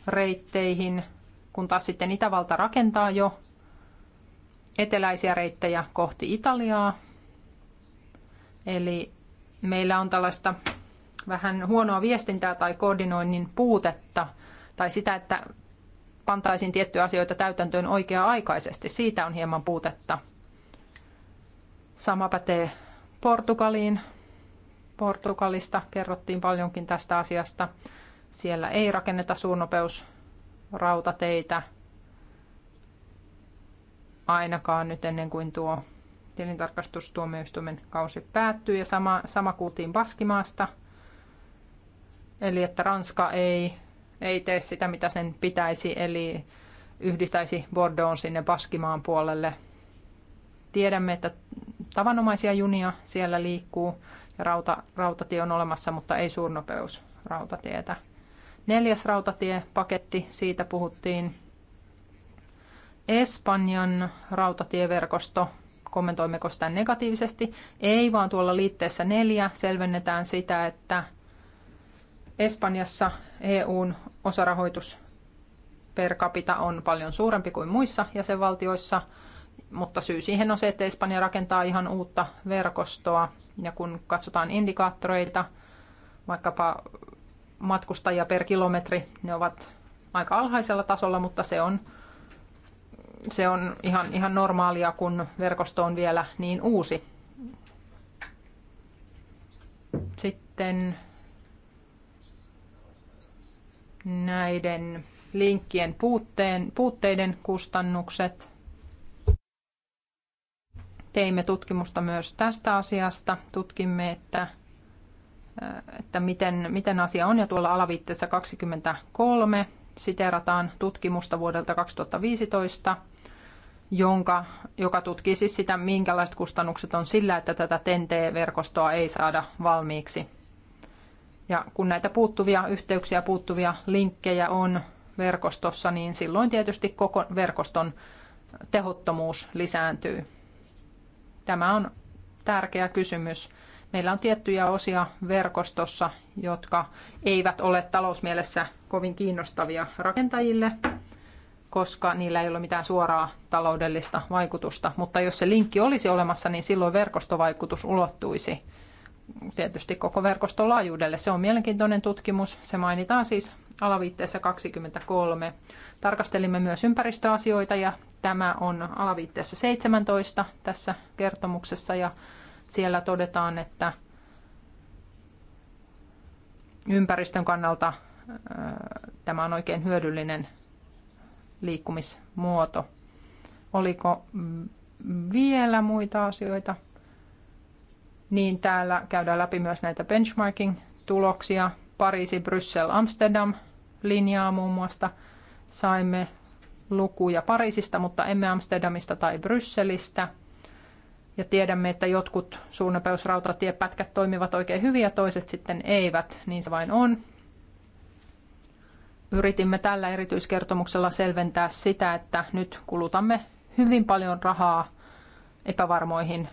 reitteihin, kun taas sitten Itävalta rakentaa jo eteläisiä reittejä kohti Italiaa. Eli meillä on tällaista vähän huonoa viestintää tai koordinoinnin puutetta tai sitä, että pantaisiin tiettyjä asioita täytäntöön oikea-aikaisesti. Siitä on hieman puutetta. Sama pätee Portugaliin. Portugalista kerrottiin paljonkin tästä asiasta. Siellä ei rakenneta suurnopeusrautateitä – ainakaan nyt ennen kuin tuo tilintarkastustuomioistuimen kausi päättyy. Ja sama, sama kuultiin Baskimaasta, eli että Ranska ei, ei tee sitä, mitä sen pitäisi, eli yhdistäisi Bordeaux sinne Baskimaan puolelle. Tiedämme, että tavanomaisia junia siellä liikkuu ja rauta, rautatie on olemassa, mutta ei suurnopeusrautatietä. Neljäs rautatiepaketti, siitä puhuttiin Espanjan rautatieverkosto, kommentoimmeko sitä negatiivisesti? Ei, vaan tuolla liitteessä neljä selvennetään sitä, että Espanjassa EUn osarahoitus per capita on paljon suurempi kuin muissa jäsenvaltioissa, mutta syy siihen on se, että Espanja rakentaa ihan uutta verkostoa. Ja kun katsotaan indikaattoreita, vaikkapa matkustajia per kilometri, ne ovat aika alhaisella tasolla, mutta se on se on ihan, ihan normaalia, kun verkosto on vielä niin uusi. Sitten näiden linkkien puutteen, puutteiden kustannukset. Teimme tutkimusta myös tästä asiasta. Tutkimme, että, äh, että miten, miten asia on ja tuolla alaviitteessä 23 siterataan tutkimusta vuodelta 2015 jonka, joka tutkii siis sitä, minkälaiset kustannukset on sillä, että tätä TEN-T-verkostoa ei saada valmiiksi. Ja kun näitä puuttuvia yhteyksiä, puuttuvia linkkejä on verkostossa, niin silloin tietysti koko verkoston tehottomuus lisääntyy. Tämä on tärkeä kysymys. Meillä on tiettyjä osia verkostossa, jotka eivät ole talousmielessä kovin kiinnostavia rakentajille – koska niillä ei ole mitään suoraa taloudellista vaikutusta. Mutta jos se linkki olisi olemassa, niin silloin verkostovaikutus ulottuisi tietysti koko verkoston laajuudelle. Se on mielenkiintoinen tutkimus. Se mainitaan siis alaviitteessä 23. Tarkastelimme myös ympäristöasioita ja tämä on alaviitteessä 17 tässä kertomuksessa ja siellä todetaan, että ympäristön kannalta tämä on oikein hyödyllinen liikkumismuoto. Oliko vielä muita asioita? Niin täällä käydään läpi myös näitä benchmarking-tuloksia. Pariisi, Bryssel, Amsterdam linjaa muun muassa. Saimme lukuja Pariisista, mutta emme Amsterdamista tai Brysselistä. Ja tiedämme, että jotkut suunnapeusrautatiepätkät toimivat oikein hyvin ja toiset sitten eivät, niin se vain on. Yritimme tällä erityiskertomuksella selventää sitä, että nyt kulutamme hyvin paljon rahaa epävarmoihin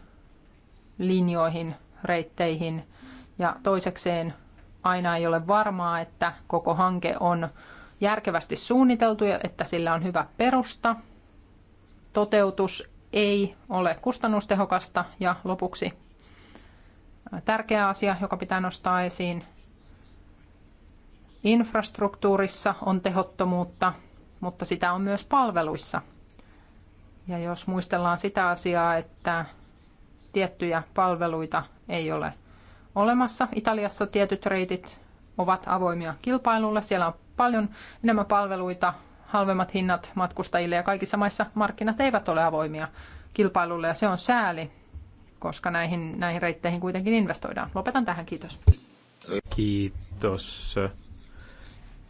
linjoihin, reitteihin ja toisekseen aina ei ole varmaa, että koko hanke on järkevästi suunniteltu ja että sillä on hyvä perusta. Toteutus ei ole kustannustehokasta ja lopuksi tärkeä asia, joka pitää nostaa esiin, Infrastruktuurissa on tehottomuutta, mutta sitä on myös palveluissa. Ja jos muistellaan sitä asiaa, että tiettyjä palveluita ei ole olemassa. Italiassa tietyt reitit ovat avoimia kilpailulle. Siellä on paljon enemmän palveluita, halvemmat hinnat matkustajille ja kaikissa maissa markkinat eivät ole avoimia kilpailulle ja se on sääli, koska näihin, näihin reitteihin kuitenkin investoidaan. Lopetan tähän, kiitos. Kiitos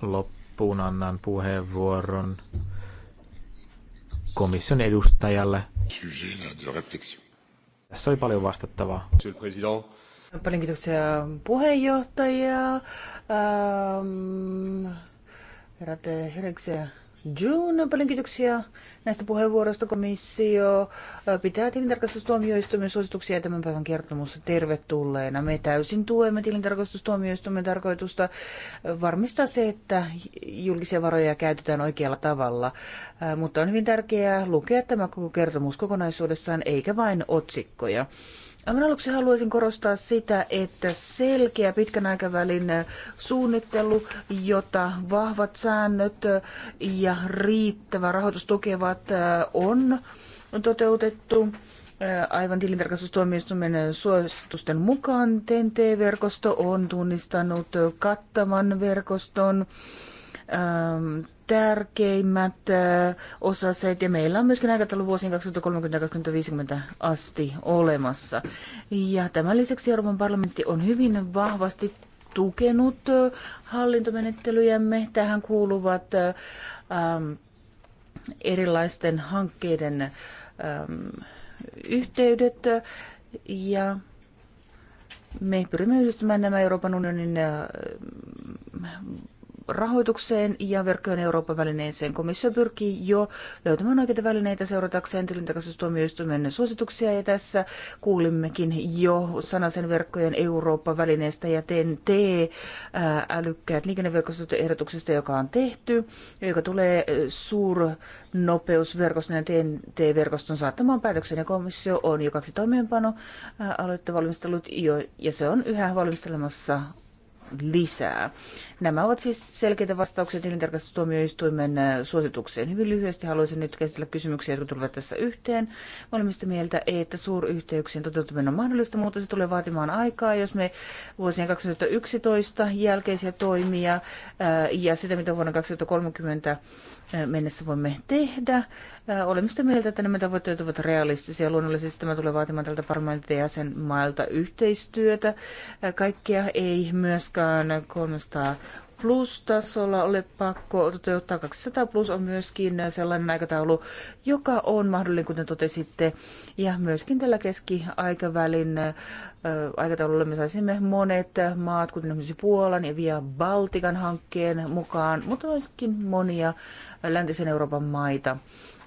loppuun annan puheenvuoron komission edustajalle. Tässä oli paljon vastattavaa. Paljon kiitoksia puheenjohtaja. Ähm, herrat eh, June, paljon kiitoksia näistä puheenvuoroista. Komissio pitää tilintarkastustuomioistuimen suosituksia tämän päivän kertomusta tervetulleena. Me täysin tuemme tilintarkastustuomioistuimen tarkoitusta varmistaa se, että julkisia varoja käytetään oikealla tavalla. Mutta on hyvin tärkeää lukea tämä koko kertomus kokonaisuudessaan, eikä vain otsikkoja. Aivan aluksi haluaisin korostaa sitä, että selkeä pitkän aikavälin suunnittelu, jota vahvat säännöt ja riittävä rahoitus tukevat äh, on toteutettu äh, aivan tilintarkastustuomioistuimen suositusten mukaan. TNT-verkosto on tunnistanut kattavan verkoston ähm, tärkeimmät osaset, ja meillä on myöskin aikataulu vuosien 2030-2050 asti olemassa. Ja tämän lisäksi Euroopan parlamentti on hyvin vahvasti tukenut hallintomenettelyjämme. Tähän kuuluvat ähm, erilaisten hankkeiden ähm, yhteydet ja me pyrimme yhdistämään nämä Euroopan unionin äh, rahoitukseen ja verkkojen Euroopan välineeseen. Komissio pyrkii jo löytämään oikeita välineitä seuratakseen tilintakaisuustuomioistuimen suosituksia ja tässä kuulimmekin jo sanasen verkkojen Euroopan välineestä ja TNT älykkäät liikenneverkostot ehdotuksesta, joka on tehty, joka tulee suurnopeusverkoston ja TNT-verkoston saattamaan päätöksen ja komissio on jo kaksi toimeenpano aloittaa valmistelut jo, ja se on yhä valmistelemassa lisää. Nämä ovat siis selkeitä vastauksia tilintarkastustuomioistuimen äh, suositukseen. Hyvin lyhyesti haluaisin nyt käsitellä kysymyksiä, jotka tulevat tässä yhteen. Olemme sitä mieltä, että suuryhteyksien toteutuminen on mahdollista, mutta se tulee vaatimaan aikaa, jos me vuosien 2011 jälkeisiä toimia äh, ja sitä, mitä vuonna 2030 mennessä voimme tehdä. Olemme sitä mieltä, että nämä tavoitteet ovat realistisia. Luonnollisesti tämä tulee vaatimaan tältä parlamentin jäsenmailta yhteistyötä. Kaikkia ei myöskään 300 plus-tasolla ole pakko toteuttaa. 200 plus on myöskin sellainen aikataulu, joka on mahdollinen, kuten totesitte. Ja myöskin tällä keskiaikavälin aikataululla me saisimme monet maat, kuten esimerkiksi Puolan ja vielä Baltikan hankkeen mukaan, mutta myöskin monia läntisen Euroopan maita.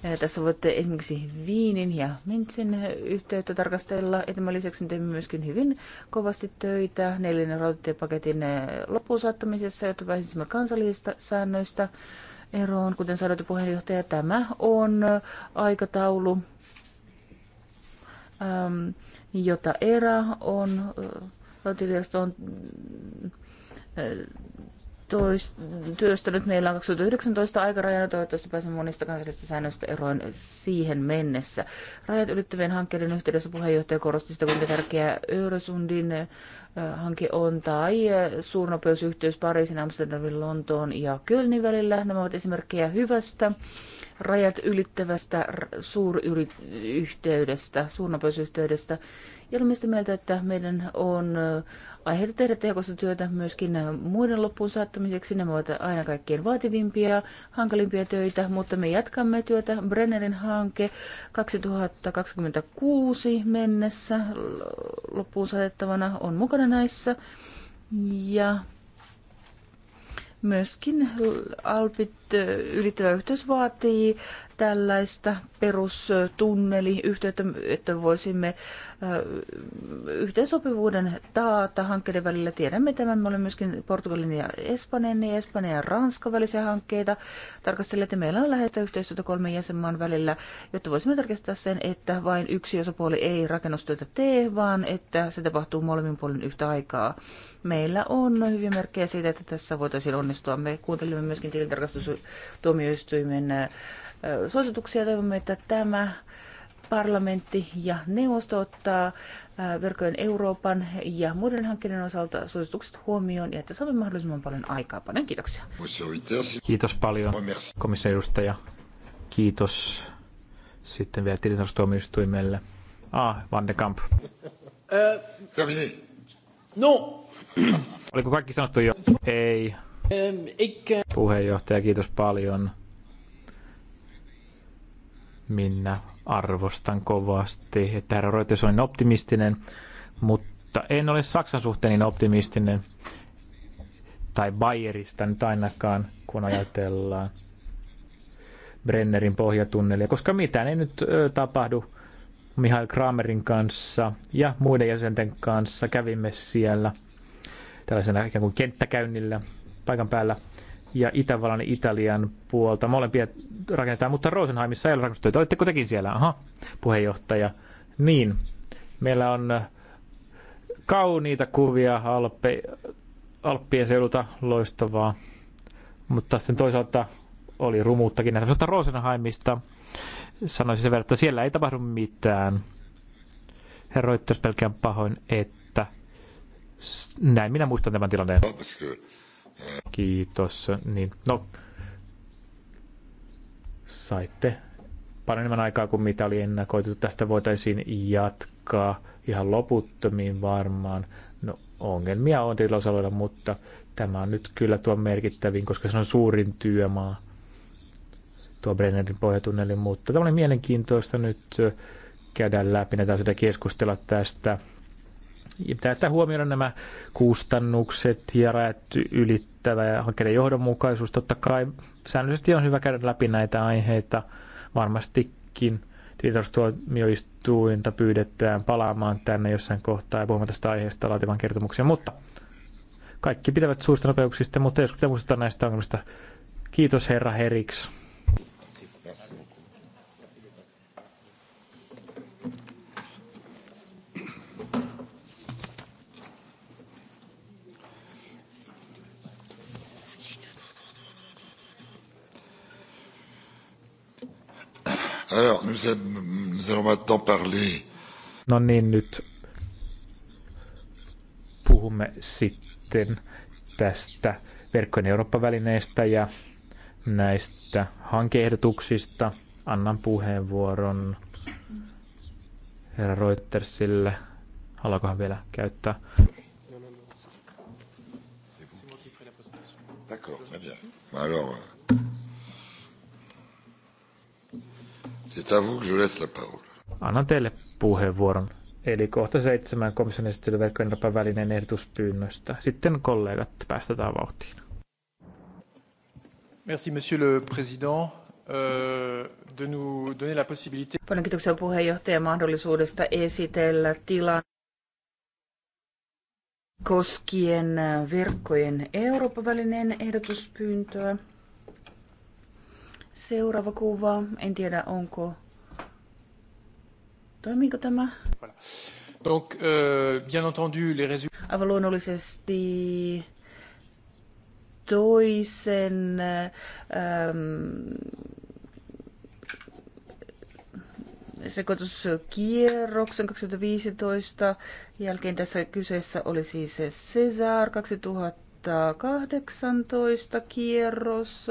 Äh, tässä voitte esimerkiksi viinin ja mintsin yhteyttä tarkastella. Ja tämän lisäksi me teemme myöskin hyvin kovasti töitä neljännen rautatiepaketin äh, loppuun saattamisessa, jotta pääsisimme kansallisista säännöistä eroon. Kuten sanoitte puheenjohtaja, tämä on äh, aikataulu, ähm, jota ERA on, rautatieviraston työstänyt. Meillä on 2019 aikarajana. No, toivottavasti pääsemme monista kansallisista säännöistä eroon siihen mennessä. Rajat ylittävien hankkeiden yhteydessä puheenjohtaja korosti sitä, kuinka tärkeä Öresundin hanke on, tai suurnopeusyhteys Pariisin, Amsterdamin, Lontoon ja Kölnin välillä. Nämä ovat esimerkkejä hyvästä rajat ylittävästä suuryhteydestä, suurnopeusyhteydestä. Ja olen mieltä, että meidän on aiheita tehdä tehokasta työtä myöskin muiden loppuun saattamiseksi. Nämä ovat aina kaikkein vaativimpia, hankalimpia töitä, mutta me jatkamme työtä. Brennerin hanke 2026 mennessä loppuun saatettavana on mukana näissä. Ja myöskin Alpit ylittävä yhteys vaatii tällaista perustunneliyhteyttä, että voisimme yhteensopivuuden taata hankkeiden välillä. Tiedämme tämän, me olemme myöskin Portugalin ja Espanjan ja Espanjan ja Ranskan välisiä hankkeita tarkastelleet, että meillä on läheistä yhteistyötä kolmen jäsenmaan välillä, jotta voisimme tarkistaa sen, että vain yksi osapuoli ei rakennustyötä tee, vaan että se tapahtuu molemmin puolin yhtä aikaa. Meillä on hyviä merkkejä siitä, että tässä voitaisiin onnistua. Me kuuntelimme myöskin tilintarkastus tuomioistuimen suosituksia. Toivomme, että tämä parlamentti ja neuvosto ottaa verkkojen Euroopan ja muiden hankkeiden osalta suositukset huomioon ja että saamme mahdollisimman paljon aikaa. Paljon kiitoksia. Kiitos paljon komission edustaja. Kiitos sitten vielä tilintarkastustuomioistuimelle. Ah, Van de Kamp. No. Oliko kaikki sanottu jo? Ei. Ehm, eh, Puheenjohtaja, kiitos paljon. Minä arvostan kovasti, että herra Reuters on niin optimistinen, mutta en ole Saksan suhteen niin optimistinen, tai Bayerista nyt ainakaan, kun ajatellaan Brennerin pohjatunnelia, koska mitään ei nyt tapahdu. Mihail Kramerin kanssa ja muiden jäsenten kanssa kävimme siellä tällaisena ikään kuin kenttäkäynnillä paikan päällä ja Itävallan ja Italian puolta. Molempia rakennetaan, mutta Rosenheimissa ei ole rakennustöitä. Oletteko tekin siellä? Aha, puheenjohtaja. Niin, meillä on kauniita kuvia Alppe, Alppien seudulta loistavaa, mutta sitten toisaalta oli rumuuttakin näitä. Mutta Rosenheimista sanoisin sen verran, että siellä ei tapahdu mitään. Herra Roitters pelkään pahoin, että näin minä muistan tämän tilanteen. Kiitos. Niin, no, saitte paremman aikaa kuin mitä oli ennakoitu. Tästä voitaisiin jatkaa ihan loputtomiin varmaan. No, ongelmia on tilausaloilla, mutta tämä on nyt kyllä tuo merkittävin, koska se on suurin työmaa, tuo Brennerin pohjatunneli. Mutta tämä oli mielenkiintoista nyt käydä läpi näitä asioita keskustella tästä. Ja pitää ottaa huomioida nämä kustannukset ja rajat ylittävä ja hankkeiden johdonmukaisuus. Totta kai säännöllisesti on hyvä käydä läpi näitä aiheita varmastikin. Tietoistuomioistuinta pyydetään palaamaan tänne jossain kohtaa ja puhumaan tästä aiheesta laativan kertomuksia, mutta kaikki pitävät suurista nopeuksista, mutta joskus pitää muistuttaa näistä ongelmista. Kiitos herra Heriks. Alors, nous, nous allons maintenant parler. No niin, nyt puhumme sitten tästä verkkojen Eurooppa-välineestä ja näistä hankeehdotuksista. Annan puheenvuoron herra Reutersille. Haluakohan vielä käyttää? D'accord, très bien. Alors, Annan teille puheenvuoron. Eli kohta seitsemän komission esittely verkkojen välinen ehdotuspyynnöstä. Sitten kollegat päästetään vauhtiin. Merci, monsieur le président. Euh, de nous donner la possibilité... Paljon kiitoksia puheenjohtajan mahdollisuudesta esitellä tilan koskien verkkojen Euroopan välineen ehdotuspyyntöä. Seuraava kuva. En tiedä, onko... Toimiiko tämä? Donc, euh, bien entendu, les résultats... Aivan luonnollisesti toisen ähm, sekoituskierroksen 2015 jälkeen tässä kyseessä oli siis se Cesar 2018 kierros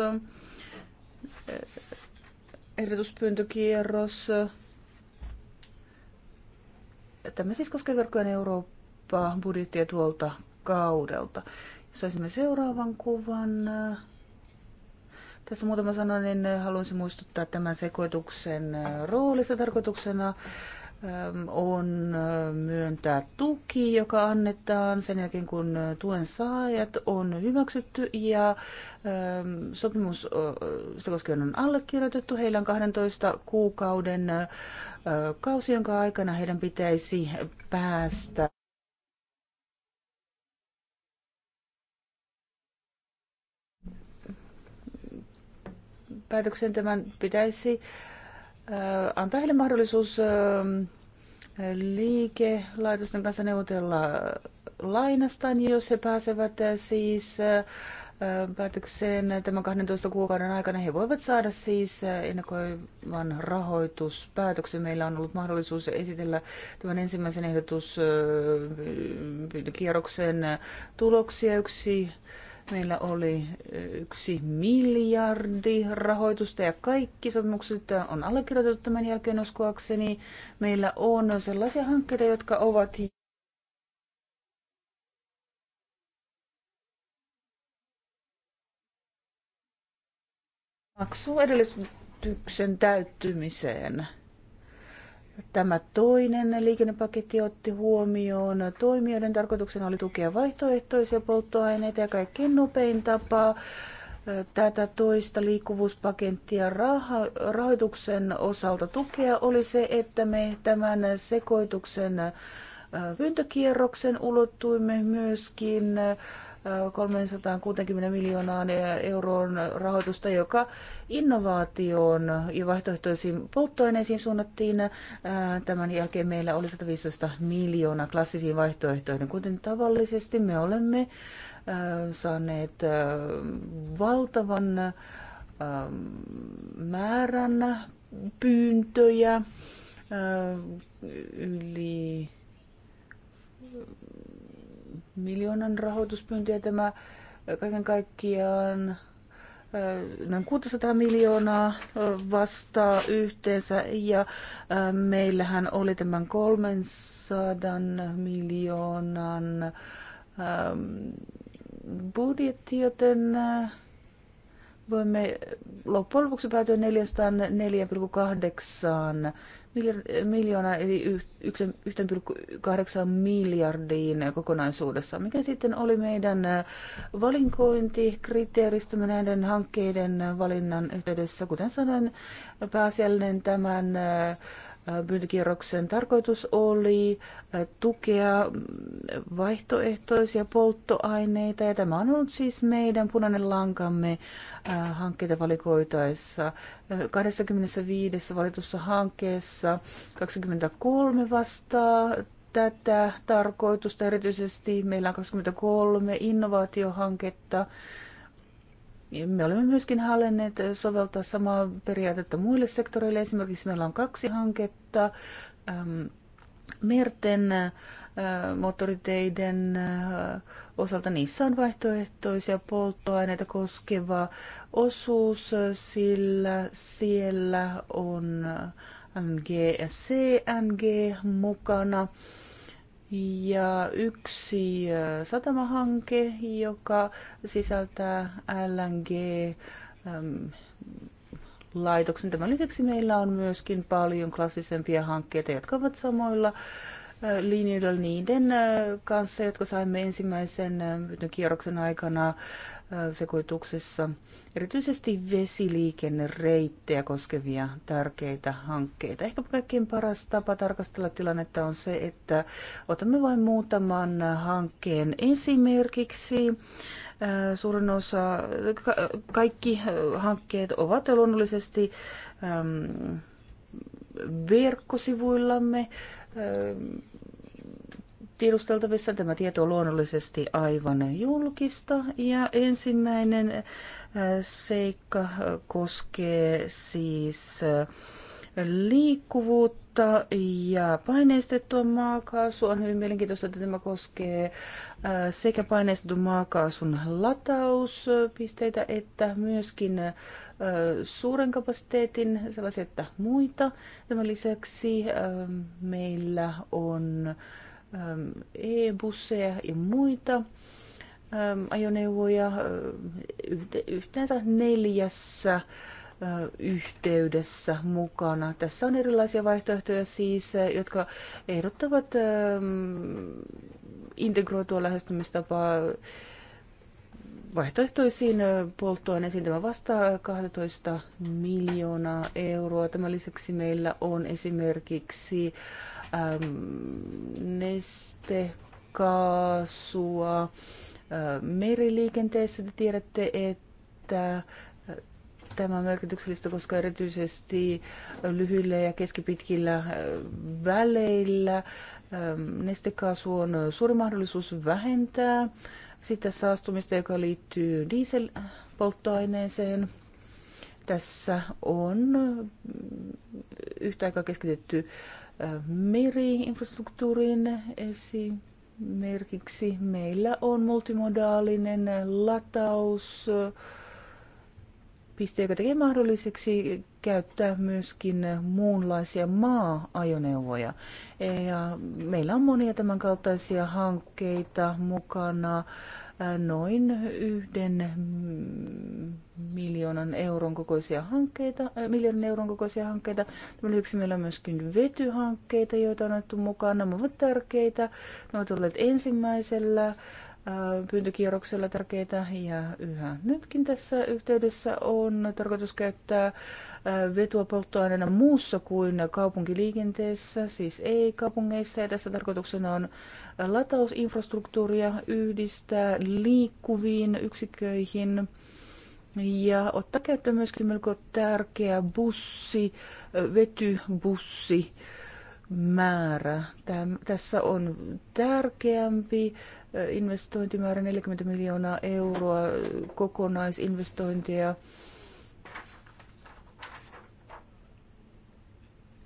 ehdotuspyyntökierros. Tämä siis koskee verkkojen Eurooppaa budjettia tuolta kaudelta. saisimme seuraavan kuvan. Tässä muutama niin haluaisin muistuttaa tämän sekoituksen roolista tarkoituksena on myöntää tuki, joka annetaan sen jälkeen, kun tuen saajat on hyväksytty ja sopimus sitä koskien on allekirjoitettu. Heillä on 12 kuukauden kausi, jonka aikana heidän pitäisi päästä päätöksen tämän pitäisi antaa heille mahdollisuus liikelaitosten kanssa neuvotella niin jos he pääsevät siis päätökseen tämän 12 kuukauden aikana. He voivat saada siis ennakoivan rahoituspäätöksen. Meillä on ollut mahdollisuus esitellä tämän ensimmäisen ehdotuskierroksen tuloksia. Yksi Meillä oli yksi miljardi rahoitusta ja kaikki sopimukset on allekirjoitettu tämän jälkeen uskoakseni. Meillä on sellaisia hankkeita, jotka ovat maksuedellytyksen täyttymiseen. Tämä toinen liikennepaketti otti huomioon. Toimijoiden tarkoituksena oli tukea vaihtoehtoisia polttoaineita ja kaikkein nopein tapa tätä toista liikkuvuuspakettia raho- rahoituksen osalta tukea oli se, että me tämän sekoituksen pyyntökierroksen ulottuimme myöskin 360 miljoonaan euroon rahoitusta, joka innovaatioon ja vaihtoehtoisiin polttoaineisiin suunnattiin. Tämän jälkeen meillä oli 115 miljoonaa klassisiin vaihtoehtoihin. Kuten tavallisesti me olemme saaneet valtavan määrän pyyntöjä yli miljoonan rahoituspyyntöjä tämä kaiken kaikkiaan noin 600 miljoonaa vastaa yhteensä ja meillähän oli tämän 300 miljoonan ähm, budjetti, joten äh, voimme loppujen lopuksi päätyä 404,8 Eh, miljoonaa eli 1,8 miljardiin eh, kokonaisuudessa, mikä sitten oli meidän eh, valinkointikriteeristämme näiden hankkeiden valinnan yhteydessä. Kuten sanoin, pääasiallinen tämän pyyntikierroksen tarkoitus oli äh, tukea vaihtoehtoisia polttoaineita, ja tämä on ollut siis meidän punainen lankamme äh, hankkeita valikoitaessa. 25 äh, valitussa hankkeessa 23 vastaa tätä tarkoitusta. Erityisesti meillä on 23 innovaatiohanketta, me olemme myöskin hallinneet soveltaa samaa periaatetta muille sektoreille. Esimerkiksi meillä on kaksi hanketta. Merten äh, moottoriteiden äh, osalta niissä on vaihtoehtoisia polttoaineita koskeva osuus, sillä siellä on äh, NG ja CNG mukana ja yksi äh, satamahanke, joka sisältää LNG ähm, laitoksen. Tämän lisäksi meillä on myöskin paljon klassisempia hankkeita, jotka ovat samoilla äh, linjoilla niiden äh, kanssa, jotka saimme ensimmäisen kierroksen aikana sekoituksessa erityisesti vesiliikennereittejä koskevia tärkeitä hankkeita. Ehkä kaikkein paras tapa tarkastella tilannetta on se, että otamme vain muutaman hankkeen esimerkiksi. Suurin osa, kaikki hankkeet ovat luonnollisesti verkkosivuillamme tiedusteltavissa. Tämä tieto on luonnollisesti aivan julkista. Ja ensimmäinen äh, seikka koskee siis äh, liikkuvuutta ja paineistettua maakaasua. On hyvin mielenkiintoista, että tämä koskee äh, sekä paineistetun maakaasun latauspisteitä että myöskin suuren kapasiteetin sellaisia että muita. Tämän lisäksi meillä on Ähm, e-busseja ja muita ähm, ajoneuvoja äh, yhteensä neljässä äh, yhteydessä mukana. Tässä on erilaisia vaihtoehtoja siis, äh, jotka ehdottavat ähm, integroitua lähestymistapaa vaihtoehtoisiin polttoaineisiin. Tämä vastaa 12 miljoonaa euroa. Tämän lisäksi meillä on esimerkiksi äm, nestekaasua ä, meriliikenteessä. Te tiedätte, että tämä on merkityksellistä, koska erityisesti lyhyillä ja keskipitkillä väleillä nestekaasu on suuri mahdollisuus vähentää sitten saastumista, joka liittyy dieselpolttoaineeseen. Tässä on yhtä aikaa keskitetty meriinfrastruktuuriin esimerkiksi. Meillä on multimodaalinen lataus, piste, joka tekee mahdolliseksi käyttää myöskin muunlaisia maa-ajoneuvoja. Ja meillä on monia tämänkaltaisia hankkeita mukana noin yhden miljoonan euron kokoisia hankkeita, äh, miljoonan euron kokoisia hankkeita. lisäksi meillä on myöskin vetyhankkeita, joita on otettu mukaan. Nämä ovat tärkeitä. Ne ovat olleet ensimmäisellä pyyntökierroksella tärkeitä ja yhä nytkin tässä yhteydessä on tarkoitus käyttää vetua polttoaineena muussa kuin kaupunkiliikenteessä, siis ei kaupungeissa. Ja tässä tarkoituksena on latausinfrastruktuuria yhdistää liikkuviin yksiköihin ja ottaa käyttöön myöskin melko tärkeä bussi, vetybussi määrä. Tämä, tässä on tärkeämpi investointimäärä 40 miljoonaa euroa, kokonaisinvestointia.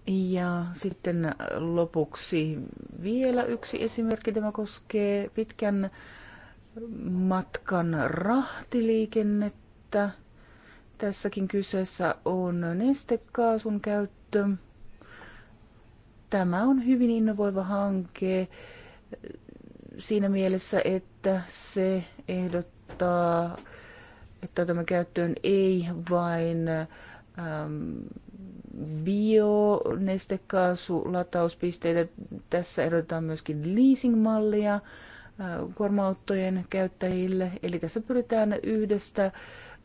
Ja sitten lopuksi vielä yksi esimerkki. Tämä koskee pitkän matkan rahtiliikennettä. Tässäkin kyseessä on nestekaasun käyttö. Tämä on hyvin innovoiva hanke siinä mielessä, että se ehdottaa, että otamme käyttöön ei vain äm, bionestekaasulataus.pisteitä. Tässä ehdotetaan myöskin leasing-mallia äh, kuorma-autojen käyttäjille. Eli tässä pyritään yhdestä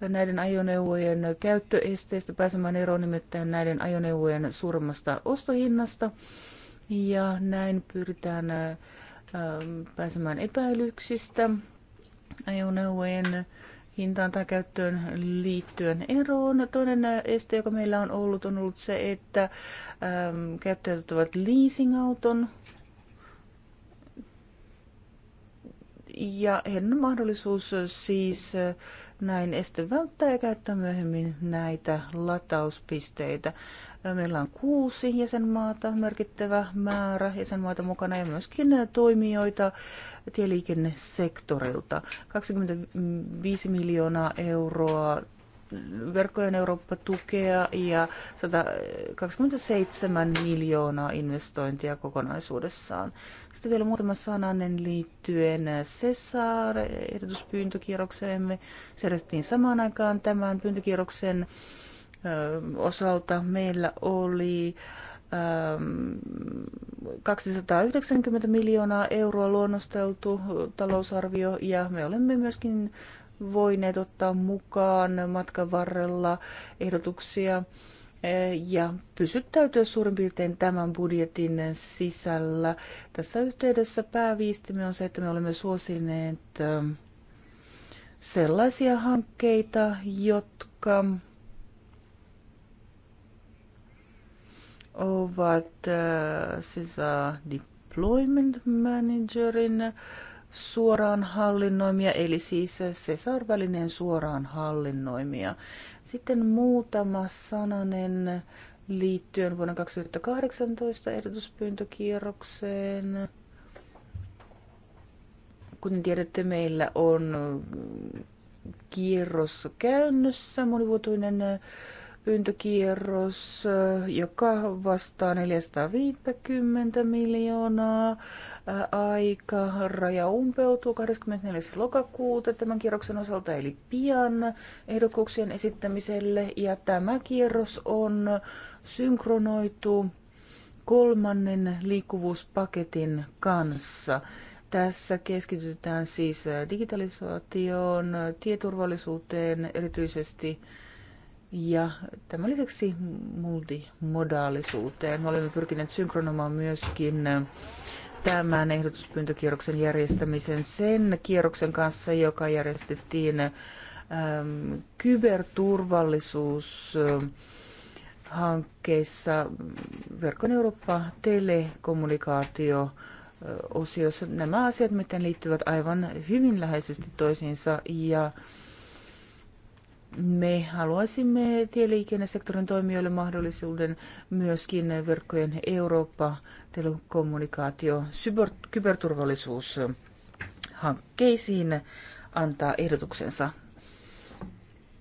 näiden ajoneuvojen käyttöesteistä pääsemään eroon nimittäin näiden ajoneuvojen suuremmasta ostohinnasta. Ja näin pyritään äh, Ähm, pääsemään epäilyksistä ajoneuvojen hintaan tai käyttöön liittyen eroon. Toinen este, joka meillä on ollut, on ollut se, että äm, käyttäjät ottavat leasingauton ja heidän on mahdollisuus siis äh, näin este välttää ja käyttää myöhemmin näitä latauspisteitä. Meillä on kuusi jäsenmaata, merkittävä määrä jäsenmaata mukana ja myöskin toimijoita tieliikennesektorilta. 25 miljoonaa euroa verkkojen Eurooppa-tukea ja 127 miljoonaa investointia kokonaisuudessaan. Sitten vielä muutama sananen liittyen Cesar-ehdotuspyyntökierrokseemme. Se samaan aikaan tämän pyyntökierroksen osalta meillä oli 290 ähm, miljoonaa euroa luonnosteltu talousarvio ja me olemme myöskin voineet ottaa mukaan matkan varrella ehdotuksia e, ja pysyttäytyä suurin piirtein tämän budjetin sisällä. Tässä yhteydessä pääviistimme on se, että me olemme suosineet sellaisia hankkeita, jotka ovat CISA eh, Deployment Managerin suoraan hallinnoimia, eli siis CESAR-välineen suoraan hallinnoimia. Sitten muutama sananen liittyen vuonna 2018 ehdotuspyyntökierrokseen. Kuten tiedätte, meillä on kierros käynnissä monivuotoinen pyyntökierros, äh, joka vastaa 450 miljoonaa. Äh, aika raja umpeutuu 24. lokakuuta tämän kierroksen osalta, eli pian ehdokkuuksien esittämiselle. Ja tämä kierros on synkronoitu kolmannen liikkuvuuspaketin kanssa. Tässä keskitytään siis digitalisaatioon, tieturvallisuuteen erityisesti ja tämän lisäksi multimodaalisuuteen. Me olemme pyrkineet synkronomaan myöskin äh, tämän ehdotuspyyntökierroksen järjestämisen sen kierroksen kanssa, joka järjestettiin äm, kyberturvallisuus äh, Verkon Eurooppa telekommunikaatio äh, osiossa. Nämä asiat miten liittyvät aivan hyvin läheisesti toisiinsa ja me haluaisimme tieliikennesektorin toimijoille mahdollisuuden myöskin verkkojen Eurooppa, telekommunikaatio, kyberturvallisuus hankkeisiin antaa ehdotuksensa.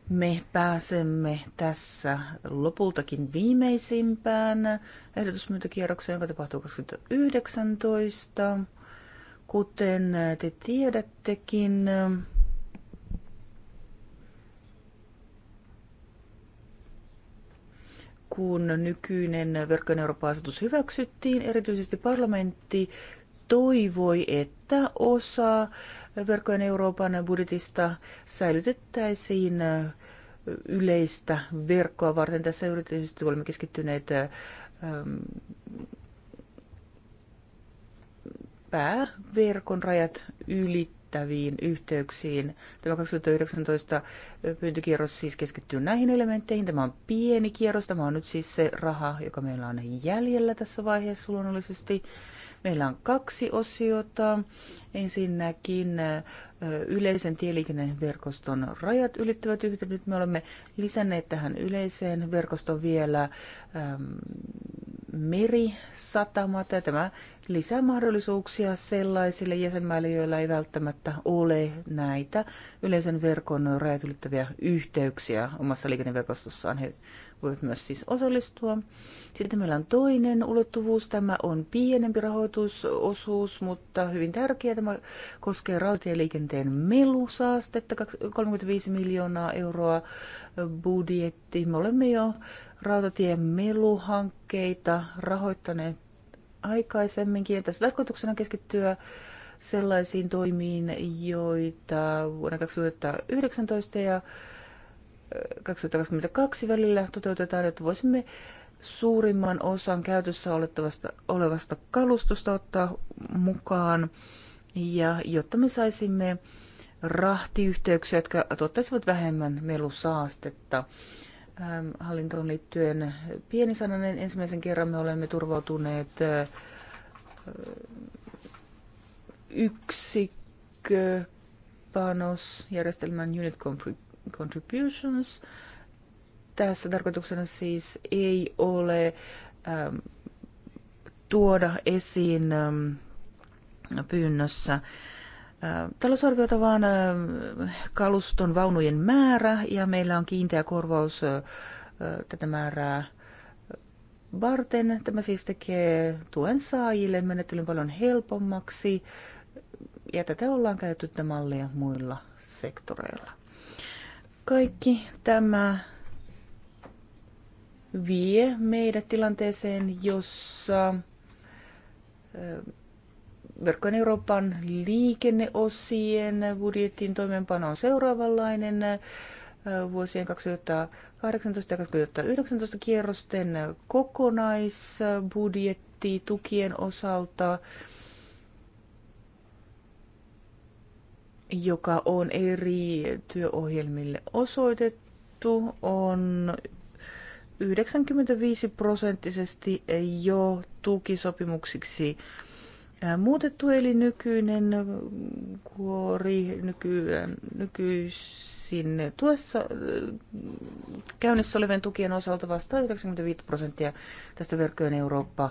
Me pääsemme tässä lopultakin viimeisimpään ehdotusmyyntikierrokseen, joka tapahtuu 2019. Kuten te tiedättekin, kun nykyinen verkkojen Eurooppa-asetus hyväksyttiin, erityisesti parlamentti toivoi, että osa verkkojen Euroopan budjetista säilytettäisiin yleistä verkkoa varten. Tässä erityisesti olemme keskittyneet ähm, pääverkon rajat ylittämään merkittäviin yhteyksiin. Tämä 2019 pyyntökierros siis keskittyy näihin elementteihin. Tämä on pieni kierros. Tämä on nyt siis se raha, joka meillä on jäljellä tässä vaiheessa luonnollisesti. Meillä on kaksi osiota. Ensinnäkin yleisen tieliikenneverkoston rajat ylittävät yhteydet. Me olemme lisänneet tähän yleiseen verkostoon vielä ähm, merisatamat. Ja tämä lisää mahdollisuuksia sellaisille jäsenmaille, joilla ei välttämättä ole näitä yleisen verkon rajat ylittäviä yhteyksiä omassa liikenneverkostossaan. He voivat myös siis osallistua. Sitten meillä on toinen ulottuvuus. Tämä on pienempi rahoitusosuus, mutta hyvin tärkeä. Tämä koskee rautatieliikenteen melusaastetta, 35 miljoonaa euroa budjetti. Me olemme jo rautatien meluhankkeita rahoittaneet aikaisemminkin. Ja tässä tarkoituksena keskittyä sellaisiin toimiin, joita vuonna 2019 ja 2022 välillä toteutetaan, että voisimme suurimman osan käytössä olevasta kalustosta ottaa mukaan. Ja jotta me saisimme rahtiyhteyksiä, jotka tuottaisivat vähemmän melusaastetta. Ähm, hallintoon liittyen sananen. Ensimmäisen kerran me olemme turvautuneet äh, yksikköpanosjärjestelmän unit contributions. Tässä tarkoituksena siis ei ole ähm, tuoda esiin ähm, pyynnössä äh, talousarviota, vaan kaluston vaunujen määrä ja meillä on kiinteä korvaus tätä määrää varten. Tämä siis tekee tuen saajille menettelyn paljon helpommaksi ja tätä ollaan käyty tätä mallia muilla sektoreilla. Kaikki tämä vie meidät tilanteeseen, jossa Verkkojen Euroopan liikenneosien budjetin toimeenpano on seuraavanlainen äh, vuosien 2018 ja 2019 kierrosten kokonaisbudjetti tukien osalta, joka on eri työohjelmille osoitettu, on 95 prosenttisesti jo tukisopimuksiksi muutettu, eli nykyinen kuori nykyään, nykyisin tuessa käynnissä olevien tukien osalta vastaa 95 prosenttia tästä verkkojen Eurooppa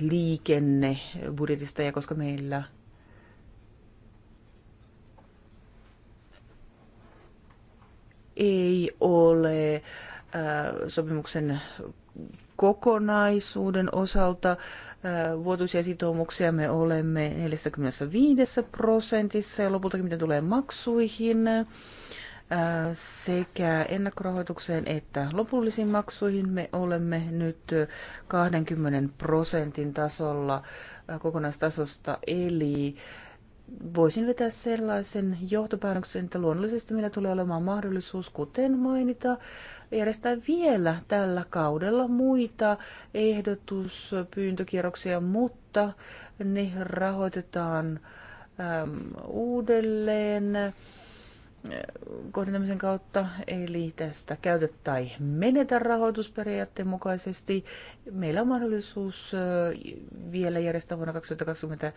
liikennebudjetista, ja koska meillä ei ole sopimuksen kokonaisuuden osalta vuotuisia sitoumuksia me olemme 45 prosentissa ja lopultakin mitä tulee maksuihin äh, sekä ennakkorahoitukseen että lopullisiin maksuihin me olemme nyt 20 prosentin tasolla äh, kokonaistasosta, eli voisin vetää sellaisen johtopäätöksen, että luonnollisesti meillä tulee olemaan mahdollisuus, kuten mainita, järjestää vielä tällä kaudella muita ehdotuspyyntökierroksia, mutta ne rahoitetaan äm, uudelleen kohdentamisen kautta, eli tästä käytä tai menetä rahoitusperiaatteen mukaisesti. Meillä on mahdollisuus vielä järjestää vuonna 2020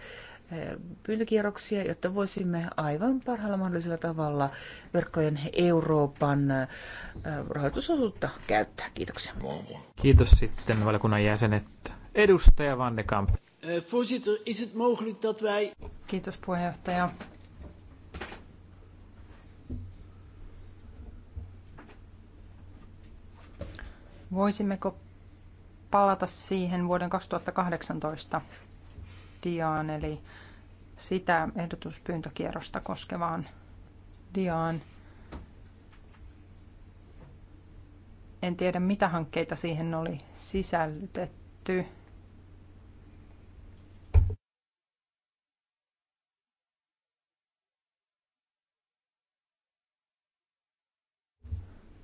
pyyntökierroksia, jotta voisimme aivan parhaalla mahdollisella tavalla verkkojen Euroopan rahoitusosuutta käyttää. Kiitoksia. Kiitos sitten valiokunnan jäsenet. Edustaja Vandekamp. Eh, voorzitter, is het mogelijk dat wij... Kiitos puheenjohtaja. Voisimmeko palata siihen vuoden 2018 diaan, eli sitä ehdotuspyyntökierrosta koskevaan diaan. En tiedä, mitä hankkeita siihen oli sisällytetty.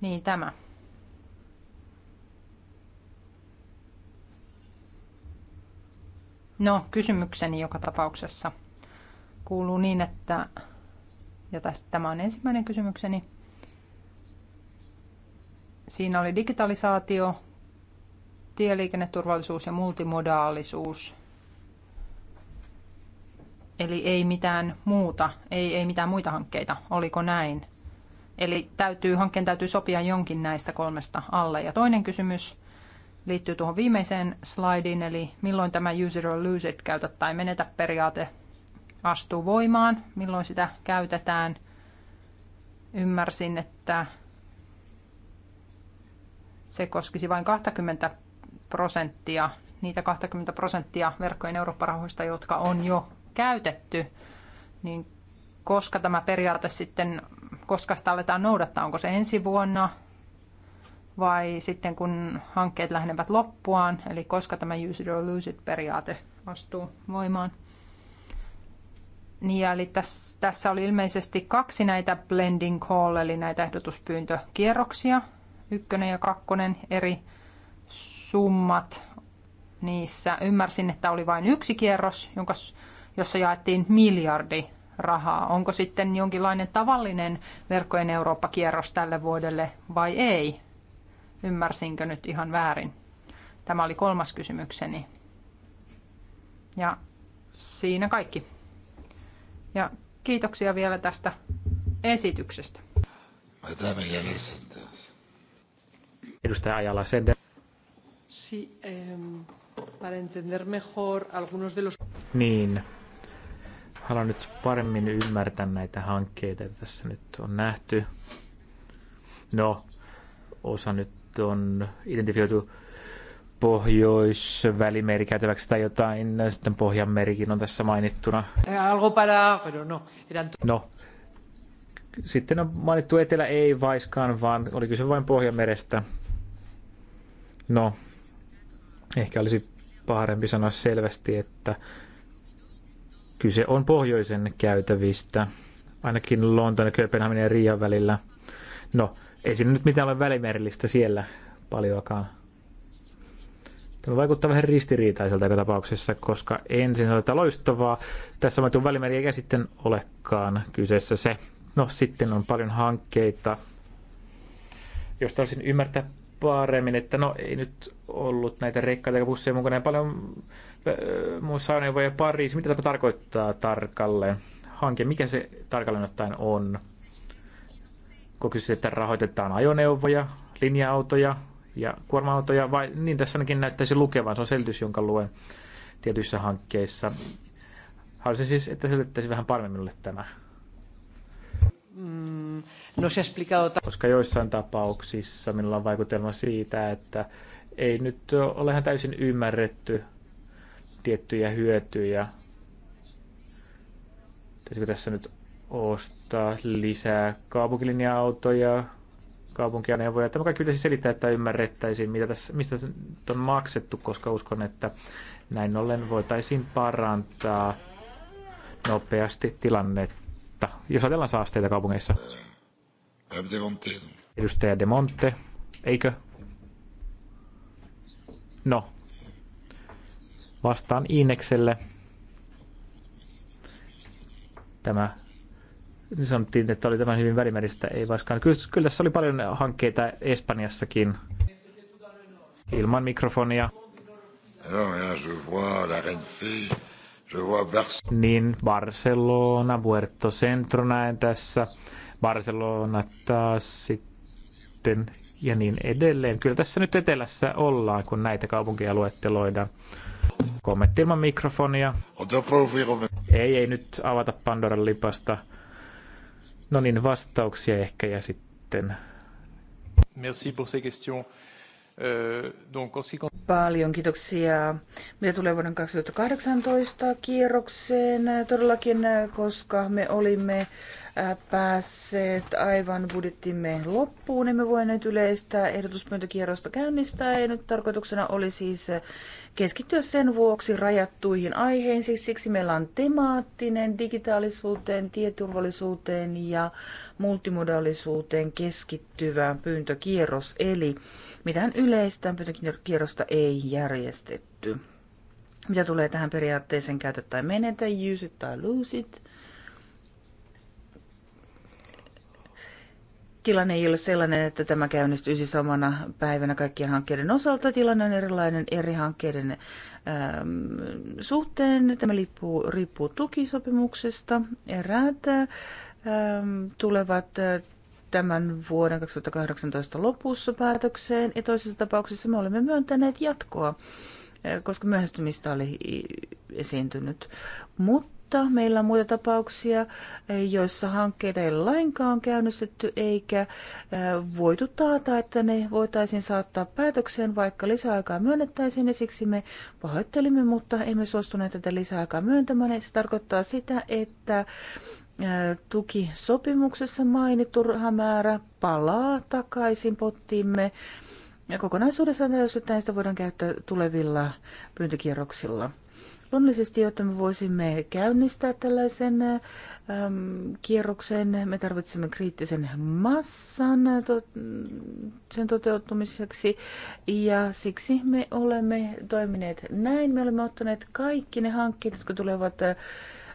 Niin tämä. No, kysymykseni joka tapauksessa kuuluu niin, että, ja tästä, tämä on ensimmäinen kysymykseni, siinä oli digitalisaatio, tieliikenneturvallisuus ja multimodaalisuus. Eli ei mitään muuta, ei, ei mitään muita hankkeita, oliko näin? Eli täytyy, hankkeen täytyy sopia jonkin näistä kolmesta alle. Ja toinen kysymys, liittyy tuohon viimeiseen slaidiin, eli milloin tämä use it or lose it, käytä tai menetä periaate astuu voimaan, milloin sitä käytetään. Ymmärsin, että se koskisi vain 20 prosenttia, niitä 20 prosenttia verkkojen eurooppa jotka on jo käytetty, niin koska tämä periaate sitten, koska sitä aletaan noudattaa, onko se ensi vuonna, vai sitten kun hankkeet lähenevät loppuaan, eli koska tämä use it or lose it periaate astuu voimaan. Niin, eli tässä, tässä oli ilmeisesti kaksi näitä blending call, eli näitä ehdotuspyyntökierroksia, ykkönen ja kakkonen, eri summat niissä. Ymmärsin, että oli vain yksi kierros, jonka, jossa jaettiin miljardi rahaa. Onko sitten jonkinlainen tavallinen verkkojen Eurooppa-kierros tälle vuodelle vai ei? Ymmärsinkö nyt ihan väärin? Tämä oli kolmas kysymykseni. Ja siinä kaikki. Ja kiitoksia vielä tästä esityksestä. Madame Edustaja Ajala, Sanders. Si, ehm, para entender mejor algunos de los... Niin. Haluan nyt paremmin ymmärtää näitä hankkeita, joita tässä nyt on nähty. No, osa nyt on identifioitu Pohjois-Välimeri käytäväksi tai jotain, sitten Pohjanmerikin on tässä mainittuna. Eh, no, no, sitten on mainittu Etelä ei vaiskaan, vaan oli kyse vain Pohjanmerestä. No, ehkä olisi parempi sanoa selvästi, että kyse on pohjoisen käytävistä, ainakin Lontoon, Kööpenhaminen ja Riian välillä. No, ei siinä nyt mitään ole välimerellistä siellä paljoakaan. Tämä vaikuttaa vähän ristiriitaiselta joka tapauksessa, koska ensin sanotaan loistavaa, tässä on välimeri eikä sitten olekaan kyseessä se. No sitten on paljon hankkeita, Jos olisin ymmärtää paremmin, että no ei nyt ollut näitä rekkaita ja busseja mukana ja paljon muissa ajoneuvoja Pariisi. Mitä tämä tarkoittaa tarkalleen? Hanke, mikä se tarkalleen ottaen on? kyse, että rahoitetaan ajoneuvoja, linja-autoja ja kuorma-autoja, vai niin tässä ainakin näyttäisi lukevan, se on selitys, jonka luen tietyissä hankkeissa. Haluaisin siis, että selittäisi vähän paremmin minulle tämä. Mm, no se explicado... Koska joissain tapauksissa minulla on vaikutelma siitä, että ei nyt ole ihan täysin ymmärretty tiettyjä hyötyjä. Pitäisikö tässä nyt ostaa lisää kaupunkilinja-autoja, kaupunkiajoneuvoja. Tämä kaikki pitäisi selittää, että ymmärrettäisiin, mitä tässä, mistä on maksettu, koska uskon, että näin ollen voitaisiin parantaa nopeasti tilannetta, jos ajatellaan saasteita kaupungeissa. Edustaja De Monte, eikö? No, vastaan Iinekselle. Tämä niin sanottiin, että oli tämä hyvin välimäristä, ei vaiskaan. Kyllä, kyllä tässä oli paljon hankkeita Espanjassakin ilman mikrofonia. niin Barcelona, Puerto Centro näen tässä, Barcelona taas sitten ja niin edelleen. Kyllä tässä nyt etelässä ollaan, kun näitä kaupunkia luetteloidaan. Kommentti ilman mikrofonia. Ei, ei nyt avata Pandoran lipasta. No niin, vastauksia ehkä ja sitten. Merci pour ces questions. Euh, Paljon kiitoksia. Mitä tulee vuoden 2018 kierrokseen todellakin, koska me olimme päässeet aivan budjettimme loppuun. Emme voineet yleistä ehdotuspyyntökierrosta käynnistää ja nyt tarkoituksena oli siis keskittyä sen vuoksi rajattuihin aiheisiin. Siis siksi meillä on temaattinen digitaalisuuteen, tieturvallisuuteen ja multimodaalisuuteen keskittyvä pyyntökierros. Eli mitään yleistä pyyntökierrosta ei järjestetty. Mitä tulee tähän periaatteeseen käytä tai menetä, use it tai lose it – tilanne ei ole sellainen, että tämä käynnistyisi samana päivänä kaikkien hankkeiden osalta. Tilanne on erilainen eri hankkeiden äm, suhteen. Tämä liippuu, riippuu tukisopimuksesta. Eräät äm, tulevat äh, tämän vuoden 2018 lopussa päätökseen ja toisessa tapauksessa me olemme myöntäneet jatkoa, äh, koska myöhästymistä oli esiintynyt. Mutta mutta meillä on muita tapauksia, eh, joissa hankkeita ei lainkaan käynnistetty eikä eh, voitu taata, että ne voitaisiin saattaa päätökseen, vaikka lisäaikaa myönnettäisiin ja siksi me pahoittelimme, mutta emme suostuneet tätä lisäaikaa myöntämään. Se tarkoittaa sitä, että eh, tukisopimuksessa mainittu rahamäärä palaa takaisin pottiimme ja kokonaisuudessaan täysin sitä voidaan käyttää tulevilla pyyntökierroksilla. Luonnollisesti, jotta me voisimme käynnistää tällaisen äm, kierroksen, me tarvitsemme kriittisen massan äh, to- sen toteutumiseksi ja siksi me olemme toimineet näin. Me olemme ottaneet kaikki ne hankkeet, jotka tulevat äh,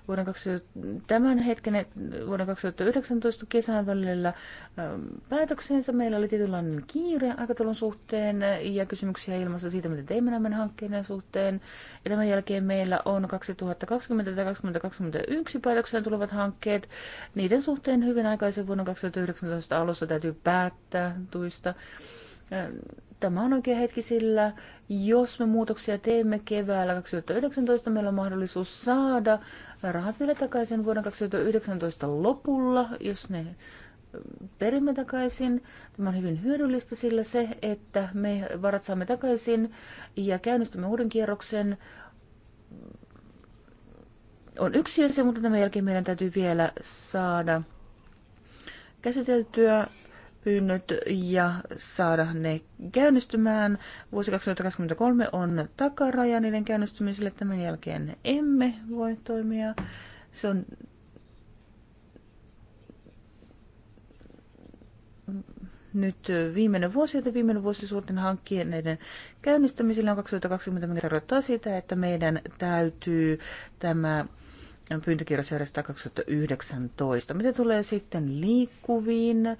vuoden tämän hetken vuoden 2019 kesän välillä ähm, päätöksensä. Meillä oli tietynlainen kiire aikataulun suhteen ja kysymyksiä ilmassa siitä, miten teimme nämä hankkeiden suhteen. Ja tämän jälkeen meillä on 2020 ja 2021 päätökseen tulevat hankkeet. Niiden suhteen hyvin aikaisen vuoden 2019 alussa täytyy päättää tuista ähm, Tämä on oikea hetki, sillä jos me muutoksia teemme keväällä 2019, meillä on mahdollisuus saada rahat vielä takaisin vuoden 2019 lopulla, jos ne perimme takaisin. Tämä on hyvin hyödyllistä, sillä se, että me varat saamme takaisin ja käynnistämme uuden kierroksen, on yksi asia, mutta tämän jälkeen meidän täytyy vielä saada käsiteltyä pyynnöt ja saada ne käynnistymään. Vuosi 2023 on takaraja niiden käynnistymiselle. Tämän jälkeen emme voi toimia. Se on nyt viimeinen vuosi, joten viimeinen vuosi suurten hankkeiden käynnistämisellä on 2020, mikä tarkoittaa sitä, että meidän täytyy tämä pyyntökirjas järjestää 2019. Mitä tulee sitten liikkuviin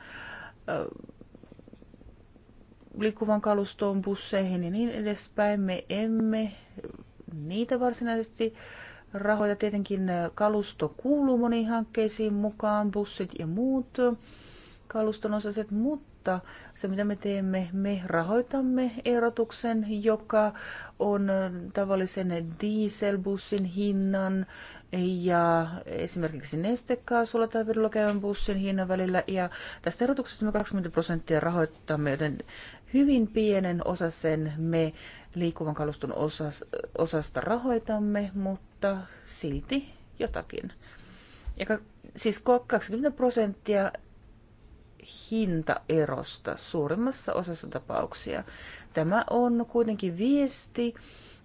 liikkuvan kalustoon, busseihin ja niin edespäin. Me emme niitä varsinaisesti rahoita. Tietenkin kalusto kuuluu moniin hankkeisiin mukaan, bussit ja muut kaluston osaset, mutta mutta se mitä me teemme, me rahoitamme erotuksen, joka on tavallisen dieselbussin hinnan ja esimerkiksi nestekaasulla tai vedyllä käyvän bussin hinnan välillä. Ja tästä erotuksesta me 20 prosenttia rahoittamme, joten hyvin pienen osa sen me liikkuvan kaluston osas, osasta rahoitamme, mutta silti jotakin. Ja siis 20 prosenttia hintaerosta suurimmassa osassa tapauksia. Tämä on kuitenkin viesti,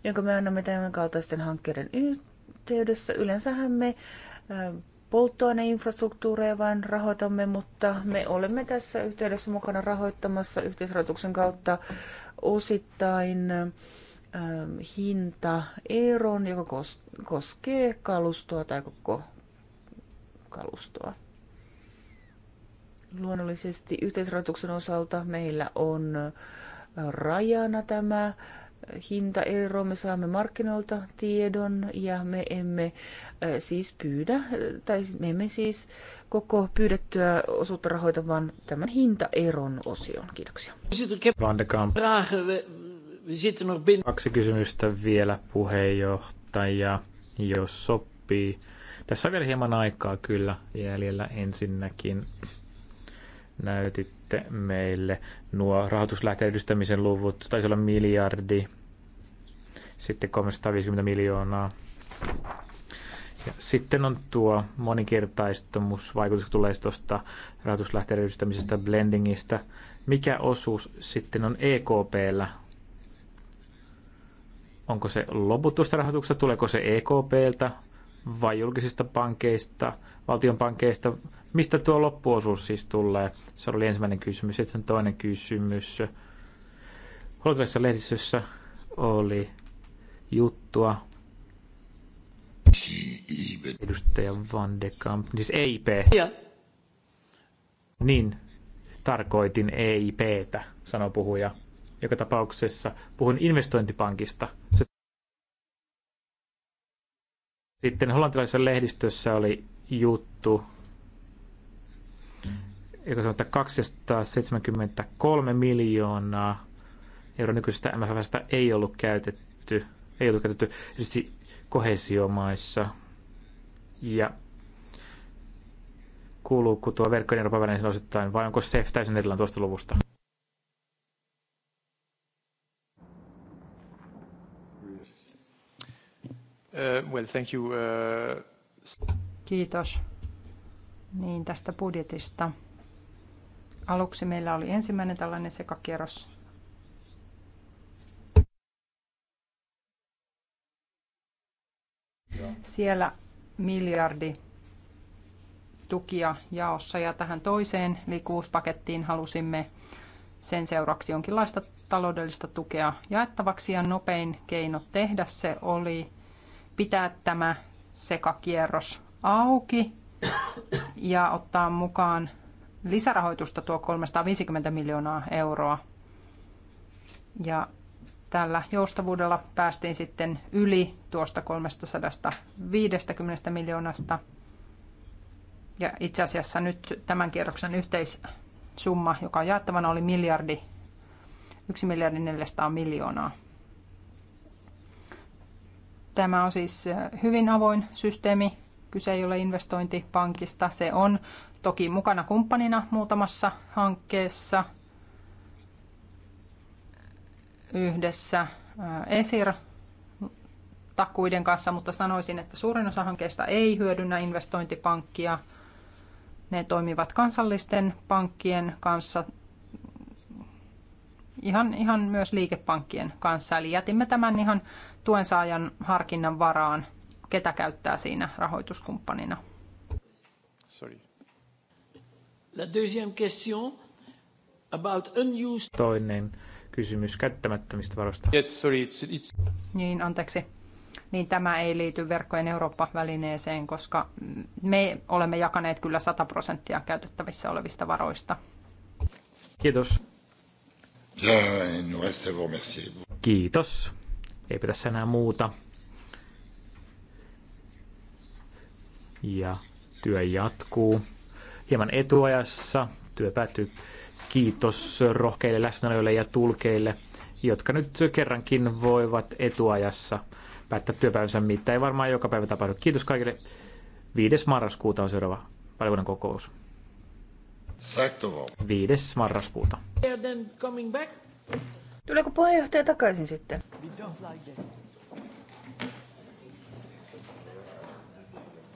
jonka me annamme tämän kaltaisten hankkeiden yhteydessä. Yleensähän me polttoaineinfrastruktuureja vain rahoitamme, mutta me olemme tässä yhteydessä mukana rahoittamassa yhteisrahoituksen kautta osittain hintaeron, joka koskee kalustoa tai koko kalustoa luonnollisesti yhteisrahoituksen osalta meillä on rajana tämä hintaero. Me saamme markkinoilta tiedon ja me emme siis pyydä, tai siis me emme siis koko pyydettyä osuutta rahoita, vaan tämän hintaeron osion. Kiitoksia. Kaksi kysymystä vielä puheenjohtaja, jos sopii. Tässä on vielä hieman aikaa kyllä jäljellä ensinnäkin näytitte meille nuo rahoituslähteen edistämisen luvut. Taisi olla miljardi, sitten 350 miljoonaa. Ja sitten on tuo moninkertaistumusvaikutus, joka tulee tuosta rahoituslähteen edistämisestä, blendingistä. Mikä osuus sitten on EKPllä? Onko se tuosta rahoituksesta, tuleeko se EKPltä vai julkisista pankeista, valtion pankeista, Mistä tuo loppuosuus siis tulee? Se oli ensimmäinen kysymys. Sitten toinen kysymys. Holotavissa lehdistössä oli juttua Edustaja Van de Kamp, siis EIP. Ja. Niin, tarkoitin EIPtä, sanoi puhuja. Joka tapauksessa puhun investointipankista. Se... Sitten hollantilaisessa lehdistössä oli juttu eikö sanota 273 miljoonaa euroa nykyisestä MFFstä ei ollut käytetty, ei ollut käytetty tietysti kohesiomaissa. Ja kuuluuko tuo verkkojen Euroopan välinen osittain vai onko se täysin erilainen tuosta luvusta? Uh, well, thank you. Uh... Kiitos. Niin tästä budjetista. Aluksi meillä oli ensimmäinen tällainen sekakierros. Siellä miljardi tukia jaossa ja tähän toiseen likuuspakettiin halusimme sen seuraksi jonkinlaista taloudellista tukea jaettavaksi ja nopein keino tehdä se oli pitää tämä sekakierros auki ja ottaa mukaan lisärahoitusta tuo 350 miljoonaa euroa. Ja tällä joustavuudella päästiin sitten yli tuosta 350 miljoonasta. Ja itse asiassa nyt tämän kierroksen yhteissumma, joka on jaettavana, oli miljardi, 1 miljardi 400 miljoonaa. Tämä on siis hyvin avoin systeemi. Kyse ei ole investointipankista. Se on toki mukana kumppanina muutamassa hankkeessa yhdessä ESIR takuiden kanssa, mutta sanoisin, että suurin osa hankkeista ei hyödynnä investointipankkia. Ne toimivat kansallisten pankkien kanssa, ihan, ihan myös liikepankkien kanssa. Eli jätimme tämän ihan tuensaajan harkinnan varaan, ketä käyttää siinä rahoituskumppanina. Toinen kysymys käyttämättömistä varoista. Yes, sorry, it's, it's... Niin, anteeksi. Niin tämä ei liity verkkojen Eurooppa-välineeseen, koska me olemme jakaneet kyllä 100 prosenttia käytettävissä olevista varoista. Kiitos. Kiitos. Ei pitäisi enää muuta. Ja työ jatkuu hieman etuajassa. Työ päättyy. Kiitos rohkeille läsnäolijoille ja tulkeille, jotka nyt kerrankin voivat etuajassa päättää työpäivänsä, mitä ei varmaan joka päivä tapahdu. Kiitos kaikille. 5. marraskuuta on seuraava valiokunnan kokous. 5. marraskuuta. Tuleeko puheenjohtaja takaisin sitten?